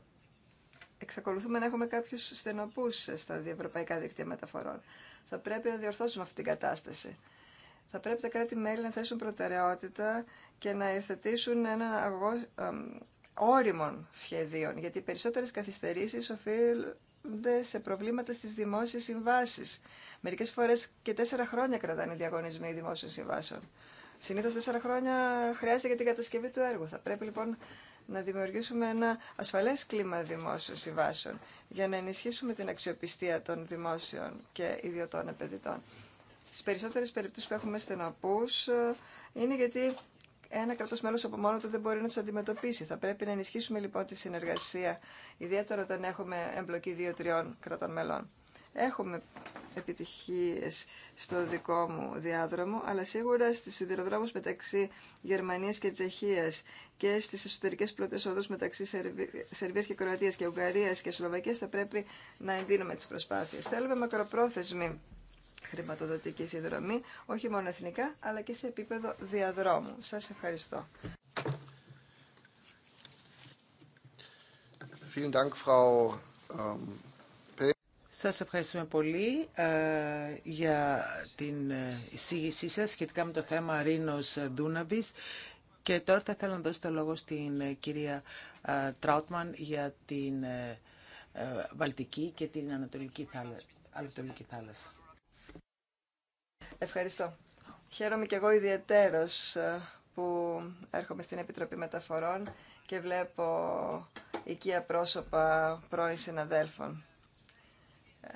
εξακολουθούμε να έχουμε κάποιους στενοπούς στα διευρωπαϊκά δίκτυα μεταφορών. Θα πρέπει να διορθώσουμε αυτή την κατάσταση. Θα πρέπει τα κράτη-μέλη να θέσουν προτεραιότητα και να εθετήσουν έναν αγώ, όριμων σχεδίων, γιατί οι περισσότερες καθυστερήσεις οφείλονται σε προβλήματα στις δημόσιες συμβάσεις. Μερικές φορές και τέσσερα χρόνια κρατάνε οι διαγωνισμοί δημόσιων συμβάσεων. Συνήθως τέσσερα χρόνια χρειάζεται για την κατασκευή του έργου. Θα πρέπει λοιπόν να δημιουργήσουμε ένα ασφαλές κλίμα δημόσιων συμβάσεων για να ενισχύσουμε την αξιοπιστία των δημόσιων και ιδιωτών επενδυτών στις περισσότερες περιπτώσεις που έχουμε στεναπούς ε, είναι γιατί ένα κρατός μέλος από μόνο του δεν μπορεί να του αντιμετωπίσει. Θα πρέπει να ενισχύσουμε λοιπόν τη συνεργασία, ιδιαίτερα όταν έχουμε εμπλοκή δύο-τριών κρατών μελών. Έχουμε επιτυχίες στο δικό μου διάδρομο, αλλά σίγουρα στις σιδηροδρόμους μεταξύ Γερμανίας και Τσεχίας και στις εσωτερικές πλωτές όδους μεταξύ Σερβίας και Κροατίας και Ουγγαρίας και Σλοβακίας θα πρέπει να εντείνουμε τι προσπάθειε. Θέλουμε μακροπρόθεσμη χρηματοδοτική συνδρομή, όχι μόνο εθνικά, αλλά και σε επίπεδο διαδρόμου. Σας ευχαριστώ. Ähm, σας ευχαριστούμε πολύ ε, για την ε, εισήγησή σας σχετικά με το θέμα Ρήνος Δούναβης. Και τώρα θα ήθελα να δώσω το λόγο στην ε, κυρία Τράουτμαν για την Βαλτική και την Ανατολική Θάλασσα. Ευχαριστώ. Χαίρομαι και εγώ ιδιαίτερος ε, που έρχομαι στην Επιτροπή Μεταφορών και βλέπω οικία πρόσωπα πρώην συναδέλφων ε,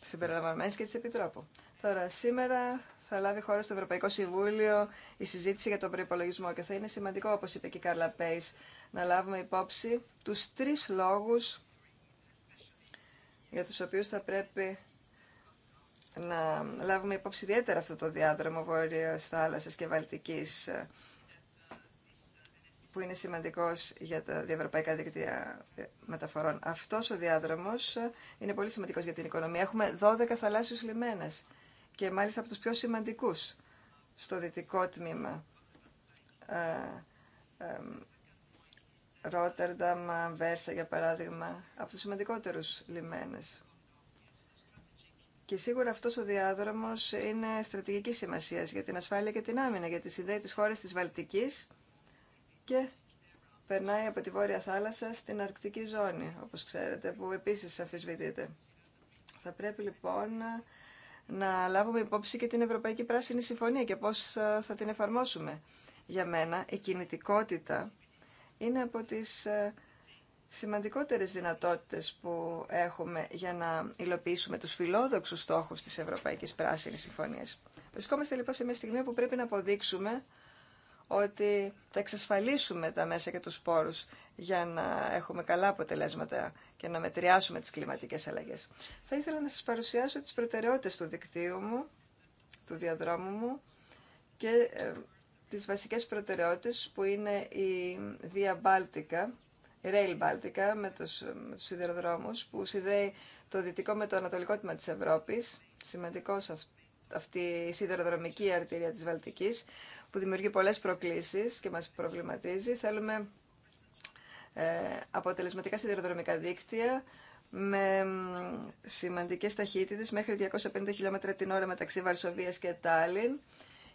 συμπεριλαμβανομένης και της Επιτρόπου. Τώρα, σήμερα θα λάβει χώρα στο Ευρωπαϊκό Συμβούλιο η συζήτηση για τον προϋπολογισμό και θα είναι σημαντικό, όπως είπε και η Κάρλα Πέις, να λάβουμε υπόψη τους τρεις λόγους για τους οποίους θα πρέπει να λάβουμε υπόψη ιδιαίτερα αυτό το διάδρομο Βόρειος Θάλασσας και Βαλτικής ε, που είναι σημαντικός για τα διευρωπαϊκά δίκτυα ε, μεταφορών. Αυτός ο διάδρομος ε, είναι πολύ σημαντικός για την οικονομία. Έχουμε 12 θαλάσσιους λιμένες και μάλιστα από τους πιο σημαντικούς στο δυτικό τμήμα. Ρότερνταμ, Βέρσα για παράδειγμα, από τους σημαντικότερους λιμένες. Και σίγουρα αυτός ο διάδρομος είναι στρατηγικής σημασίας για την ασφάλεια και την άμυνα, γιατί συνδέει τις χώρες της Βαλτικής και περνάει από τη Βόρεια Θάλασσα στην Αρκτική Ζώνη, όπως ξέρετε, που επίσης αφισβητείται. Θα πρέπει λοιπόν να λάβουμε υπόψη και την Ευρωπαϊκή Πράσινη Συμφωνία και πώς ε, θα την εφαρμόσουμε. Για μένα η κινητικότητα είναι από τις ε, σημαντικότερες δυνατότητες που έχουμε για να υλοποιήσουμε τους φιλόδοξους στόχους της Ευρωπαϊκής Πράσινης Συμφωνίας. Βρισκόμαστε λοιπόν σε μια στιγμή που πρέπει να αποδείξουμε ότι θα εξασφαλίσουμε τα μέσα και τους πόρους για να έχουμε καλά αποτελέσματα και να μετριάσουμε τις κλιματικές αλλαγές. Θα ήθελα να σας παρουσιάσω τις προτεραιότητες του δικτύου μου, του διαδρόμου μου και ε, τις βασικές προτεραιότητες που είναι η Via Baltica, Rail Baltica με τους, με τους σιδηροδρόμους που συνδέει το δυτικό με το ανατολικό τμήμα της Ευρώπης. Σημαντικός αυτή η σιδηροδρομική αρτηρία της Βαλτικής που δημιουργεί πολλές προκλήσεις και μας προβληματίζει. Θέλουμε ε, αποτελεσματικά σιδηροδρομικά δίκτυα με σημαντικές ταχύτητες μέχρι 250 χιλιόμετρα την ώρα μεταξύ Βαρσοβίας και Τάλιν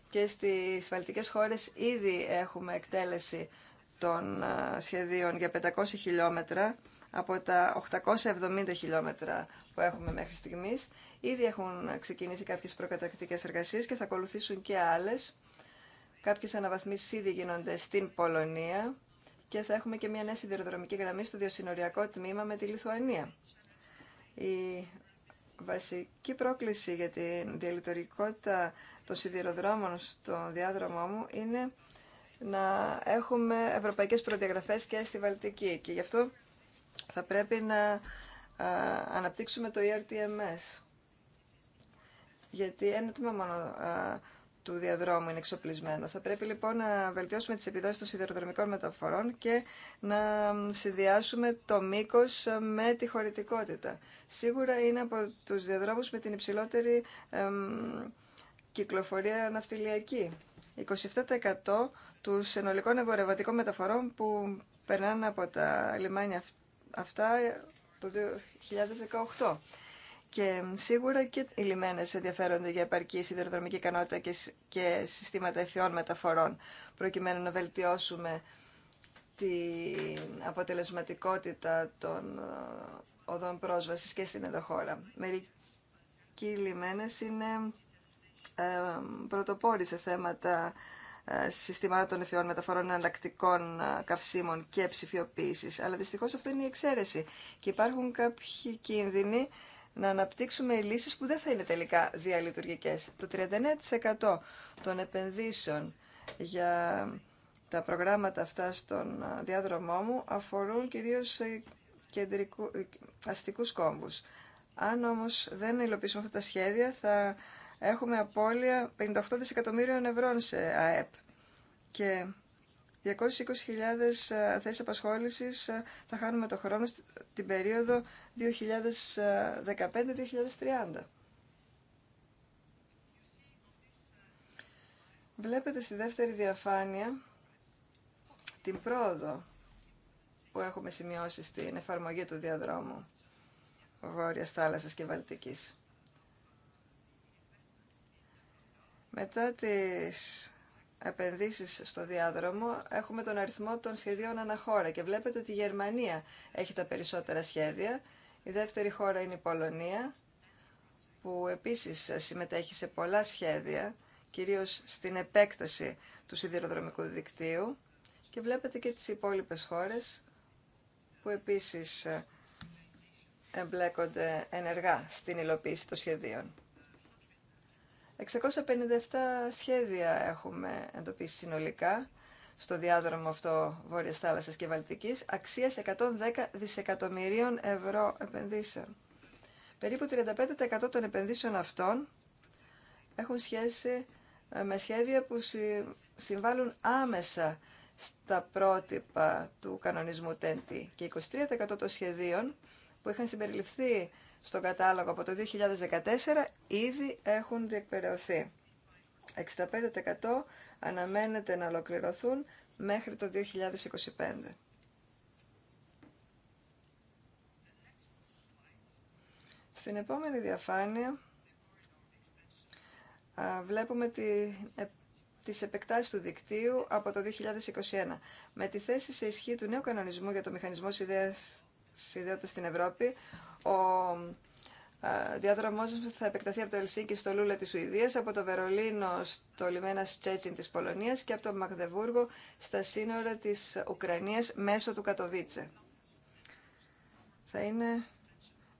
και στις βαλτικές χώρες ήδη έχουμε εκτέλεση των ε, σχεδίων για 500 χιλιόμετρα από τα 870 χιλιόμετρα που έχουμε μέχρι στιγμής. Ήδη έχουν ξεκινήσει κάποιες προκατακτικές εργασίες και θα ακολουθήσουν και άλλες. Κάποιες αναβαθμίσεις ήδη γίνονται στην Πολωνία και θα έχουμε και μια νέα σιδηροδρομική γραμμή στο διοσυνοριακό τμήμα με τη Λιθουανία. Η βασική πρόκληση για την διαλειτουργικότητα των σιδηροδρόμων στο διάδρομό μου είναι να έχουμε ευρωπαϊκές προδιαγραφές και στη Βαλτική. Και γι' αυτό θα πρέπει να αναπτύξουμε το ERTMS. Γιατί ένα τμήμα μόνο του διαδρόμου είναι εξοπλισμένο. Θα πρέπει λοιπόν να βελτιώσουμε τις επιδόσεις των σιδηροδρομικών μεταφορών και να συνδυάσουμε το μήκος με τη χωρητικότητα. Σίγουρα είναι από τους διαδρόμους με την υψηλότερη κυκλοφορία ναυτιλιακή. 27% του συνολικών εμπορευματικών μεταφορών που περνάνε από τα λιμάνια αυτά το 2018. Και σίγουρα και οι λιμένες ενδιαφέρονται για επαρκή σιδηροδρομική ικανότητα και συστήματα εφιών μεταφορών, προκειμένου να βελτιώσουμε την αποτελεσματικότητα των ε, οδών πρόσβασης και στην εδωχώρα. Μερικοί λιμένες είναι ε, πρωτοπόροι σε θέματα ε, συστημάτων εφιών μεταφορών εναλλακτικών ε, καυσίμων και ψηφιοποίηση. Αλλά δυστυχώ αυτό είναι η εξαίρεση. Και υπάρχουν κάποιοι κίνδυνοι να αναπτύξουμε λύσει που δεν θα είναι τελικά διαλειτουργικές. Το 39% των επενδύσεων για τα προγράμματα αυτά στον ε, διάδρομό μου αφορούν κυρίως αστικού αστικούς κόμβους. Αν όμως δεν υλοποιήσουμε αυτά τα σχέδια θα έχουμε απώλεια 58 δισεκατομμύριων ευρώ σε ΑΕΠ και 220.000 ε, θέσεις απασχόλησης ε, θα χάνουμε το χρόνο την περίοδο 2015-2030. Βλέπετε στη δεύτερη διαφάνεια την πρόοδο που έχουμε σημειώσει στην εφαρμογή του διαδρόμου Βόρειας Θάλασσας και Βαλτικής. Μετά τις επενδύσεις στο διάδρομο έχουμε τον αριθμό των σχεδίων αναχώρα και βλέπετε ότι η Γερμανία έχει τα περισσότερα σχέδια. Η δεύτερη χώρα είναι η Πολωνία που επίσης συμμετέχει σε πολλά σχέδια, κυρίως στην επέκταση του σιδηροδρομικού δικτύου και βλέπετε και τις υπόλοιπες χώρες που επίσης εμπλέκονται ενεργά στην υλοποίηση των σχεδίων. 657 σχέδια έχουμε εντοπίσει συνολικά στο διάδρομο αυτό Βόρειας Θάλασσας και Βαλτικής, αξίας 110 δισεκατομμυρίων ευρώ επενδύσεων. Περίπου 35% των επενδύσεων αυτών έχουν σχέση ε, με σχέδια που συμβάλλουν άμεσα στα πρότυπα του κανονισμού ΤΕΝΤΗ και 23% των σχεδίων που είχαν συμπεριληφθεί στον κατάλογο από το 2014 ήδη έχουν διεκπαιρεωθεί. 65% αναμένεται να ολοκληρωθούν μέχρι το 2025. Στην επόμενη διαφάνεια βλέπουμε τη, ε, τις επεκτάσεις του δικτύου από το 2021. Με τη θέση σε ισχύ του νέου κανονισμού για το μηχανισμό συνδέοντας στην Ευρώπη, ο ε, διάδρομός θα επεκταθεί από το Ελσίνκι στο Λούλα της Σουηδίας, από το Βερολίνο στο λιμένα Στσέτσιν της Πολωνίας και από το Μαγδεβούργο στα σύνορα της Ουκρανίας μέσω του Κατοβίτσε. Θα είναι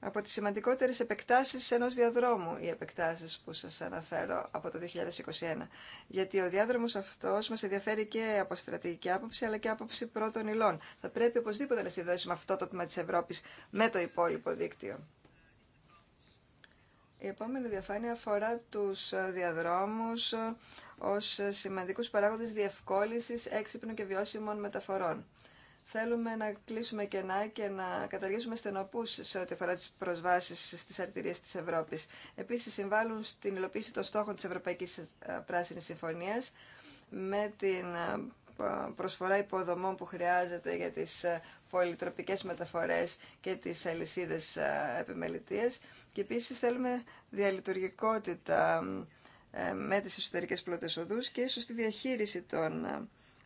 από τις σημαντικότερες επεκτάσεις ενός διαδρόμου, οι επεκτάσεις που σας αναφέρω από το 2021. Γιατί ο διάδρομος αυτός μας ενδιαφέρει και από στρατηγική άποψη, αλλά και άποψη πρώτων υλών. Θα πρέπει οπωσδήποτε να συνδέσουμε αυτό το τμήμα της Ευρώπης με το υπόλοιπο δίκτυο. Η επόμενη διαφάνεια αφορά τους διαδρόμους ως σημαντικούς παράγοντες διευκόλυνσης έξυπνων και βιώσιμων μεταφορών θέλουμε να κλείσουμε κενά και να καταργήσουμε στενοπούς σε ό,τι αφορά τις προσβάσεις στις αρτηρίες της Ευρώπης. Επίσης, συμβάλλουν στην υλοποίηση των στόχων της Ευρωπαϊκής ε, Πράσινης Συμφωνίας με την ε, προσφορά υποδομών που χρειάζεται για τις ε, πολυτροπικές μεταφορές και τις αλυσίδε επιμελητίας και επίσης θέλουμε διαλειτουργικότητα με τις εσωτερικές πλωτές οδούς και σωστή διαχείριση των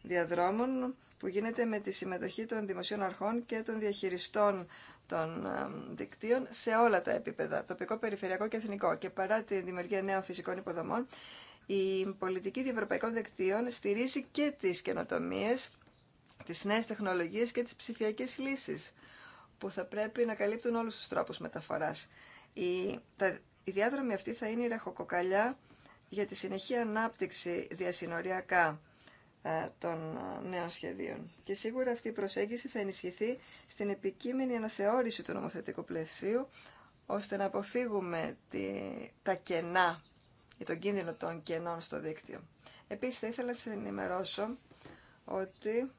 διαδρόμων που γίνεται με τη συμμετοχή των δημοσίων αρχών και των διαχειριστών των δικτύων σε όλα τα επίπεδα, τοπικό, περιφερειακό και εθνικό. Και παρά τη δημιουργία νέων φυσικών υποδομών, η πολιτική διευρωπαϊκών δικτύων στηρίζει και τις καινοτομίε, τις νέες τεχνολογίες και τις ψηφιακές λύσει, που θα πρέπει να καλύπτουν όλους τους τρόπους μεταφοράς. Η, η διάδρομη αυτή θα είναι η ραχοκοκαλιά για τη συνεχή ανάπτυξη διασυνοριακά ε, των ε, νέων σχεδίων. Και σίγουρα αυτή η προσέγγιση θα ενισχυθεί στην επικείμενη αναθεώρηση του νομοθετικού πλαισίου, ώστε να αποφύγουμε τη, τα κενά ή τον κίνδυνο των κενών στο δίκτυο. Επίσης θα ήθελα να σας ενημερώσω ότι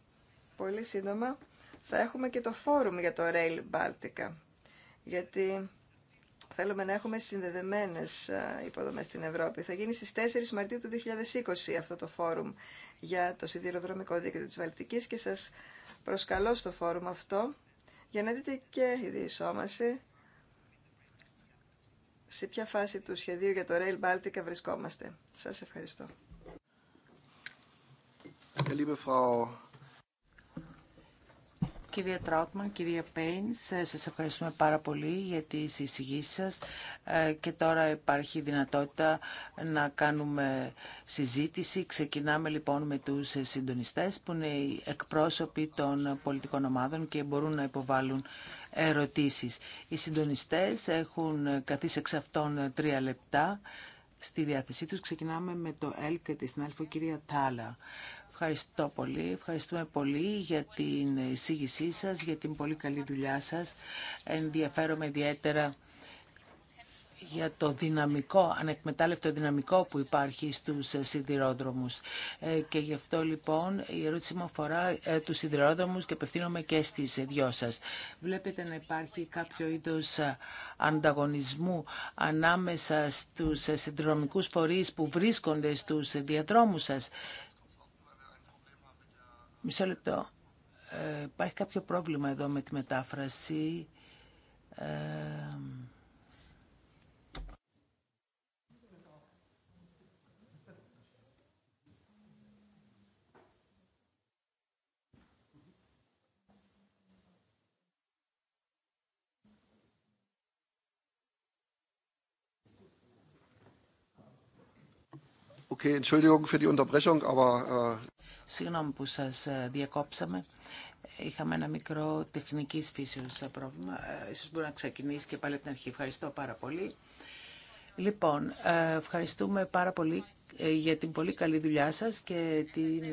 πολύ σύντομα θα έχουμε και το φόρουμ για το Rail Baltica, γιατί θέλουμε να έχουμε συνδεδεμένες ε, υποδομές στην Ευρώπη. Θα γίνει στις 4 Μαρτίου του 2020 αυτό το φόρουμ για το σιδηροδρομικό Δίκαιο της Βαλτικής και σας προσκαλώ στο φόρουμ αυτό για να δείτε και η διεισόμαση σε ποια φάση του σχεδίου για το Rail Baltica βρισκόμαστε. Σας ευχαριστώ. Κυρία Τρότμαν, κυρία Πέιν, σας ευχαριστούμε πάρα πολύ για τις εισηγήσεις σας ε, και τώρα υπάρχει δυνατότητα να κάνουμε συζήτηση. Ξεκινάμε λοιπόν με τους συντονιστές που είναι οι εκπρόσωποι των πολιτικών ομάδων και μπορούν να υποβάλουν ερωτήσεις. Οι συντονιστές έχουν καθίσει εξ αυτών τρία λεπτά στη διάθεσή τους. Ξεκινάμε με το ΕΛΚ και τη κυρία Τάλα. Ευχαριστώ πολύ. Ευχαριστούμε πολύ για την εισήγησή σας, για την πολύ καλή δουλειά σας. Ενδιαφέρομαι ιδιαίτερα για το δυναμικό, ανεκμετάλλευτο δυναμικό που υπάρχει στους σιδηρόδρομους. Ε, και γι' αυτό λοιπόν η ερώτηση μου αφορά ε, τους σιδηρόδρομους και απευθύνομαι και στις δυο σας. Βλέπετε να υπάρχει κάποιο είδος ε, ανταγωνισμού ανάμεσα στους συνδρομικούς φορείς που βρίσκονται στους διαδρόμους σας Μισό λεπτό. Ε, υπάρχει κάποιο πρόβλημα εδώ με τη μετάφραση. Ε, Okay, Entschuldigung für die Unterbrechung, aber äh, Συγγνώμη που σας ε, διακόψαμε. Είχαμε ένα μικρό τεχνικής φύσεως ε, πρόβλημα. Ε, ίσως μπορεί να ξεκινήσει και πάλι από την αρχή. Ευχαριστώ πάρα πολύ. Λοιπόν, ευχαριστούμε πάρα πολύ για την πολύ καλή δουλειά σας και την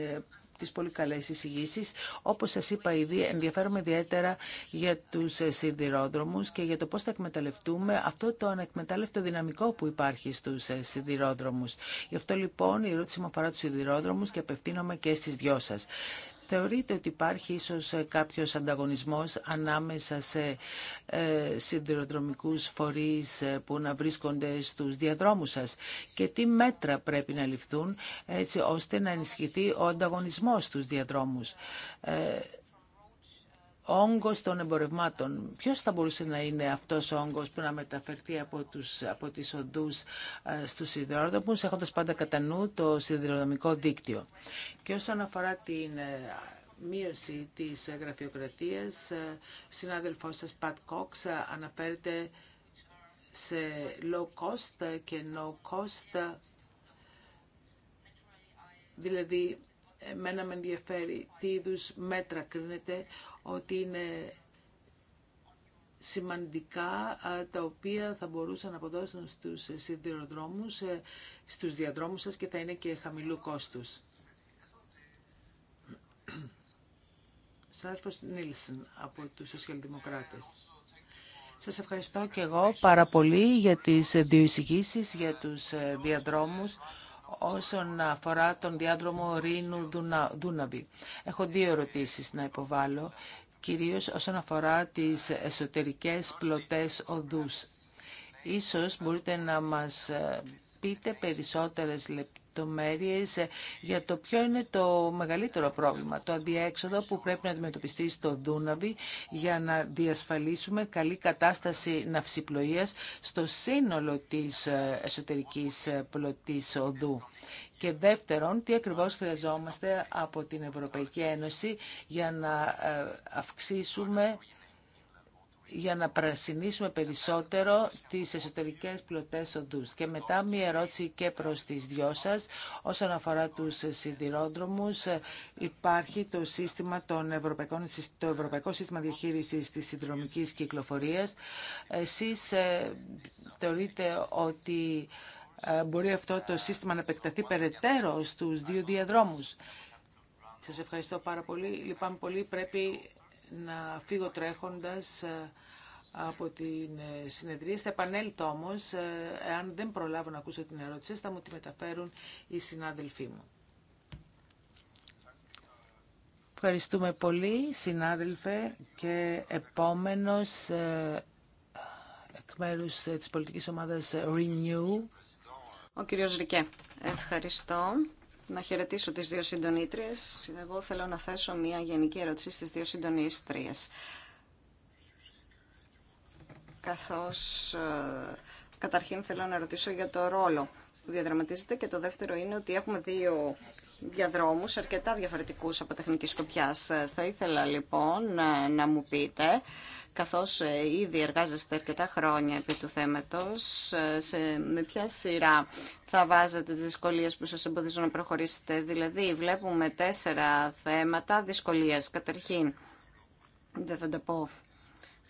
τις πολύ καλές εισηγήσεις. Όπως σας είπα ήδη, ενδιαφέρομαι ιδιαίτερα για τους σιδηρόδρομους και για το πώς θα εκμεταλλευτούμε αυτό το ανακμετάλλευτο δυναμικό που υπάρχει στους σιδηρόδρομους. Γι' αυτό λοιπόν η ερώτηση μου αφορά τους σιδηρόδρομους και απευθύνομαι και στις δυο σας. Θεωρείτε ότι υπάρχει ίσως ε, κάποιος ανταγωνισμός ανάμεσα σε ε, σιδηροδρομικούς φορείς ε, που να βρίσκονται στους διαδρόμους σας και τι μέτρα πρέπει να ληφθούν έτσι ώστε να ενισχυθεί ο ανταγωνισμός στους διαδρόμους. Ε, όγκο των εμπορευμάτων. Ποιο θα μπορούσε να είναι αυτός ο όγκο που να μεταφερθεί από, τους, από τις οδούς ε, στους σιδηρόδρομου, έχοντας πάντα κατά νου το σιδηροδρομικό δίκτυο. Και όσον αφορά την ε, μείωση της γραφειοκρατίας, ε, συνάδελφό σας Πατ Κόξ αναφέρεται σε low cost και no cost, δηλαδή εμένα με ενδιαφέρει τι είδου μέτρα κρίνεται ότι είναι σημαντικά τα οποία θα μπορούσαν να αποδώσουν στους σιδηροδρόμους, ε, στους διαδρόμους σας και θα είναι και χαμηλού κόστους. Σάρφος από τους Σοσιαλδημοκράτες. Σας ευχαριστώ και εγώ πάρα πολύ για τις δύο για τους ε, διαδρόμους όσον αφορά τον διάδρομο Ρήνου Δούναβη. Έχω δύο ερωτήσεις να υποβάλω, κυρίως όσον αφορά τις εσωτερικές πλωτές οδούς. Ίσως μπορείτε να μας ε, πείτε περισσότερες λεπτομέρειες λεπτομέρειες για το ποιο είναι το μεγαλύτερο πρόβλημα, το αντιέξοδο που πρέπει να αντιμετωπιστεί στο Δούναβι για να διασφαλίσουμε καλή κατάσταση ναυσιπλοείας στο σύνολο της ε, εσωτερικής ε, πλωτής οδού. Και δεύτερον, τι ακριβώς χρειαζόμαστε από την Ευρωπαϊκή Ένωση για να ε, αυξήσουμε για να πρασινίσουμε περισσότερο τις εσωτερικές πλωτές οδούς. Και μετά μία ερώτηση και προς τις δυο σας. Όσον αφορά τους σιδηρόδρομους, υπάρχει το, σύστημα των Ευρωπαϊκών, το Ευρωπαϊκό Σύστημα Διαχείρισης της Συνδρομικής Κυκλοφορίας. Εσείς ε, θεωρείτε ότι ε, μπορεί αυτό το σύστημα να επεκταθεί περαιτέρω στους δύο διαδρόμους. Σας ευχαριστώ πάρα πολύ. Λυπάμαι πολύ. Πρέπει να φύγω τρέχοντας ε, από την ε, συνεδρία. Θα επανέλθω όμως, ε, εάν δεν προλάβω να ακούσω την ερώτηση, θα μου τη μεταφέρουν οι συνάδελφοί μου. Ευχαριστούμε πολύ, συνάδελφε, και επόμενος εκ μέρους της πολιτικής ομάδας Renew. Ο κύριος Ρικέ. Ευχαριστώ να χαιρετήσω τις δύο συντονίτριες. Εγώ θέλω να θέσω μια γενική ερώτηση στις δύο συντονίστριες. Καθώς ε, καταρχήν θέλω να ρωτήσω για το ρόλο που διαδραματίζεται και το δεύτερο είναι ότι έχουμε δύο διαδρόμους αρκετά διαφορετικούς από τεχνική σκοπιάς. Ε, θα ήθελα λοιπόν ε, να μου πείτε καθώς ε, ήδη εργάζεστε αρκετά χρόνια επί του θέματος, ε, σε, με ποια σειρά θα βάζετε τις δυσκολίες που σας εμποδίζουν να προχωρήσετε. Δηλαδή, βλέπουμε τέσσερα θέματα δυσκολίες Καταρχήν, δεν θα τα πω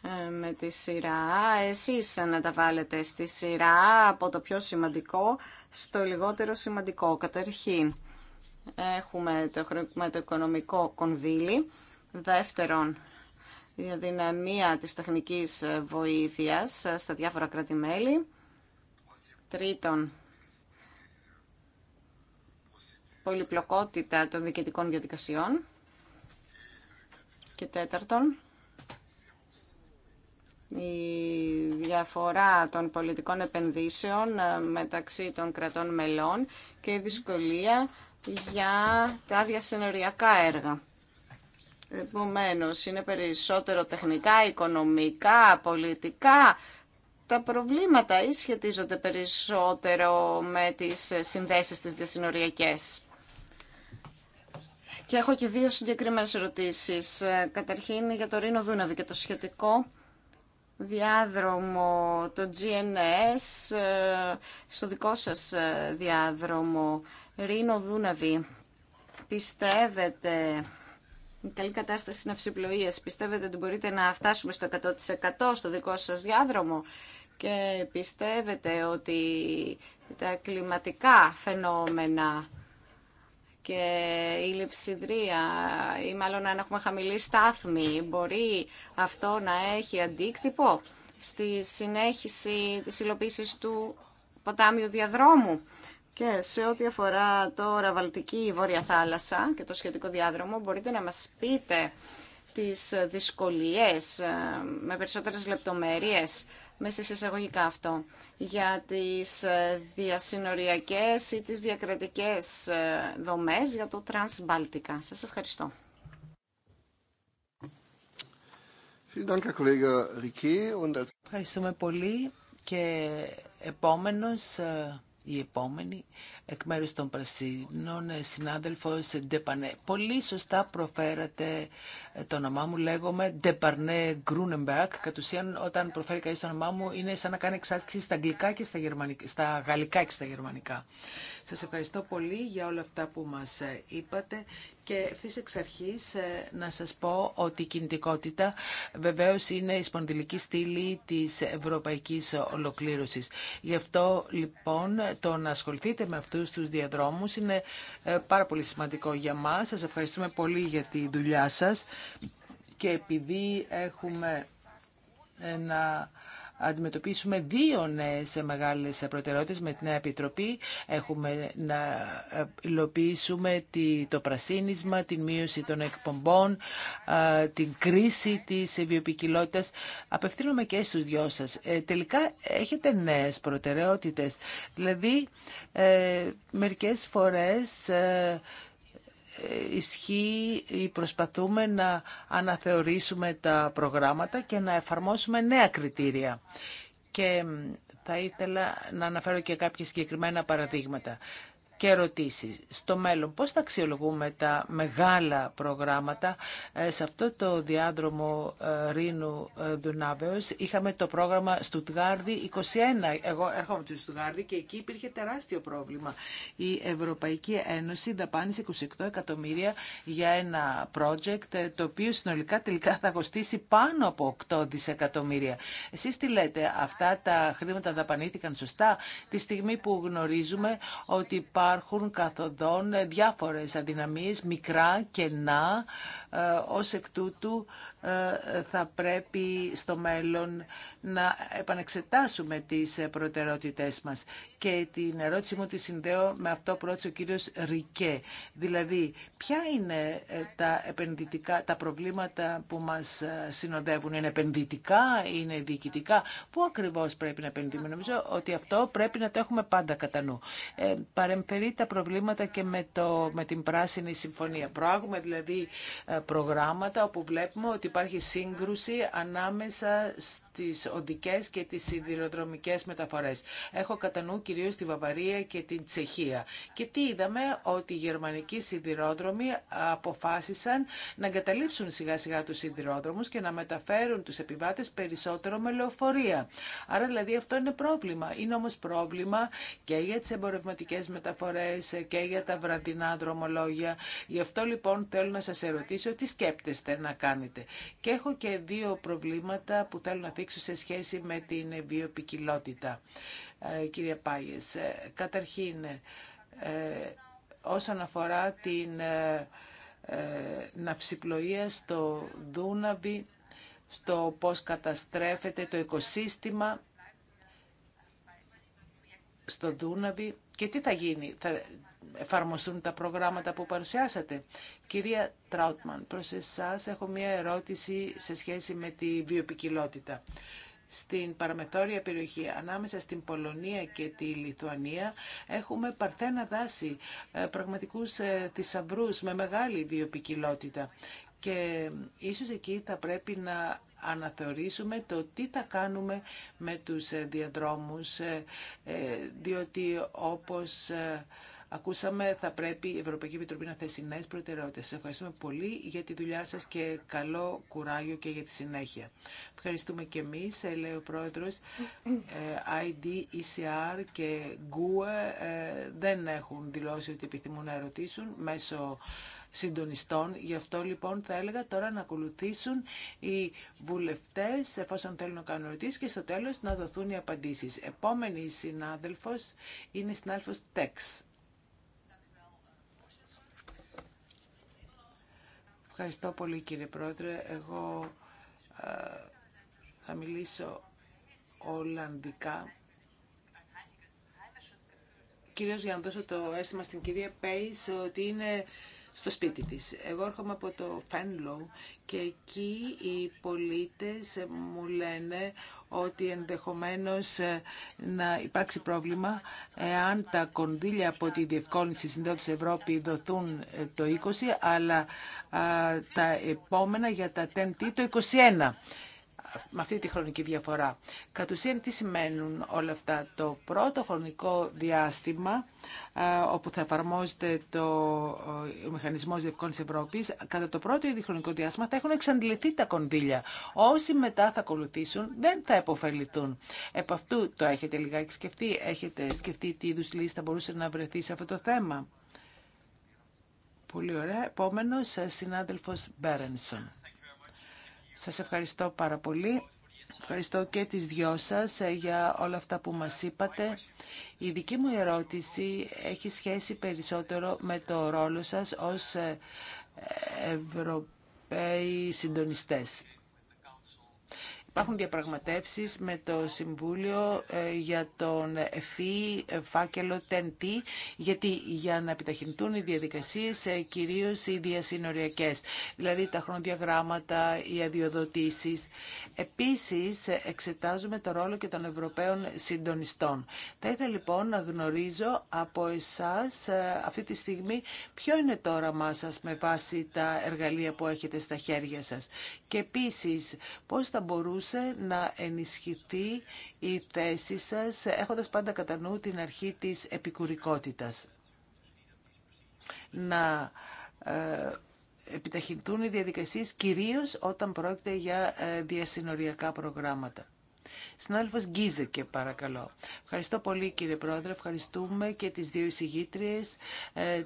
ε, με τη σειρά, εσείς να τα βάλετε στη σειρά από το πιο σημαντικό στο λιγότερο σημαντικό. Καταρχήν, έχουμε το οικονομικό κονδύλι. Δεύτερον, η δυναμία της τεχνικής ε, βοήθειας ε, στα διάφορα κράτη-μέλη. Τρίτον, πολυπλοκότητα των διοικητικών διαδικασιών. Και τέταρτον, η διαφορά των πολιτικών επενδύσεων ε, μεταξύ των κρατών μελών και η δυσκολία για τα διασυνοριακά έργα. Επομένω, είναι περισσότερο τεχνικά, οικονομικά, πολιτικά. Τα προβλήματα ή σχετίζονται περισσότερο με τις συνδέσεις τις διασυνοριακές. Και έχω και δύο συγκεκριμένες ερωτήσεις. Καταρχήν για το Ρήνο Δούναβι και το σχετικό διάδρομο, το GNS, στο δικό σας διάδρομο, Ρήνο Δούναβη. Πιστεύετε καλή κατάσταση ναυσιπλοεία. Πιστεύετε ότι μπορείτε να φτάσουμε στο 100% στο δικό σας διάδρομο και πιστεύετε ότι τα κλιματικά φαινόμενα και η λειψιδρία ή μάλλον αν έχουμε χαμηλή στάθμη μπορεί αυτό να έχει αντίκτυπο στη συνέχιση της υλοποίησης του ποτάμιου διαδρόμου. Και σε ό,τι αφορά τώρα Βαλτική Βόρεια Θάλασσα και το σχετικό διάδρομο, μπορείτε να μας πείτε τις δυσκολίες ε, με περισσότερες λεπτομέρειες μέσα σε εισαγωγικά αυτό για τις ε, διασυνοριακές ή τις διακρατικές ε, δομές για το Transbaltica. Σας ευχαριστώ. Ευχαριστούμε πολύ και επόμενος η επόμενη εκ μέρους των Πρασίνων, ε, συνάδελφος ε, Ντεπανέ. Πολύ σωστά προφέρατε ε, το όνομά μου, λέγομαι Ντεπανέ Γκρούνεμπερκ. Κατ' ουσίαν όταν προφέρει κανείς το όνομά μου είναι σαν να κάνει εξάσκηση στα αγγλικά και στα, γερμανικά, στα γαλλικά και στα γερμανικά. Σας ευχαριστώ πολύ για όλα αυτά που μας είπατε και ευθύ εξ αρχή να σας πω ότι η κινητικότητα βεβαίως είναι η σπονδυλική στήλη της ευρωπαϊκής ολοκλήρωσης. Γι' αυτό λοιπόν το να ασχοληθείτε με αυτό αυτούς τους διαδρόμους. Είναι ε, πάρα πολύ σημαντικό για μας. Σας ευχαριστούμε πολύ για τη δουλειά σας. Και επειδή έχουμε ένα αντιμετωπίσουμε δύο νέες μεγάλες προτεραιότητες με την Επιτροπή. Έχουμε να υλοποιήσουμε το πρασίνισμα, την μείωση των εκπομπών, την κρίση της βιοποικιλότητας. Απευθύνομαι και στους δυο σας. Ε, τελικά έχετε νέες προτεραιότητες. Δηλαδή, ε, μερικές φορές ε, ισχύει ή προσπαθούμε να αναθεωρήσουμε τα προγράμματα και να εφαρμόσουμε νέα κριτήρια. Και θα ήθελα να αναφέρω και κάποια συγκεκριμένα παραδείγματα και ερωτήσεις. Στο μέλλον πώς θα αξιολογούμε τα μεγάλα προγράμματα. Ε, σε αυτό το διάδρομο ε, Ρήνου ε, Δουνάβεως είχαμε το πρόγραμμα Στουτγάρδη 21. Εγώ έρχομαι του Στουτγάρδη και εκεί υπήρχε τεράστιο πρόβλημα. Η Ευρωπαϊκή Ένωση δαπάνησε 28 εκατομμύρια για ένα project το οποίο συνολικά τελικά θα κοστίσει πάνω από 8 δισεκατομμύρια. Εσείς τι λέτε, αυτά τα χρήματα δαπανήθηκαν σωστά τη στιγμή που γνωρίζουμε ότι υπάρχουν καθοδόν ε, διάφορες αδυναμίες, μικρά, κενά, ε, ως εκ τούτου θα πρέπει στο μέλλον να επανεξετάσουμε τις προτεραιότητές μας. Και την ερώτηση μου τη συνδέω με αυτό που ρώτησε ο κύριος Ρικέ. Δηλαδή, ποια είναι ε, τα επενδυτικά, τα προβλήματα που μας ε, συνοδεύουν. Είναι επενδυτικά, είναι διοικητικά. Πού ακριβώς πρέπει να επενδύουμε. Νομίζω ότι αυτό πρέπει να το έχουμε πάντα κατά νου. Ε, παρεμφερεί τα προβλήματα και με, με την Πράσινη Συμφωνία. Προάγουμε δηλαδή ε, προγράμματα όπου βλέπουμε ότι υπάρχει σύγκρουση ανάμεσα τις οδικές και τις σιδηροδρομικές μεταφορές. Έχω κατά νου κυρίως τη Βαβαρία και την Τσεχία. Και τι είδαμε, ότι οι γερμανικοί σιδηρόδρομοι αποφάσισαν να εγκαταλείψουν σιγά σιγά τους σιδηρόδρομους και να μεταφέρουν τους επιβάτες περισσότερο με λεωφορεία. Άρα δηλαδή αυτό είναι πρόβλημα. Είναι όμως πρόβλημα και για τις εμπορευματικές μεταφορές και για τα βραδινά δρομολόγια. Γι' αυτό λοιπόν θέλω να σας ερωτήσω τι σκέπτεστε να κάνετε. Και έχω και δύο προβλήματα που θέλω να θίξω καταλήξω σε σχέση με την βιοπικιλότητα, ε, κυρία Πάγες. Ε, καταρχήν, ε, όσον αφορά την ναυσιπλοεία στο Δούναβι, στο πώς καταστρέφεται το οικοσύστημα στο Δούναβι και τι θα γίνει εφαρμοστούν τα προγράμματα που παρουσιάσατε. Κυρία Τράουτμαν, προς εσάς έχω μία ερώτηση σε σχέση με τη βιοπικιλότητα. Στην παραμεθόρια περιοχή, ανάμεσα στην Πολωνία και τη Λιθουανία, έχουμε παρθένα δάση, ε, πραγματικούς ε, θησαυρού με μεγάλη βιοπικιλότητα. Και ε, ίσως εκεί θα πρέπει να αναθεωρήσουμε το τι θα κάνουμε με τους διαδρόμους, διότι όπως ακούσαμε, θα πρέπει η Ευρωπαϊκή Επιτροπή να θέσει νέε προτεραιότητε. Σα ευχαριστούμε πολύ για τη δουλειά σα και καλό κουράγιο και για τη συνέχεια. Ευχαριστούμε και εμεί, ε, λέει ο πρόεδρο. ID, ECR και GUE ε, ε, δεν έχουν δηλώσει ότι επιθυμούν να ερωτήσουν μέσω συντονιστών. Γι' αυτό λοιπόν θα έλεγα τώρα να ακολουθήσουν οι βουλευτές εφόσον θέλουν να κάνουν ερωτήσεις και στο τέλος να δοθούν οι απαντήσεις. Επόμενη συνάδελφος είναι η συνάδελφος Τεξ. Ευχαριστώ πολύ κύριε Πρόεδρε. Εγώ ε, θα μιλήσω Ολλανδικά. Κυρίως για να δώσω το αίσθημα στην κυρία Πέις ότι είναι στο σπίτι της. Εγώ έρχομαι από το Φένλο και εκεί οι πολίτες μου λένε ότι ενδεχομένως ε, να υπάρξει πρόβλημα εάν τα κονδύλια από τη διευκόλυνση συνδέοντας Ευρώπη δοθούν ε, το 20, αλλά τα επόμενα για τα 5T το 21 με αυτή τη χρονική διαφορά. Κατ' ουσίαν τι σημαίνουν όλα αυτά. Το πρώτο χρονικό διάστημα ε, όπου θα εφαρμόζεται το, ο μηχανισμός διευκόνησης Ευρώπης, κατά το πρώτο ήδη χρονικό διάστημα θα έχουν εξαντληθεί τα κονδύλια. Όσοι μετά θα ακολουθήσουν δεν θα επωφεληθούν. Επ' αυτού το έχετε λιγάκι σκεφτεί. Έχετε σκεφτεί τι είδου λύση θα μπορούσε να βρεθεί σε αυτό το θέμα. Πολύ ωραία. Επόμενος, ε, συνάδελφος Μπέρενσον. Σας ευχαριστώ πάρα πολύ. Ευχαριστώ και τις δυο σας ε, για όλα αυτά που μας είπατε. Η δική μου ερώτηση έχει σχέση περισσότερο με το ρόλο σας ως ε, Ευρωπαίοι συντονιστές. Υπάρχουν διαπραγματεύσεις με το Συμβούλιο ε, για τον e, ΕΦΗ φάκελο τεντή, γιατί για να επιταχυνθούν οι διαδικασίες, ε, κυρίως οι διασυνοριακές, δηλαδή τα χρονοδιαγράμματα, οι αδειοδοτήσεις. Επίσης, ε, εξετάζουμε το ρόλο και των Ευρωπαίων συντονιστών. Θα ήθελα λοιπόν να γνωρίζω από εσάς αυτή τη στιγμή ποιο είναι το όραμά σας με βάση τα εργαλεία που έχετε στα χέρια σας. Και επίσης, πώς θα να ενισχυθεί η θέση σας έχοντας πάντα κατά νου την αρχή της επικουρικότητας. Να ε, επιταχυνθούν οι διαδικασίες κυρίως όταν πρόκειται για ε, διασυνοριακά προγράμματα. Συνάδελφος Γκίζεκε, παρακαλώ. Ευχαριστώ πολύ, κύριε Πρόεδρε. Ευχαριστούμε και τι δύο εισηγήτριε. Ε,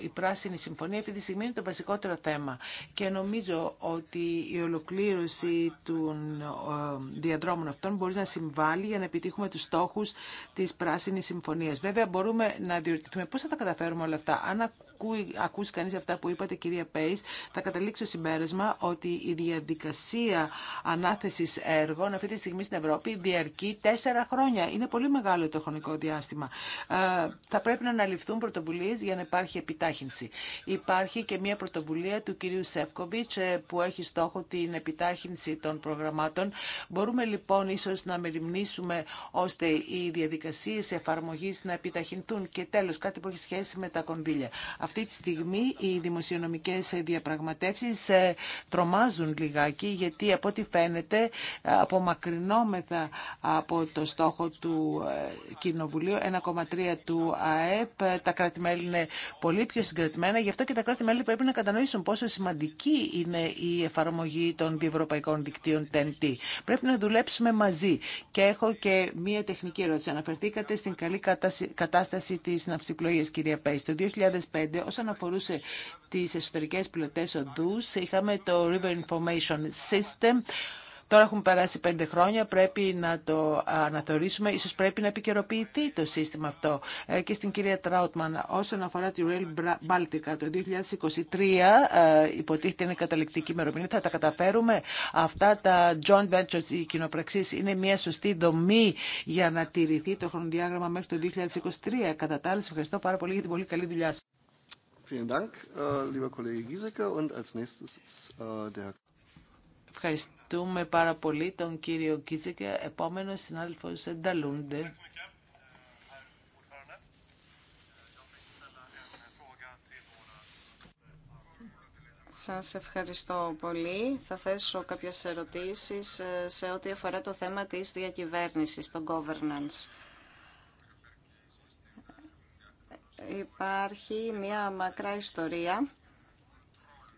η Πράσινη Συμφωνία αυτή τη στιγμή είναι το βασικότερο θέμα. Και νομίζω ότι η ολοκλήρωση των ε, διαδρόμων αυτών μπορεί να συμβάλλει για να επιτύχουμε του στόχου τη πράσινη συμφωνία. Βέβαια, μπορούμε να διορτηθούμε Πώ θα τα καταφέρουμε όλα αυτά ακούει, ακούσει κανείς αυτά που είπατε κυρία Πέις, θα καταλήξει συμπέρασμα ότι η διαδικασία ανάθεσης έργων αυτή τη στιγμή στην Ευρώπη διαρκεί τέσσερα χρόνια. Είναι πολύ μεγάλο το χρονικό διάστημα. Ε, θα πρέπει να αναλυφθούν πρωτοβουλίες για να υπάρχει επιτάχυνση. Υπάρχει και μια πρωτοβουλία του κυρίου Σεύκοβιτς ε, που έχει στόχο την επιτάχυνση των προγραμμάτων. Μπορούμε λοιπόν ίσως να μεριμνήσουμε ώστε οι διαδικασίες εφαρμογής να επιταχυνθούν και τέλος κάτι που έχει σχέση με τα κονδύλια. Αυτή τη στιγμή οι δημοσιονομικές διαπραγματεύσεις ε, τρομάζουν λιγάκι γιατί από ό,τι φαίνεται ε, απομακρυνόμεθα από το στόχο του ε, Κοινοβουλίου 1,3 του ΑΕΠ. Τα κράτη-μέλη είναι πολύ πιο συγκρατημένα. Γι' αυτό και τα κράτη-μέλη πρέπει να κατανοήσουν πόσο σημαντική είναι η εφαρμογή των διευρωπαϊκών δικτύων TNT. Πρέπει να δουλέψουμε μαζί. Και έχω και μία τεχνική ερώτηση. Αναφερθήκατε στην καλή κατάσταση τη ναυσιπλοεία, κυρία Πέη. Το 2005 όσον αφορούσε τις εσωτερικές πιλωτές οδούς είχαμε το River Information System Τώρα έχουν περάσει πέντε χρόνια, πρέπει να το αναθεωρήσουμε. Ίσως πρέπει να επικαιροποιηθεί το σύστημα αυτό. Ε, και στην κυρία Τράουτμαν, όσον αφορά τη Rail Baltica, το 2023 ε, υποτίθεται είναι καταληκτική ημερομηνία. Θα τα καταφέρουμε. Αυτά τα joint ventures, οι κοινοπραξίες, είναι μια σωστή δομή για να τηρηθεί το χρονοδιάγραμμα μέχρι το 2023. Κατά τα άλλα, ευχαριστώ πάρα πολύ για την πολύ καλή δουλειά σας. Ευχαριστούμε πάρα πολύ τον κύριο Κίζικε. Επόμενος συνάδελφος Νταλούντε. Σας ευχαριστώ πολύ. Θα θέσω κάποιες ερωτήσεις ε, σε ό,τι αφορά το θέμα της διακυβέρνησης, το governance. Υπάρχει μια μακρά ιστορία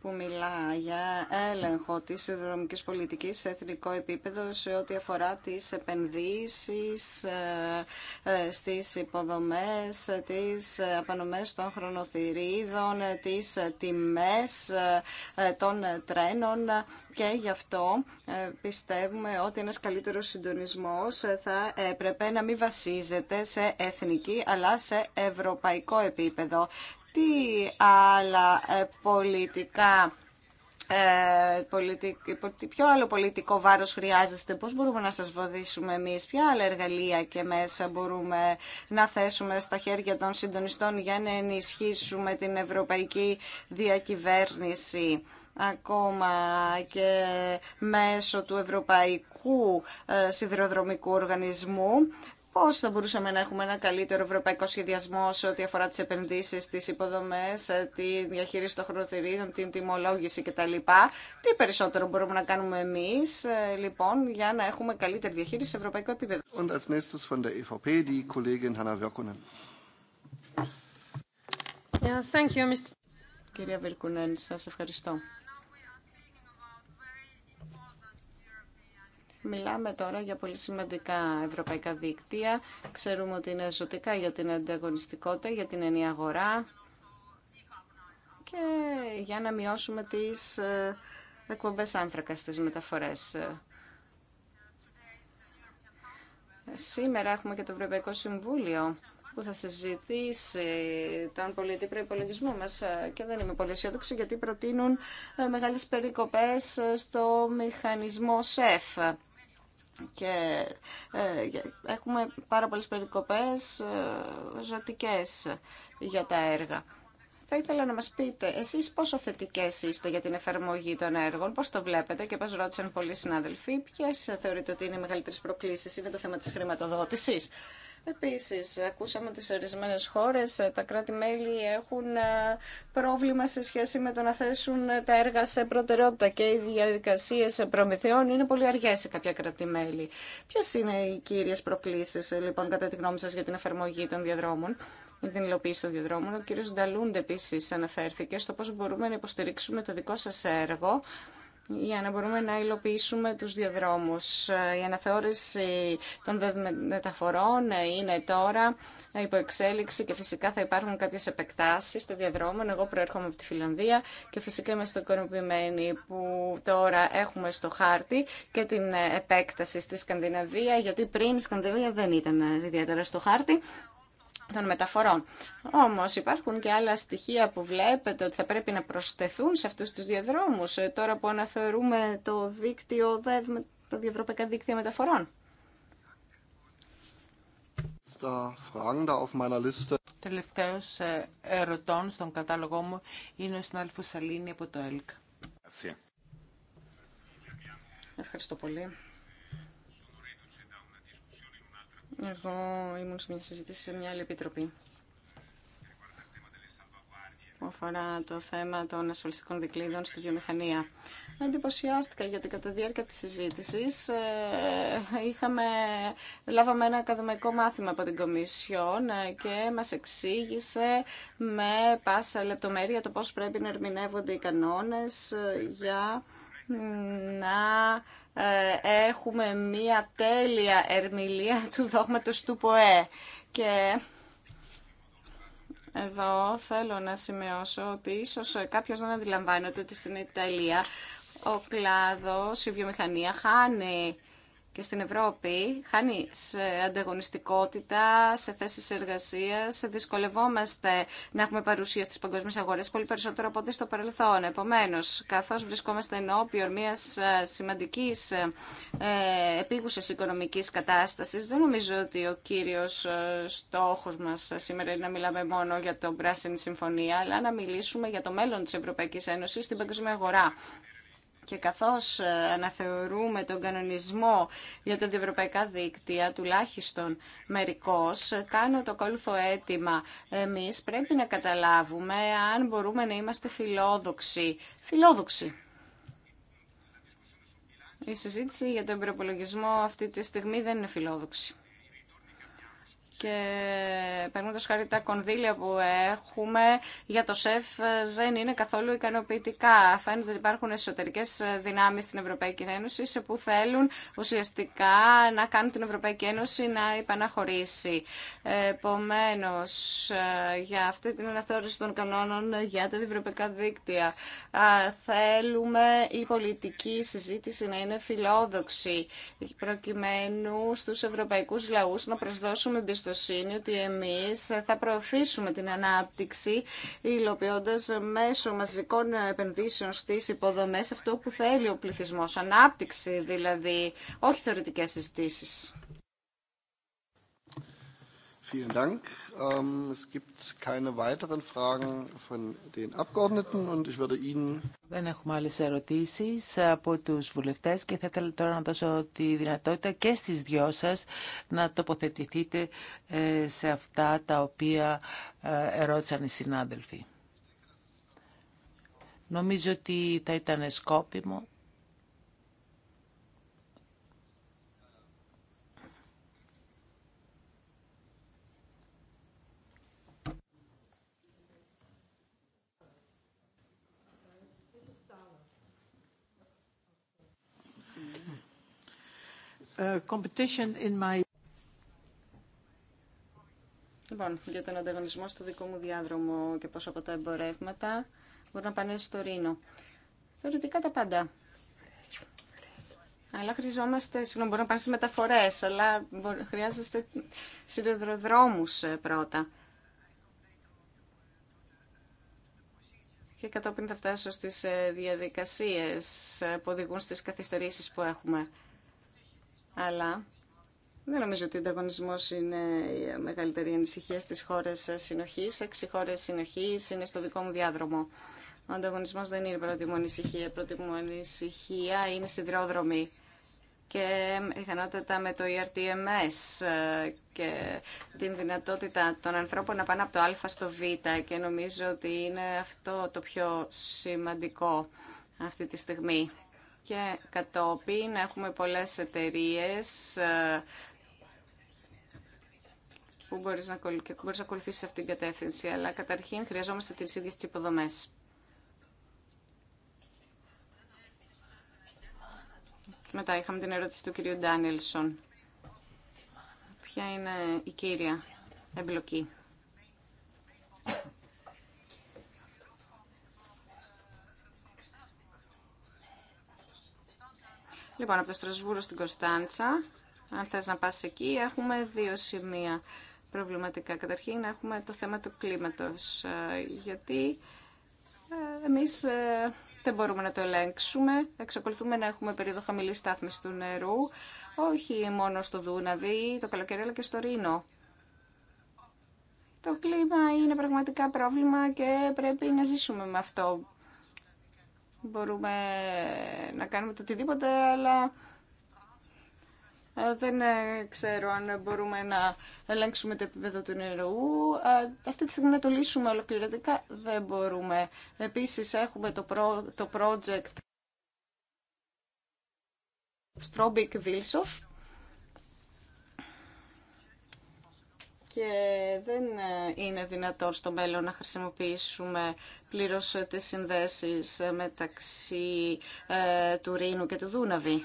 που μιλά για έλεγχο της συνδρομικής πολιτικής σε εθνικό επίπεδο σε ό,τι αφορά τις επενδύσεις ε, ε, στις υποδομές, τις απανομές των χρονοθυρίδων, τις τιμές ε, των τρένων και γι' αυτό πιστεύουμε ότι ένας καλύτερος συντονισμός θα έπρεπε να μην βασίζεται σε εθνική αλλά σε ευρωπαϊκό επίπεδο τι άλλα ε, πολιτικά ε, ποιο άλλο πολιτικό βάρος χρειάζεστε, πώς μπορούμε να σας βοηθήσουμε εμείς, ποια άλλα εργαλεία και μέσα μπορούμε να θέσουμε στα χέρια των συντονιστών για να ενισχύσουμε την ευρωπαϊκή διακυβέρνηση ακόμα και μέσω του Ευρωπαϊκού ε, Σιδηροδρομικού Οργανισμού Πώς θα μπορούσαμε να έχουμε ένα καλύτερο ευρωπαϊκό σχεδιασμό σε ό,τι αφορά τις επενδύσεις, τι υποδομές, ε, τη διαχείριση των χρονοθυρίων, την τιμολόγηση κτλ. Τι περισσότερο μπορούμε να κάνουμε εμείς, ε, λοιπόν, για να έχουμε καλύτερη διαχείριση σε ευρωπαϊκό επίπεδο. von der EVP, die Kollegin Hanna thank you, Mr. Κυρία Βερκουνέν, σας ευχαριστώ. Μιλάμε τώρα για πολύ σημαντικά ευρωπαϊκά δίκτυα. Ξέρουμε ότι είναι ζωτικά για την ανταγωνιστικότητα, για την ενίαγορά αγορά και για να μειώσουμε τις ε, εκπομπές άνθρακα στις μεταφορές. Σήμερα έχουμε και το Ευρωπαϊκό Συμβούλιο που θα συζητήσει τον πολιτή προπολογισμό μας ε, και δεν είμαι πολύ αισιόδοξη γιατί προτείνουν ε, μεγάλες περικοπές στο μηχανισμό ΣΕΦ και ε, έχουμε πάρα πολλές περικοπές ε, ζωτικές για τα έργα. Θα ήθελα να μας πείτε εσείς πόσο θετικές είστε για την εφαρμογή των έργων, πώς το βλέπετε και πώς ρώτησαν πολλοί συνάδελφοι, ποιες θεωρείτε ότι είναι οι μεγαλύτερες προκλήσεις, είναι το θέμα της χρηματοδότησης. Επίση, ακούσαμε ότι σε ορισμένε χώρες τα κράτη-μέλη έχουν ε, πρόβλημα σε σχέση με το να θέσουν τα έργα σε προτεραιότητα και οι διαδικασίες προμηθειών είναι πολύ αργέ σε κάποια κράτη-μέλη. Ποιες είναι οι κύριε προκλήσεις, ε, λοιπόν, κατά τη γνώμη σας για την εφαρμογή των διαδρόμων ή την υλοποίηση των διαδρόμων. Ο κύριο Νταλούντε επίση αναφέρθηκε στο πώ μπορούμε να υποστηρίξουμε το δικό σα έργο για να μπορούμε να υλοποιήσουμε τους διαδρόμους. Η αναθεώρηση των μεταφορών είναι τώρα υπό εξέλιξη και φυσικά θα υπάρχουν κάποιες επεκτάσεις στο διαδρόμο. Εγώ προέρχομαι από τη Φιλανδία και φυσικά είμαστε ικανοποιημένοι που τώρα έχουμε στο χάρτη και την επέκταση στη Σκανδιναβία γιατί πριν η Σκανδιναβία δεν ήταν ιδιαίτερα στο χάρτη των μεταφορών. Όμως υπάρχουν και άλλα στοιχεία που βλέπετε ότι θα πρέπει να προσθεθούν σε αυτούς τους διαδρόμους ε, τώρα που αναφερούμε το δίκτυο ΔΕΔ, τα διευρωπαϊκά δίκτυα μεταφορών. Τελευταίο ε, ερωτών στον κατάλογό μου είναι ο συνάδελφος Σαλίνη από το ΕΛΚ. Ευχαριστώ πολύ. Εγώ ήμουν σε μια συζήτηση σε μια άλλη επιτροπή που αφορά το θέμα των ασφαλιστικών δικλείδων στη βιομηχανία. Εντυπωσιάστηκα γιατί κατά διάρκεια της συζήτησης ε, είχαμε, λάβαμε ένα ακαδημαϊκό μάθημα από την Κομισιόν ε, και μας εξήγησε με πάσα λεπτομέρεια το πώς πρέπει να ερμηνεύονται οι κανόνες ε, για να ε, έχουμε μία τέλεια ερμηλεία του δόγματος του ΠΟΕ. Και εδώ θέλω να σημειώσω ότι ίσως κάποιος δεν αντιλαμβάνεται ότι στην Ιταλία ο κλάδος, η βιομηχανία χάνει και στην Ευρώπη χάνει σε ανταγωνιστικότητα, σε θέσεις εργασίας, δυσκολευόμαστε να έχουμε παρουσία στις παγκόσμιες αγορές πολύ περισσότερο από ό,τι στο παρελθόν. Επομένως, καθώς βρισκόμαστε ενώπιον μιας ε, σημαντικής ε, ε, επίγουσας οικονομικής κατάστασης, δεν νομίζω ότι ο κύριος ε, στόχος μας σήμερα είναι να μιλάμε μόνο για τον Πράσινη Συμφωνία, αλλά να μιλήσουμε για το μέλλον της Ευρωπαϊκής Ένωσης στην παγκόσμια αγορά. Και καθώς ε, αναθεωρούμε τον κανονισμό για τα διευρωπαϊκά δίκτυα, τουλάχιστον μερικώς, ε, κάνω το ακόλουθο αίτημα. Εμείς πρέπει να καταλάβουμε αν μπορούμε να είμαστε φιλόδοξοι. Φιλόδοξοι. Η συζήτηση για τον προπολογισμό αυτή τη στιγμή δεν είναι φιλόδοξη και παίρνοντα χάρη τα κονδύλια που έχουμε για το ΣΕΦ δεν είναι καθόλου ικανοποιητικά. Φαίνεται ότι υπάρχουν εσωτερικέ δυνάμει στην Ευρωπαϊκή Ένωση σε που θέλουν ουσιαστικά να κάνουν την Ευρωπαϊκή Ένωση να υπαναχωρήσει. Επομένω, για αυτή την αναθεώρηση των κανόνων για τα διευρωπαϊκά δίκτυα, θέλουμε η πολιτική συζήτηση να είναι φιλόδοξη προκειμένου στου ευρωπαϊκού λαού να προσδώσουμε εμπιστοσύνη είναι ότι εμείς θα προωθήσουμε την ανάπτυξη υλοποιώντας μέσω μαζικών επενδύσεων στις υποδομές αυτό που θέλει ο πληθυσμός. Ανάπτυξη δηλαδή, όχι θεωρητικές συζητήσεις. Vielen ähm, Es gibt keine weiteren Fragen von den Abgeordneten ich würde Ihnen... Δεν έχουμε άλλε ερωτήσει από τους βουλευτές και θα ήθελα τώρα να δώσω τη δυνατότητα και στις δυο σα να τοποθετηθείτε ε, σε αυτά τα οποία ε, ερώτησαν οι συνάδελφοι. Νομίζω ότι θα ήταν σκόπιμο Uh, competition in my... Λοιπόν, για τον ανταγωνισμό στο δικό μου διάδρομο και πόσο από τα εμπορεύματα μπορούν να πάνε στο Ρήνο. Θεωρητικά τα πάντα. Αλλά χρειαζόμαστε, συγγνώμη, μπορώ να πάνε σε μεταφορέ, αλλά χρειάζεστε σιδηροδρόμου ε, πρώτα. Και κατόπιν θα φτάσω στι ε, διαδικασίε ε, που οδηγούν στι καθυστερήσει που έχουμε αλλά δεν νομίζω ότι ο ανταγωνισμό είναι η μεγαλύτερη ανησυχία στι χώρε συνοχή. Έξι χώρε συνοχή είναι στο δικό μου διάδρομο. Ο ανταγωνισμό δεν είναι η πρώτη μου ανησυχία. Η πρώτη μου ανησυχία είναι σιδηρόδρομη και πιθανότατα με το ERTMS και την δυνατότητα των ανθρώπων να πάνε από το Α στο Β και νομίζω ότι είναι αυτό το πιο σημαντικό αυτή τη στιγμή και κατόπιν έχουμε πολλές εταιρείες ε, που μπορείς να, μπορείς να ακολουθήσεις αυτήν την κατεύθυνση, αλλά καταρχήν χρειαζόμαστε τις ίδιες τις υποδομές. Μετά είχαμε την ερώτηση του κυρίου Ντάνιελσον. Ποια είναι η κύρια εμπλοκή. Λοιπόν, από το Στρασβούρο στην Κωνσταντσα, αν θες να πας εκεί, έχουμε δύο σημεία προβληματικά. Καταρχήν έχουμε το θέμα του κλίματος, ε, γιατί ε, εμείς ε, δεν μπορούμε να το ελέγξουμε. Εξακολουθούμε να έχουμε περίοδο χαμηλή στάθμης του νερού, όχι μόνο στο Δούναβι, το καλοκαίρι, αλλά και στο Ρήνο. Το κλίμα είναι πραγματικά πρόβλημα και πρέπει να ζήσουμε με αυτό. Μπορούμε να κάνουμε το οτιδήποτε, αλλά ε, δεν ε, ξέρω αν μπορούμε να ελέγξουμε το επίπεδο του νερού. Ε, αυτή τη στιγμή να το λύσουμε ολοκληρωτικά δεν μπορούμε. Επίσης έχουμε το, προ... το project Strobik Vilsov και δεν ε, είναι δυνατόν στο μέλλον να χρησιμοποιήσουμε πλήρως ε, τις συνδέσεις ε, μεταξύ του Ρήνου και του Δούναβη.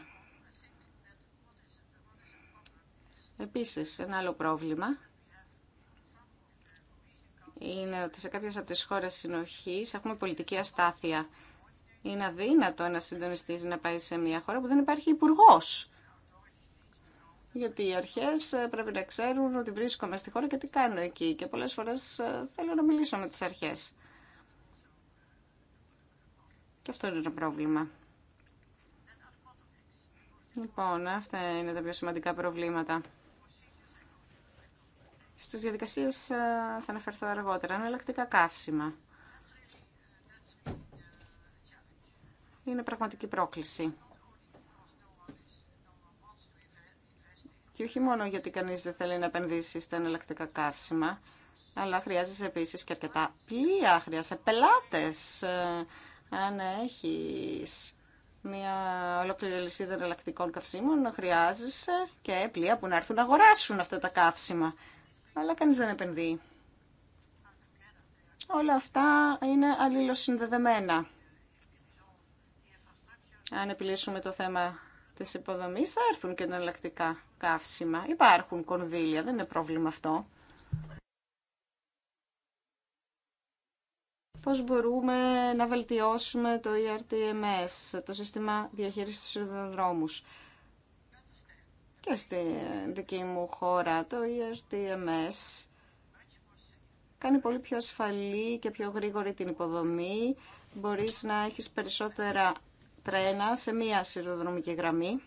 Επίσης, ένα άλλο πρόβλημα είναι ότι σε κάποιες από τις χώρες συνοχής έχουμε πολιτική αστάθεια. Είναι αδύνατο ένα συντονιστή να πάει σε μια χώρα που δεν υπάρχει υπουργό γιατί οι αρχέ ε, πρέπει να ξέρουν ότι βρίσκομαι στη χώρα και τι κάνω εκεί και πολλέ φορέ ε, θέλω να μιλήσω με τι αρχέ. Και αυτό είναι ένα πρόβλημα. Λοιπόν, ε, αυτά είναι τα πιο σημαντικά προβλήματα. Στι διαδικασίε θα αναφερθώ αργότερα. Εναλλακτικά καύσιμα. Είναι πραγματική πρόκληση. Και όχι μόνο γιατί κανείς δεν θέλει να επενδύσει στα εναλλακτικά καύσιμα, αλλά χρειάζεσαι επίσης και αρκετά πλοία, χρειάζεσαι πελάτες. Ε, αν έχεις μια ολόκληρη λυσίδα εναλλακτικών καυσίμων, χρειάζεσαι και πλοία που να έρθουν να αγοράσουν αυτά τα καύσιμα. Αλλά κανείς δεν επενδύει. Όλα αυτά είναι αλληλοσυνδεδεμένα. Αν επιλύσουμε το θέμα της υποδομής θα έρθουν και εναλλακτικά καύσιμα. Υπάρχουν κονδύλια, δεν είναι πρόβλημα αυτό. Πώς μπορούμε να βελτιώσουμε το ERTMS, το σύστημα διαχείρισης του Και στη δική μου χώρα το ERTMS κάνει πολύ πιο ασφαλή και πιο γρήγορη την υποδομή. Μπορείς να έχεις περισσότερα σε μία σιδηροδρομική γραμμή.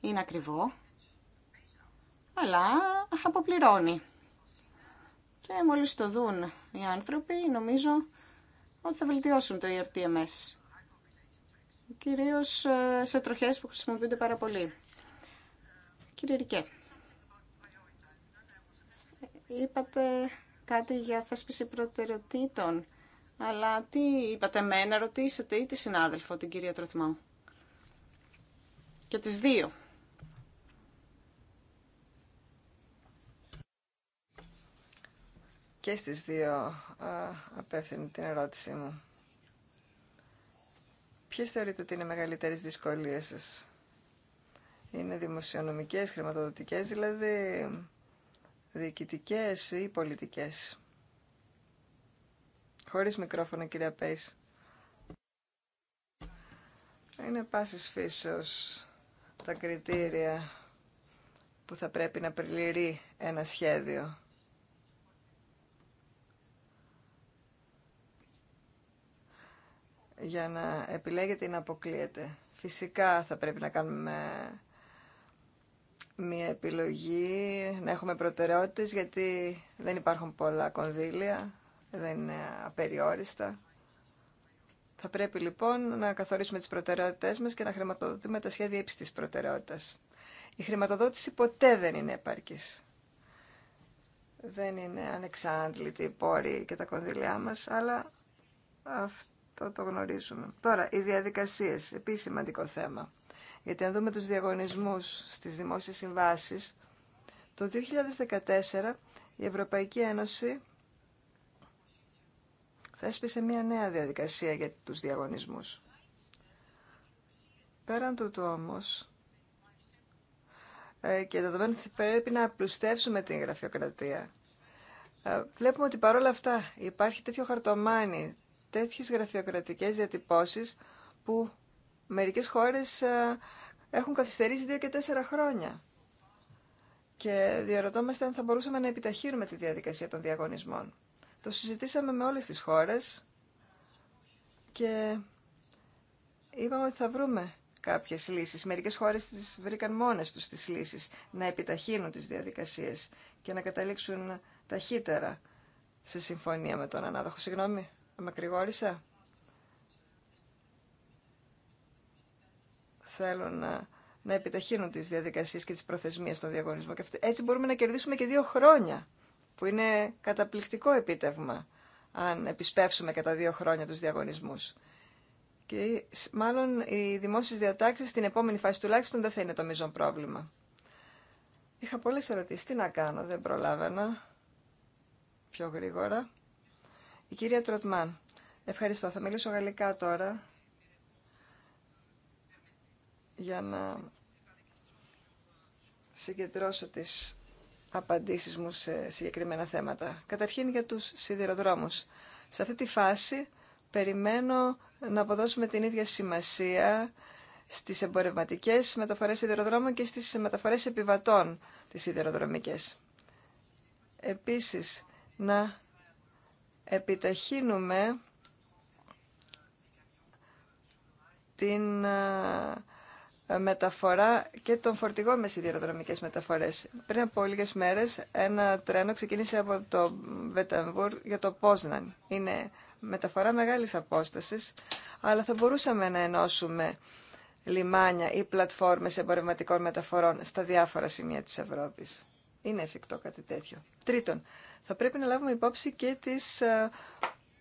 Είναι ακριβό, αλλά αποπληρώνει. Και μόλις το δουν οι άνθρωποι, νομίζω ότι θα βελτιώσουν το ERTMS. Κυρίως ε, σε τροχές που χρησιμοποιούνται πάρα πολύ. Κύριε Ρικέ, είπατε κάτι για θέσπιση προτεραιοτήτων αλλά τι είπατε εμένα, ρωτήσατε ή τη συνάδελφο, την κυρία μου Και τις δύο. Και στις δύο α, απέφθηνε την ερώτησή μου. Ποιες θεωρείτε ότι είναι μεγαλύτερες δυσκολίες σας. Είναι δημοσιονομικές, χρηματοδοτικές, δηλαδή διοικητικές ή πολιτικές. Χωρίς μικρόφωνο, κυρία Πέις. Είναι πάσης φύσεως τα κριτήρια που θα πρέπει να πληρεί ένα σχέδιο. για να επιλέγετε ή να αποκλείετε. Φυσικά θα πρέπει να κάνουμε μία επιλογή, να έχουμε προτεραιότητες γιατί δεν υπάρχουν πολλά κονδύλια δεν είναι απεριόριστα. Θα πρέπει λοιπόν να καθορίσουμε τις προτεραιότητές μας και να χρηματοδοτούμε τα σχέδια ύψης της προτεραιότητας. Η χρηματοδότηση ποτέ δεν είναι επαρκής. Δεν είναι ανεξάντλητη η πόρη και τα κονδύλια μας, αλλά αυτό το γνωρίζουμε. Τώρα, οι διαδικασίες, επίσης σημαντικό θέμα. Γιατί αν δούμε τους διαγωνισμούς στις δημόσιες συμβάσεις, το 2014 η Ευρωπαϊκή Ένωση θέσπισε μια νέα διαδικασία για τους διαγωνισμούς. Πέραν τούτου όμως, ε, και δεδομένου ότι πρέπει να απλουστεύσουμε την γραφειοκρατία, ε, βλέπουμε ότι παρόλα αυτά υπάρχει τέτοιο χαρτομάνι, τέτοιες γραφειοκρατικές διατυπώσεις που μερικές χώρες ε, έχουν καθυστερήσει δύο και τέσσερα χρόνια. Και διαρωτόμαστε αν θα μπορούσαμε να επιταχύρουμε τη διαδικασία των διαγωνισμών. Το συζητήσαμε με όλες τις χώρες και είπαμε ότι θα βρούμε κάποιες λύσεις. Μερικές χώρες τις βρήκαν μόνες τους τις λύσεις να επιταχύνουν τις διαδικασίες και να καταλήξουν ταχύτερα σε συμφωνία με τον ανάδοχο. Συγγνώμη, μακρηγόρησα. Θέλουν να, να επιταχύνουν τις διαδικασίες και τις προθεσμίες στον διαγωνισμό. έτσι μπορούμε να κερδίσουμε και δύο χρόνια που είναι καταπληκτικό επίτευγμα αν επισπεύσουμε κατά δύο χρόνια τους διαγωνισμούς. Και μάλλον οι δημόσιες διατάξεις στην επόμενη φάση τουλάχιστον δεν θα είναι το μείζον πρόβλημα. Είχα πολλές ερωτήσεις. Τι να κάνω, δεν προλάβαινα πιο γρήγορα. Η κυρία Τροτμάν. Ευχαριστώ. Θα μιλήσω γαλλικά τώρα για να συγκεντρώσω τις απαντήσεις μου σε συγκεκριμένα θέματα. Καταρχήν για τους σιδηροδρόμους. Σε αυτή τη φάση περιμένω να αποδώσουμε την ίδια σημασία στις εμπορευματικές μεταφορές σιδηροδρόμων και στις μεταφορές επιβατών τις σιδηροδρομικές. Επίσης, να επιταχύνουμε την ε, μεταφορά και των φορτηγών με σιδηροδρομικές μεταφορές. Πριν από λίγες μέρες ένα τρένο ξεκίνησε από το Βεταμβούρ για το Πόσναν. Είναι μεταφορά μεγάλης απόστασης, αλλά θα μπορούσαμε να ενώσουμε λιμάνια ή πλατφόρμες εμπορευματικών μεταφορών στα διάφορα σημεία της Ευρώπης. Είναι εφικτό κάτι τέτοιο. Τρίτον, θα πρέπει να λάβουμε υπόψη και τις ε,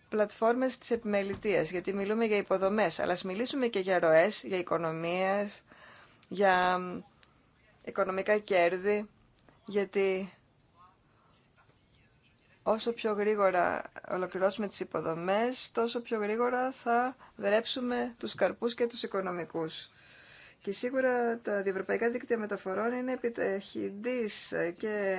πλατφόρμες της επιμελητίας, γιατί μιλούμε για υποδομές, αλλά ας μιλήσουμε και για ροές, για οικονομίες, για οικονομικά κέρδη, γιατί όσο πιο γρήγορα ολοκληρώσουμε τις υποδομές, τόσο πιο γρήγορα θα δρέψουμε τους καρπούς και τους οικονομικούς. Και σίγουρα τα διευρωπαϊκά δίκτυα μεταφορών είναι επιταχυντής και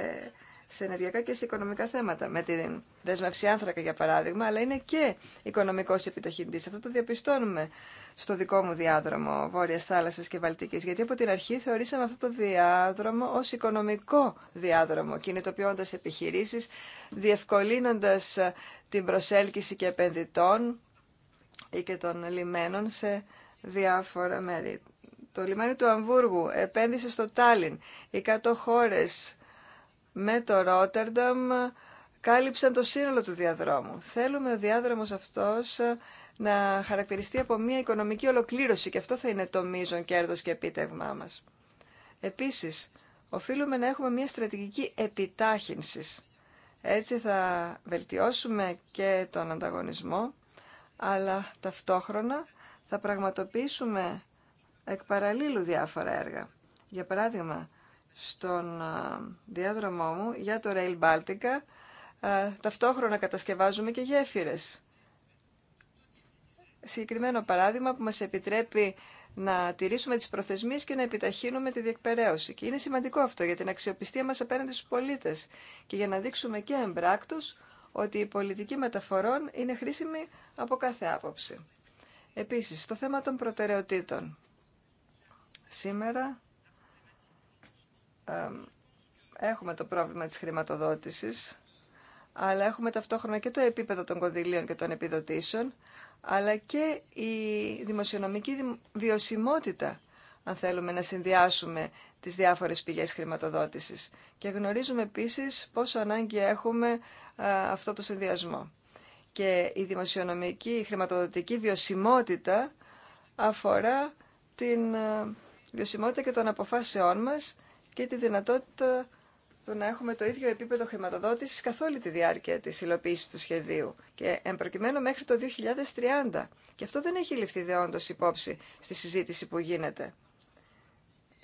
σε ενεργειακά και σε οικονομικά θέματα. Με τη δέσμευση άνθρακα, για παράδειγμα, αλλά είναι και οικονομικό επιταχυντή. Αυτό το διαπιστώνουμε στο δικό μου διάδρομο Βόρεια Θάλασσα και Βαλτική. Γιατί από την αρχή θεωρήσαμε αυτό το διάδρομο ω οικονομικό διάδρομο, κινητοποιώντα επιχειρήσει, διευκολύνοντα την προσέλκυση και επενδυτών ή και των λιμένων σε διάφορα μέρη. Το λιμάνι του Αμβούργου επένδυσε στο Τάλιν. Οι κάτω χώρες με το Ρότερνταμ κάλυψαν το σύνολο του διαδρόμου. Θέλουμε ο διάδρομος αυτός ε, να χαρακτηριστεί από μια οικονομική ολοκλήρωση και αυτό θα είναι το μείζον κέρδος και επίτευγμά μας. Επίσης, οφείλουμε να έχουμε μια στρατηγική επιτάχυνσης. Έτσι θα βελτιώσουμε και τον ανταγωνισμό, αλλά ταυτόχρονα θα πραγματοποιήσουμε εκ παραλίλου διάφορα έργα. Για παράδειγμα, στον διάδρομό μου για το Rail Baltica ταυτόχρονα κατασκευάζουμε και γέφυρες. Συγκεκριμένο παράδειγμα που μας επιτρέπει να τηρήσουμε τις προθεσμίες και να επιταχύνουμε τη διεκπαιρέωση. Και είναι σημαντικό αυτό για την αξιοπιστία μας απέναντι στους πολίτες και για να δείξουμε και εμπράκτος ότι η πολιτική μεταφορών είναι χρήσιμη από κάθε άποψη. Επίσης, στο θέμα των προτεραιοτήτων. Σήμερα έχουμε το πρόβλημα της χρηματοδότησης, αλλά έχουμε ταυτόχρονα και το επίπεδο των κονδυλίων και των επιδοτήσεων, αλλά και η δημοσιονομική βιωσιμότητα, αν θέλουμε να συνδυάσουμε τις διάφορες πηγές χρηματοδότησης. Και γνωρίζουμε επίσης πόσο ανάγκη έχουμε αυτό το συνδυασμό. Και η δημοσιονομική η χρηματοδοτική βιωσιμότητα αφορά την βιωσιμότητα και των αποφάσεών μας και τη δυνατότητα του να έχουμε το ίδιο επίπεδο χρηματοδότηση καθ' όλη τη διάρκεια της υλοποίηση του σχεδίου και εμπροκειμένου μέχρι το 2030. Και αυτό δεν έχει ληφθεί δεόντω υπόψη στη συζήτηση που γίνεται.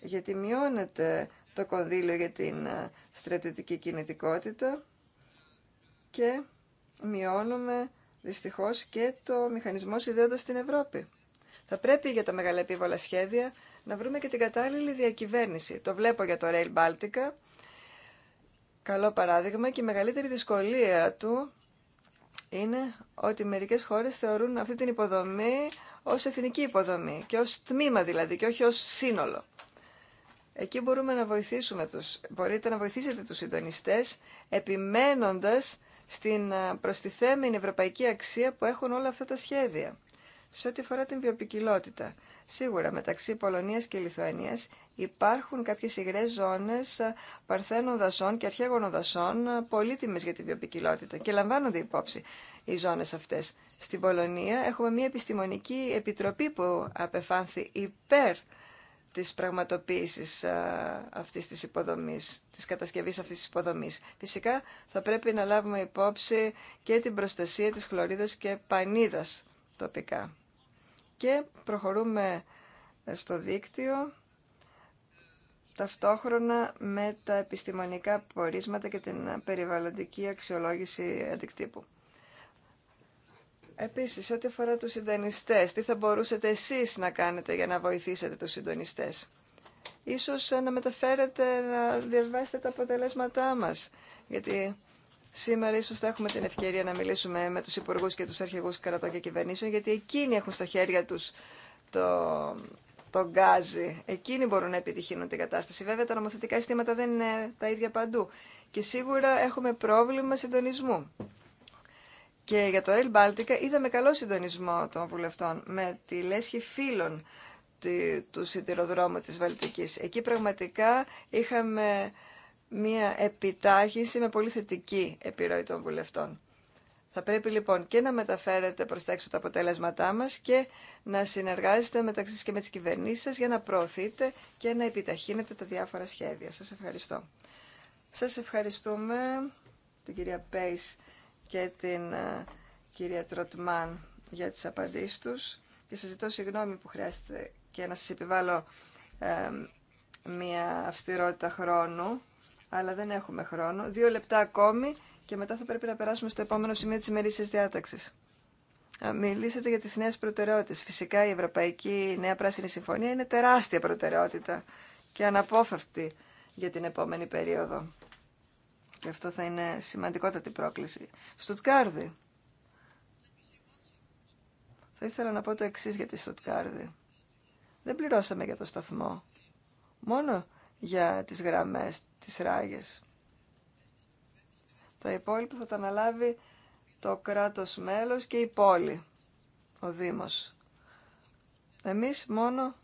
Γιατί μειώνεται το κονδύλιο για την ε, στρατιωτική κινητικότητα και μειώνουμε δυστυχώς και το μηχανισμό συνδέοντας στην Ευρώπη. Θα πρέπει για τα μεγαλοεπίβολα σχέδια να βρούμε και την κατάλληλη διακυβέρνηση. Το βλέπω για το Rail Baltica, καλό παράδειγμα και η μεγαλύτερη δυσκολία του είναι ότι μερικές χώρες θεωρούν αυτή την υποδομή ως εθνική υποδομή και ως τμήμα δηλαδή και όχι ως σύνολο. Εκεί μπορούμε να βοηθήσουμε τους, μπορείτε να βοηθήσετε τους συντονιστές επιμένοντας στην ε, προστιθέμενη ευρωπαϊκή αξία που έχουν όλα αυτά τα σχέδια σε ό,τι αφορά την βιοπικιλότητα. Σίγουρα μεταξύ Πολωνίας και Λιθουανίας υπάρχουν κάποιες υγρές ζώνες ε, παρθένων δασών και αρχαίγωνων δασών ε, πολύτιμες για τη βιοπικιλότητα και λαμβάνονται υπόψη οι ζώνες αυτές. Στην Πολωνία έχουμε μια επιστημονική επιτροπή που απεφάνθη υπέρ της πραγματοποίησης ε, αυτής της υποδομής, της κατασκευής αυτής της υποδομής. Φυσικά θα πρέπει να λάβουμε υπόψη και την προστασία της χλωρίδας και πανίδας τοπικά και προχωρούμε στο δίκτυο ταυτόχρονα με τα επιστημονικά πορίσματα και την περιβαλλοντική αξιολόγηση αντικτύπου. Επίσης, ό,τι αφορά τους συντονιστές, τι θα μπορούσατε εσείς να κάνετε για να βοηθήσετε τους συντονιστές. Ίσως να μεταφέρετε, να διαβάσετε τα αποτελέσματά μας, γιατί Σήμερα ίσω θα έχουμε την ευκαιρία να μιλήσουμε με του υπουργού και του αρχηγού κρατών και κυβερνήσεων, γιατί εκείνοι έχουν στα χέρια του το, το γκάζι. Εκείνοι μπορούν να επιτυχύνουν την κατάσταση. Βέβαια, τα νομοθετικά αισθήματα δεν είναι τα ίδια παντού. Και σίγουρα έχουμε πρόβλημα συντονισμού. Και για το Rail Baltica είδαμε καλό συντονισμό των βουλευτών με τη λέσχη φίλων του σιδηροδρόμου της Βαλτικής. Εκεί πραγματικά είχαμε μία επιτάχυνση με πολύ θετική επιρροή των βουλευτών. Θα πρέπει λοιπόν και να μεταφέρετε προς τα έξω τα αποτέλεσματά μας και να συνεργάζεστε μεταξύ και με τις κυβερνήσεις σας για να προωθείτε και να επιταχύνετε τα διάφορα σχέδια. Σας ευχαριστώ. Σας ευχαριστούμε την κυρία Πέις και την ε, κυρία Τροτμάν για τις απαντήσεις τους και σας ζητώ συγγνώμη που χρειάζεται και να σας επιβάλλω ε, μια αυστηρότητα χρόνου αλλά δεν έχουμε χρόνο. Δύο λεπτά ακόμη και μετά θα πρέπει να περάσουμε στο επόμενο σημείο της ημερήσιας διάταξης. Μιλήσατε για τις νέες προτεραιότητες. Φυσικά η Ευρωπαϊκή Νέα Πράσινη Συμφωνία είναι τεράστια προτεραιότητα και αναπόφευκτη για την επόμενη περίοδο. Και αυτό θα είναι σημαντικότατη πρόκληση. Στουτκάρδη. Θα ήθελα να πω το εξής για τη Στουτκάρδη. Δεν πληρώσαμε για το σταθμό. Μόνο για τις γραμμές, τις ράγες. Τα υπόλοιπα θα τα αναλάβει το κράτος μέλος και η πόλη, ο Δήμος. Εμείς μόνο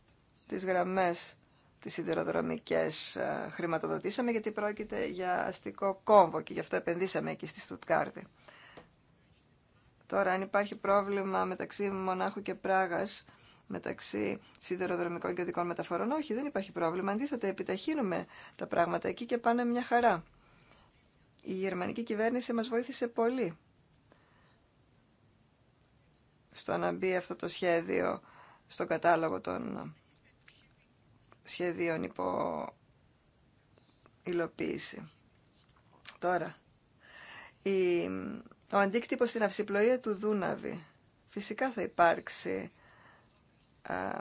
τις γραμμές τις σιδηροδρομικές ε, χρηματοδοτήσαμε γιατί πρόκειται για αστικό κόμβο και γι' αυτό επενδύσαμε εκεί στη Στουτκάρδη. Τώρα αν υπάρχει πρόβλημα μεταξύ Μονάχου και Πράγας μεταξύ σιδεροδρομικών και οδικών μεταφορών. Όχι, δεν υπάρχει πρόβλημα. Αντίθετα, επιταχύνουμε τα πράγματα εκεί και πάνε μια χαρά. Η γερμανική κυβέρνηση μας βοήθησε πολύ στο να μπει αυτό το σχέδιο στο κατάλογο των σχεδίων υπό υλοποίηση. Τώρα, η, ο αντίκτυπος στην αυσιπλοεία του Δούναβη. Φυσικά θα υπάρξει ε,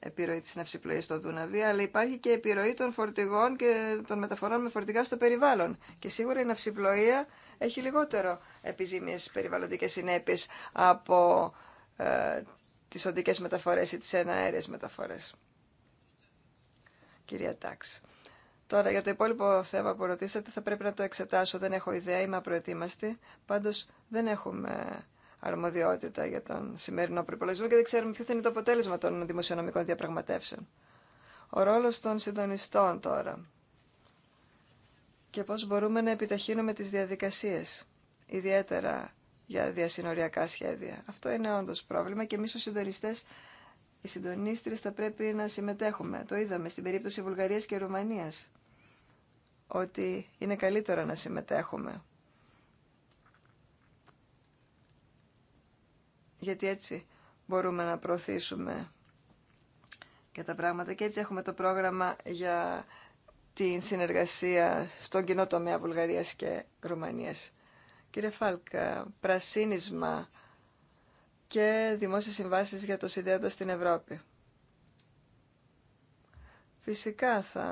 επιρροή της ναυσιπλοείας στο Δούναβι, αλλά υπάρχει και επιρροή των φορτηγών και των μεταφορών με φορτηγά στο περιβάλλον. Και σίγουρα η ναυσιπλοεία έχει λιγότερο επιζήμιες περιβαλλοντικές συνέπειες από ε, τις οδικές μεταφορές ή τις εναέρειες μεταφορές. Κυρία Τάξη. Τώρα για το υπόλοιπο θέμα που ρωτήσατε θα πρέπει να το εξετάσω. Δεν έχω ιδέα, είμαι απροετοίμαστη. Πάντως δεν έχουμε αρμοδιότητα για τον σημερινό προπολογισμό και δεν ξέρουμε ποιο θα είναι το αποτέλεσμα των δημοσιονομικών διαπραγματεύσεων. Ο ρόλος των συντονιστών τώρα και πώς μπορούμε να επιταχύνουμε τις διαδικασίες, ιδιαίτερα για διασυνοριακά σχέδια. Αυτό είναι όντως πρόβλημα και εμείς ως συντονιστές οι συντονίστρες θα πρέπει να συμμετέχουμε. Το είδαμε στην περίπτωση Βουλγαρίας και Ρουμανίας ότι είναι καλύτερο να συμμετέχουμε γιατί έτσι μπορούμε να προωθήσουμε και τα πράγματα. Και έτσι έχουμε το πρόγραμμα για την συνεργασία στον κοινό τομέα Βουλγαρίας και Ρουμανίας. Κύριε Φάλκα, πρασίνισμα και δημόσιες συμβάσεις για το συνδέοντα στην Ευρώπη. Φυσικά θα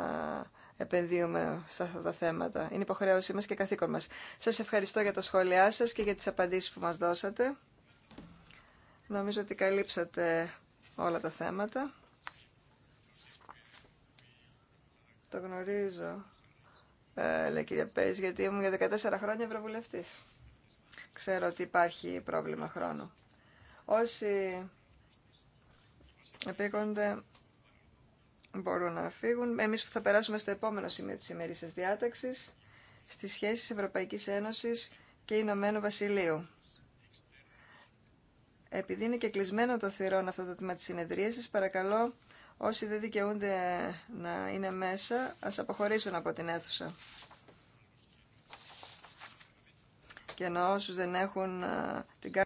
επενδύουμε σε αυτά τα θέματα. Είναι υποχρέωσή μας και καθήκον μας. Σας ευχαριστώ για τα σχόλιά σας και για τις απαντήσεις που μας δώσατε. Νομίζω ότι καλύψατε όλα τα θέματα. Το γνωρίζω, ε, λέει κυρία γιατί ήμουν για 14 χρόνια ευρωβουλευτής. Ξέρω ότι υπάρχει πρόβλημα χρόνου. Όσοι επίκονται μπορούν να φύγουν. Εμείς θα περάσουμε στο επόμενο σημείο της σημερινής διάταξης, στις σχέσεις Ευρωπαϊκής Ένωσης και Ηνωμένου Βασιλείου. Επειδή είναι και κλεισμένο το θηρόν αυτό το τμήμα της συνεδρίασης, παρακαλώ όσοι δεν δικαιούνται να είναι μέσα, ας αποχωρήσουν από την αίθουσα. Και ενώ όσους δεν έχουν ε, την